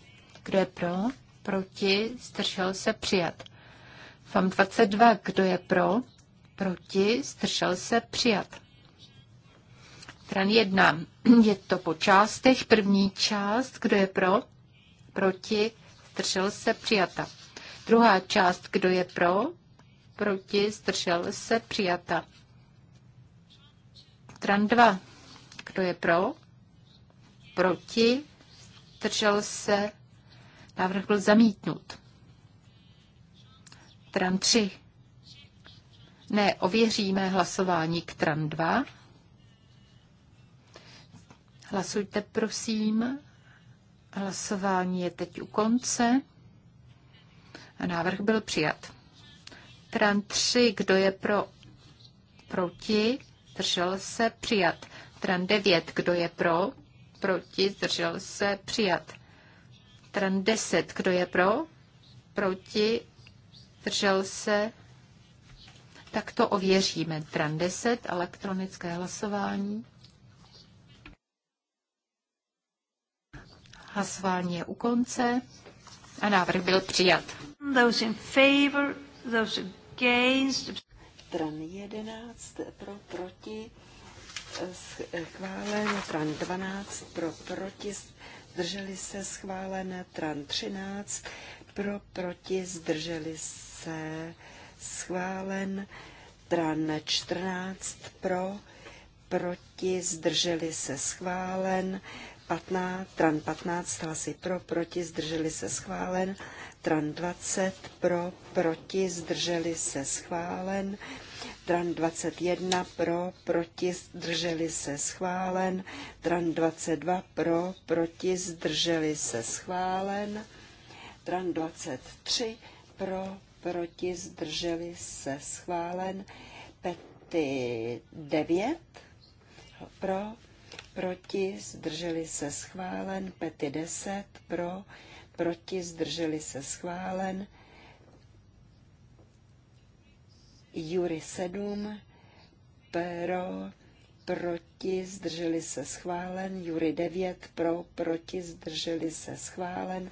Kdo je pro? Proti? Zdržel se? Přijat. FAM 22. Kdo je pro? Proti? Zdržel se? Přijat. Stran 1. Je to po částech. První část. Kdo je pro? Proti? zdržel se, přijata. Druhá část, kdo je pro, proti, zdržel se, přijata. Tran 2, kdo je pro, proti, zdržel se, návrh byl zamítnut. Tran 3. Ne, ověříme hlasování k Tran 2. Hlasujte, prosím. Hlasování je teď u konce. Návrh byl přijat. Tran 3, kdo je pro, proti, držel se, přijat. Tran 9, kdo je pro, proti, držel se, přijat. Tran 10, kdo je pro, proti, držel se, tak to ověříme. Tran 10, elektronické hlasování. Hlasování je u konce a návrh byl přijat. Those in favor, those against. Tran 11 pro proti, schválen, tran 12 pro proti, zdrželi se schválen, tran 13 pro proti, zdrželi se schválen, tran 14 pro proti, zdrželi se schválen, 15, tran 15 hlasy pro, proti, zdrželi se schválen, tran 20 pro, proti, zdrželi se schválen, tran 21 pro, proti, zdrželi se schválen, tran 22 pro, proti, zdrželi se schválen, tran 23 pro, proti, zdrželi se schválen, pety 9 pro, proti, zdrželi se schválen, pety 10 pro, proti, zdrželi se schválen, Jury 7 pro, proti, zdrželi se schválen, Jury 9 pro, proti, zdrželi se schválen,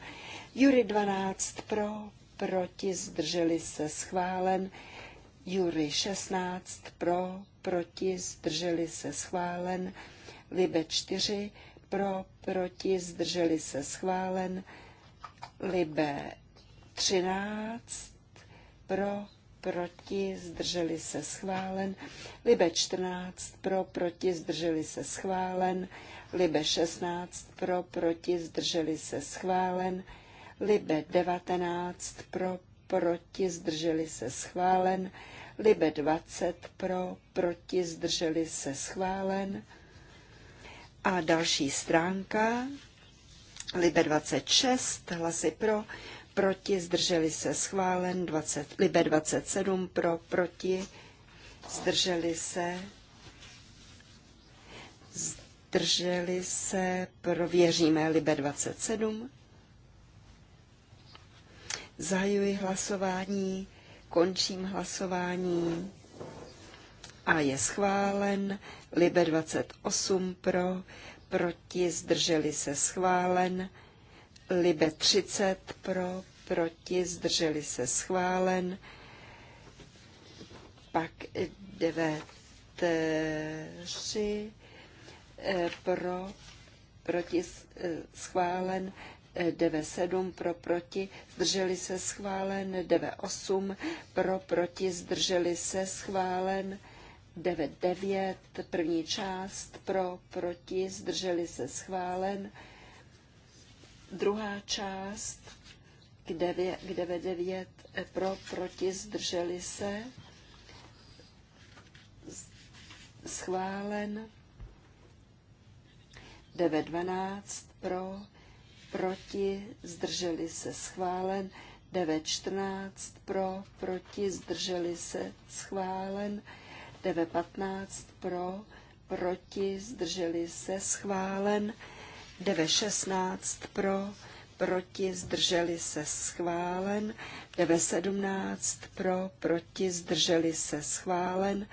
Jury 12 pro, proti, zdrželi se schválen, Jury 16 pro, proti, zdrželi se schválen, Libe 4 pro, proti, zdrželi se schválen. Libe 13 pro, proti, zdrželi se schválen. Libe 14 pro, proti, zdrželi se schválen. Libe 16 pro, proti, zdrželi se schválen. Libe 19 pro, proti, zdrželi se schválen. Libe 20 pro, proti, zdrželi se schválen. A další stránka, Libe 26, hlasy pro, proti, zdrželi se schválen, 20, Libe 27 pro, proti, zdrželi se, zdrželi se, prověříme Libe 27. Zahajuji hlasování, končím hlasování a je schválen. Libe 28 pro, proti, zdrželi se schválen. Libe 30 pro, proti, zdrželi se schválen. Pak 9, 3 eh, pro, proti, eh, schválen. 9,7 eh, pro proti, zdrželi se schválen, 9,8 pro proti, zdrželi se schválen, 9.9, první část pro, proti, zdrželi se schválen. Druhá část k 9.9 eh, pro, proti, zdrželi se schválen. 9.12 pro, proti, zdrželi se schválen. 9.14 pro, proti, zdrželi se schválen. 9.15 TV 15 pro, proti, zdrželi se, schválen. TV 16 pro, proti, zdrželi se, schválen. TV 17 pro, proti, zdrželi se, schválen.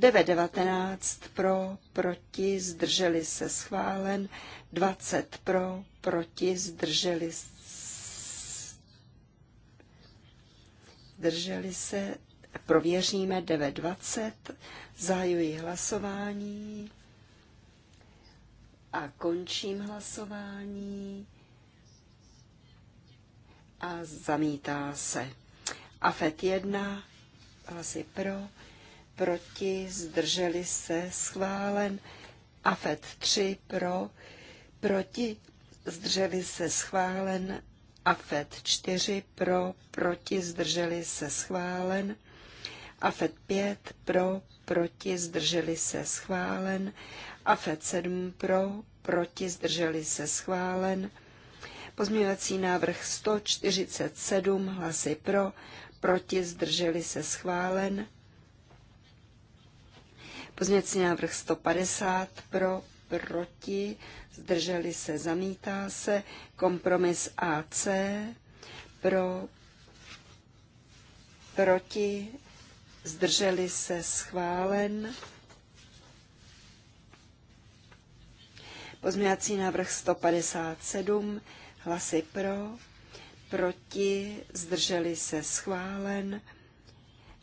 TV 19 pro, proti, zdrželi se, schválen. 20 pro, proti, zdrželi se, zdrželi se, prověříme 9.20, zahajuji hlasování a končím hlasování a zamítá se. AFET 1, hlasy pro, proti, zdrželi se, schválen. AFET 3 pro, proti, zdrželi se, schválen. AFET 4 pro, proti, zdrželi se, schválen. AFET 5 pro, proti, zdrželi se schválen. AFET 7 pro, proti, zdrželi se schválen. Pozměňovací návrh 147, hlasy pro, proti, zdrželi se schválen. Pozměňovací návrh 150 pro, proti, zdrželi se, zamítá se. Kompromis AC pro, proti, zdrželi se schválen. Pozměňovací návrh 157, hlasy pro, proti, zdrželi se schválen.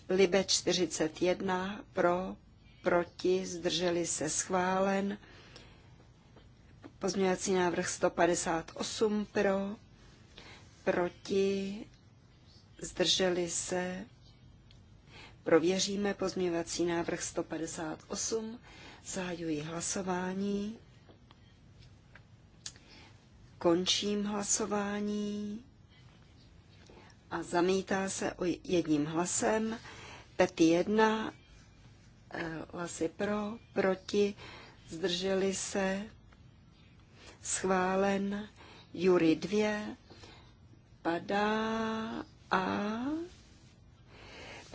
Libe 41, pro, proti, zdrželi se schválen. Pozměňovací návrh 158 pro, proti, zdrželi se Prověříme pozměvací návrh 158. Zahajuji hlasování. Končím hlasování. A zamítá se o jedním hlasem. Pet 1. Eh, hlasy pro, proti, zdrželi se. Schválen. Jury 2. Padá a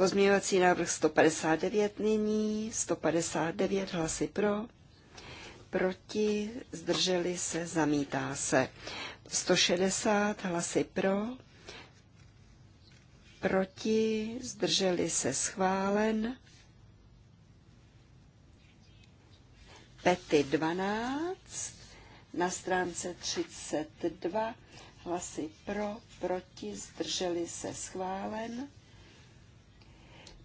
Pozměňovací návrh 159 nyní, 159 hlasy pro, proti, zdrželi se, zamítá se. 160 hlasy pro, proti, zdrželi se, schválen. Pety 12, na stránce 32, hlasy pro, proti, zdrželi se, schválen.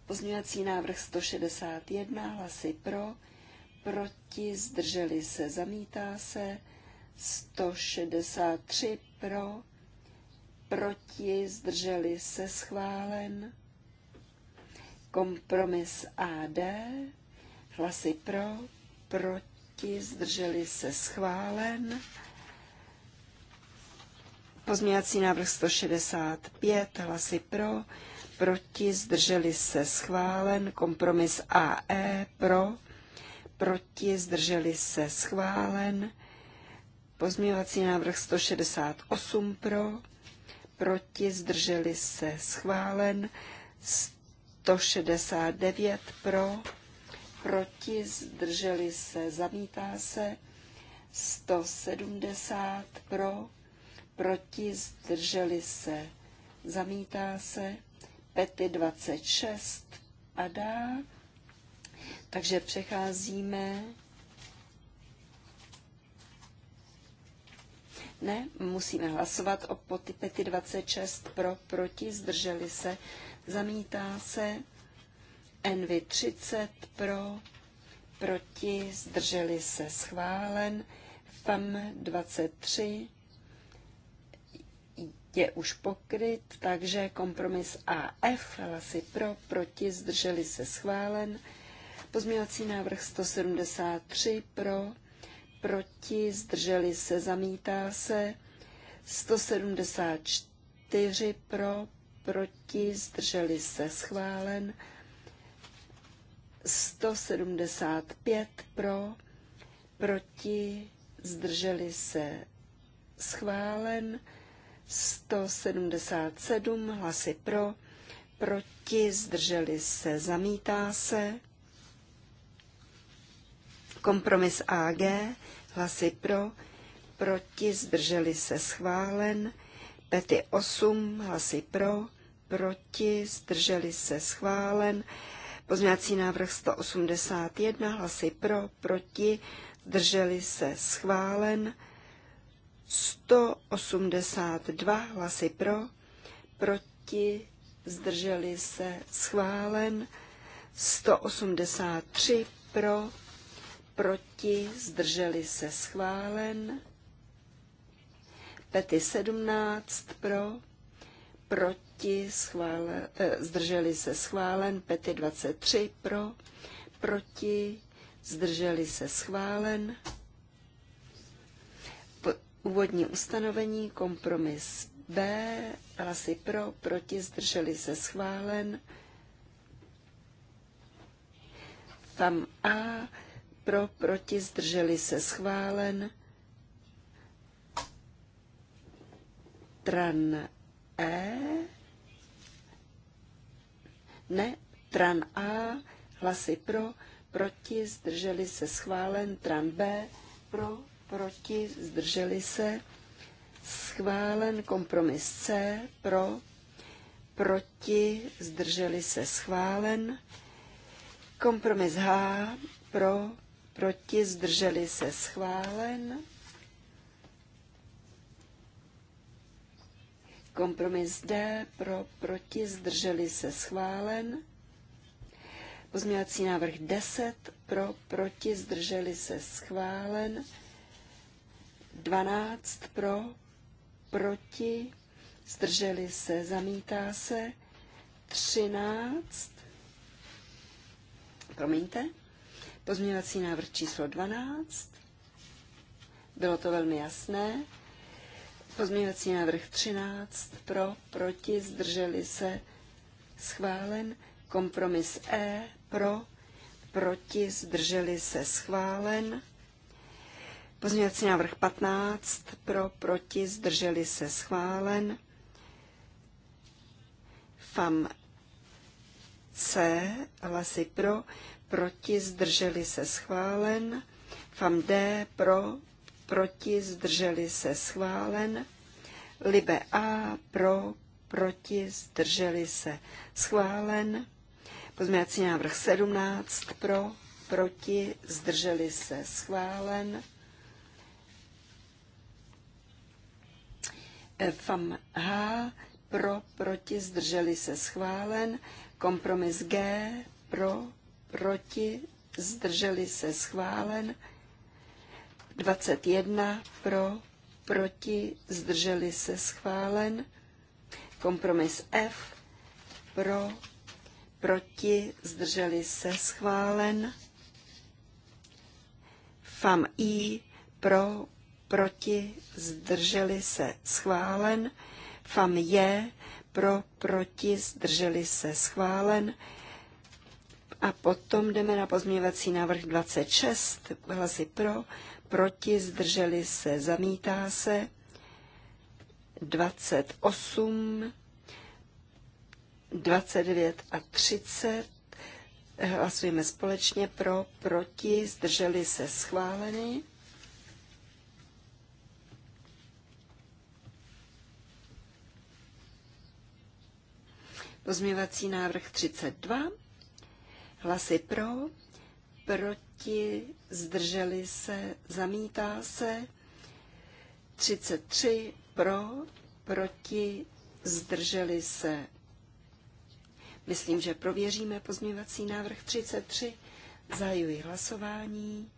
Pozměňovací návrh 161, hlasy pro, proti, zdrželi se, zamítá se. 163 pro, proti, zdrželi se, schválen. Kompromis AD, hlasy pro, proti, zdrželi se, schválen. Pozměňovací návrh 165, hlasy pro, proti, zdrželi se schválen, kompromis AE pro, proti, zdrželi se schválen, pozměňovací návrh 168 pro, proti, zdrželi se schválen, 169 pro, proti, zdrželi se, zamítá se, 170 pro, proti, zdrželi se, zamítá se, pety 26 padá, takže přecházíme Ne, musíme hlasovat o poty pety 26 pro, proti, zdrželi se, zamítá se, NV 30 pro, proti, zdrželi se, schválen, FAM 23 je už pokryt, takže kompromis AF, hlasy pro, proti, zdrželi se schválen. Pozměňovací návrh 173 pro, proti, zdrželi se, zamítá se. 174 pro, proti, zdrželi se, schválen. 175 pro, proti, zdrželi se, schválen. 177 hlasy pro, proti, zdrželi se, zamítá se. Kompromis AG, hlasy pro, proti, zdrželi se, schválen. Pety 8, hlasy pro, proti, zdrželi se, schválen. Pozměňovací návrh 181, hlasy pro, proti, zdrželi se, schválen. 182 hlasy pro, proti, zdrželi se, schválen. 183 pro, proti, zdrželi se, schválen. Pety 17 pro, proti, schvále, eh, zdrželi se, schválen. Pety 23 pro, proti, zdrželi se, schválen. Úvodní ustanovení, kompromis B, hlasy pro, proti, zdrželi se schválen. Tam A, pro, proti, zdrželi se schválen. Tran E, ne, tran A, hlasy pro, proti, zdrželi se schválen, tran B, pro, proti, zdrželi se, schválen kompromis C, pro, proti, zdrželi se, schválen. Kompromis H, pro, proti, zdrželi se, schválen. Kompromis D, pro, proti, zdrželi se, schválen. Pozměňovací návrh 10, pro, proti, zdrželi se, schválen. 12 pro, proti, zdrželi se, zamítá se, 13, promiňte, pozměňovací návrh číslo 12, bylo to velmi jasné, pozměňovací návrh 13, pro, proti, zdrželi se, schválen, kompromis E, pro, proti, zdrželi se, schválen, Pozměňovací návrh 15 pro, proti, zdrželi se schválen. FAM C, hlasy pro, proti, zdrželi se schválen. FAM D, pro, proti, zdrželi se schválen. Libe A, pro, proti, zdrželi se schválen. Pozměňovací návrh 17, pro, proti, zdrželi se schválen. FAM H pro, proti, zdrželi se schválen. Kompromis G pro, proti, zdrželi se schválen. 21 pro, proti, zdrželi se schválen. Kompromis F pro, proti, zdrželi se schválen. FAM I pro, proti, zdrželi se, schválen. Fam je, pro, proti, zdrželi se, schválen. A potom jdeme na pozměňovací návrh 26, hlasy pro, proti, zdrželi se, zamítá se. 28, 29 a 30. Hlasujeme společně pro, proti, zdrželi se schváleny. Pozměvací návrh 32. Hlasy pro, proti, zdrželi se, zamítá se. 33 pro, proti, zdrželi se. Myslím, že prověříme pozměvací návrh 33. Zajuji hlasování.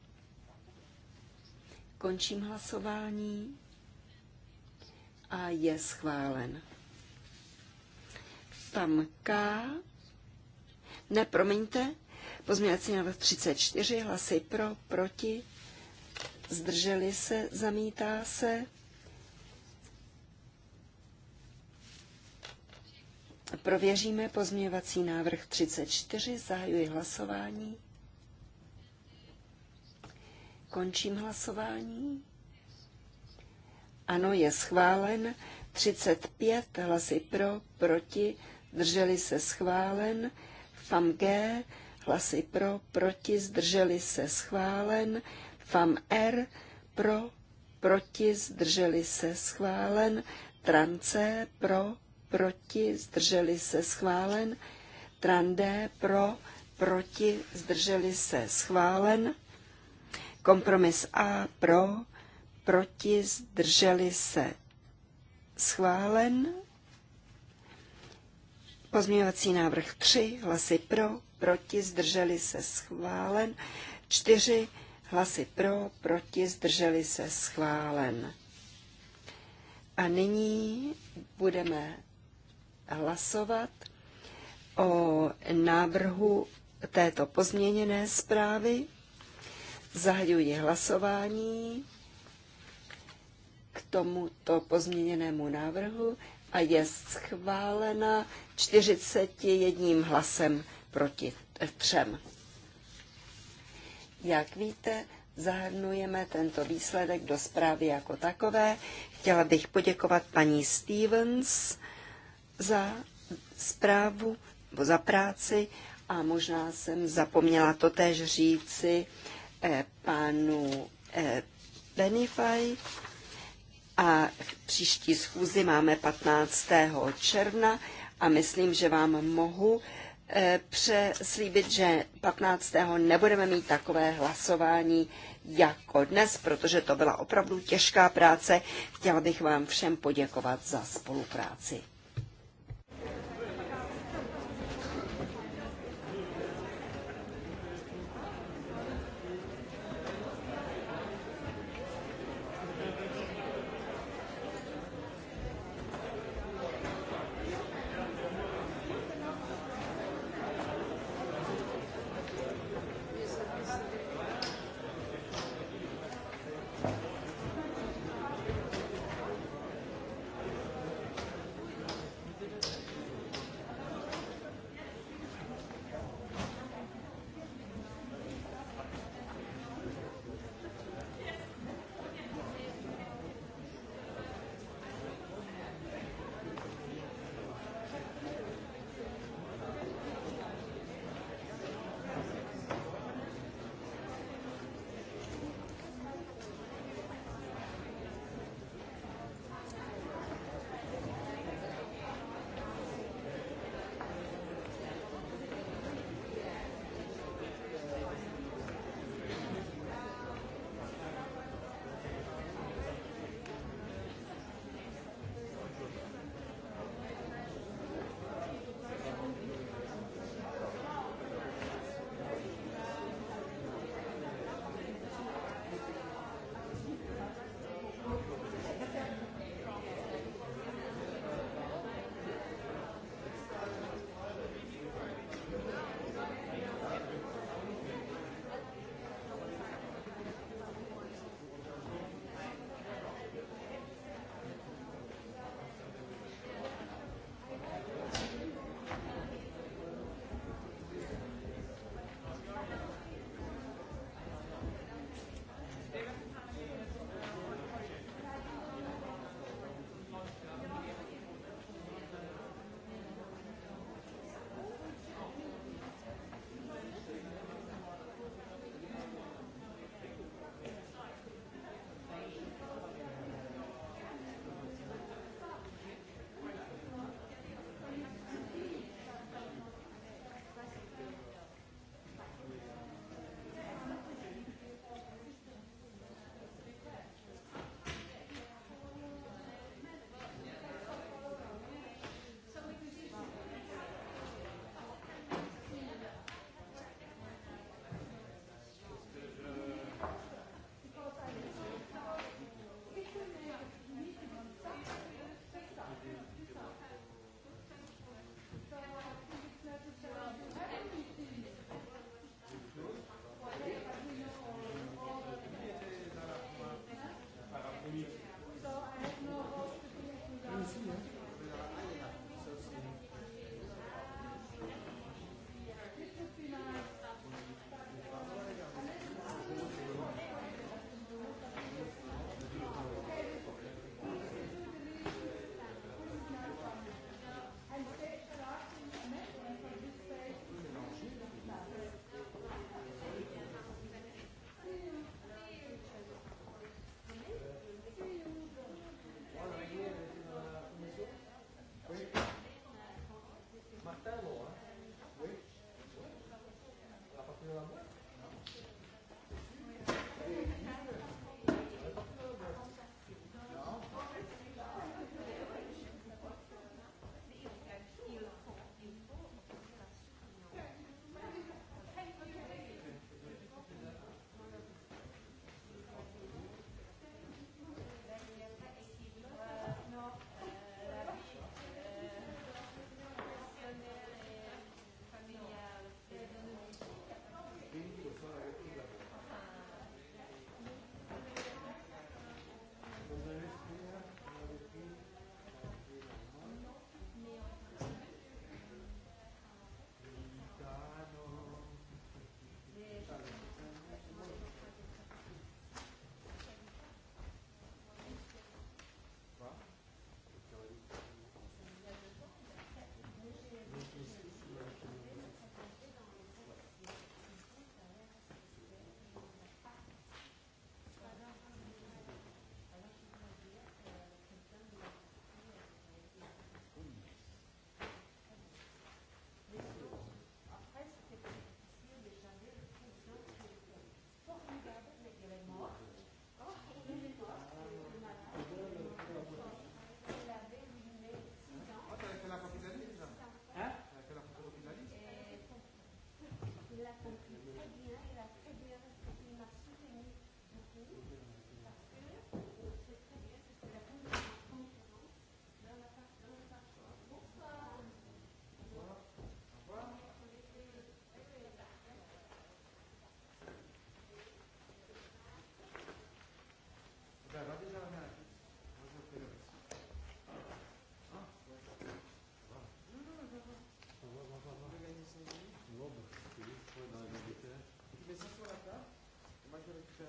Končím hlasování. A je schválen tamka. Ne, promiňte. Pozměňovací návrh 34, hlasy pro, proti, zdrželi se, zamítá se. Prověříme pozměňovací návrh 34, zahajuji hlasování. Končím hlasování. Ano, je schválen. 35 hlasy pro, proti, zdrželi se schválen, FAM G, hlasy pro, proti, zdrželi se schválen, FAM R, pro, proti, zdrželi se schválen, trance, pro, proti, zdrželi se schválen, D, pro, proti, zdrželi se schválen, kompromis A, pro, proti, zdrželi se schválen, Pozměňovací návrh 3, hlasy pro, proti, zdrželi se schválen. 4, hlasy pro, proti, zdrželi se schválen. A nyní budeme hlasovat o návrhu této pozměněné zprávy. Zahajuji hlasování k tomuto pozměněnému návrhu a je schválena 41 hlasem proti eh, třem. Jak víte, zahrnujeme tento výsledek do zprávy jako takové. Chtěla bych poděkovat paní Stevens za zprávu nebo za práci a možná jsem zapomněla to též říci eh, panu eh, Benify, a v příští schůzi máme 15. června a myslím, že vám mohu eh, přeslíbit, že 15. nebudeme mít takové hlasování jako dnes, protože to byla opravdu těžká práce. Chtěla bych vám všem poděkovat za spolupráci.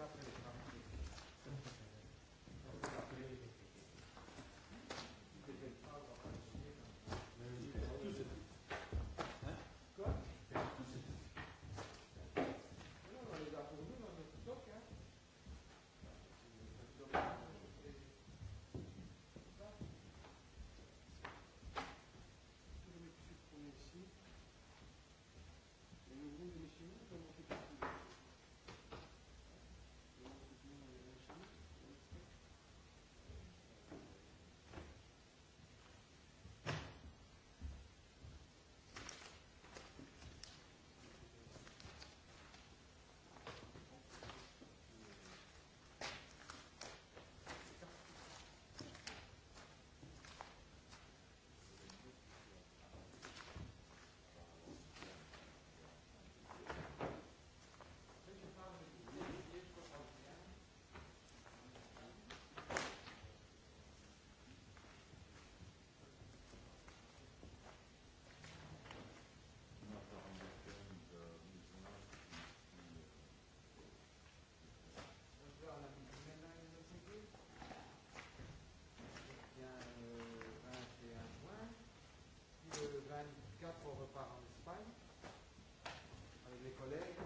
na první. pour repart en Espagne avec les collègues.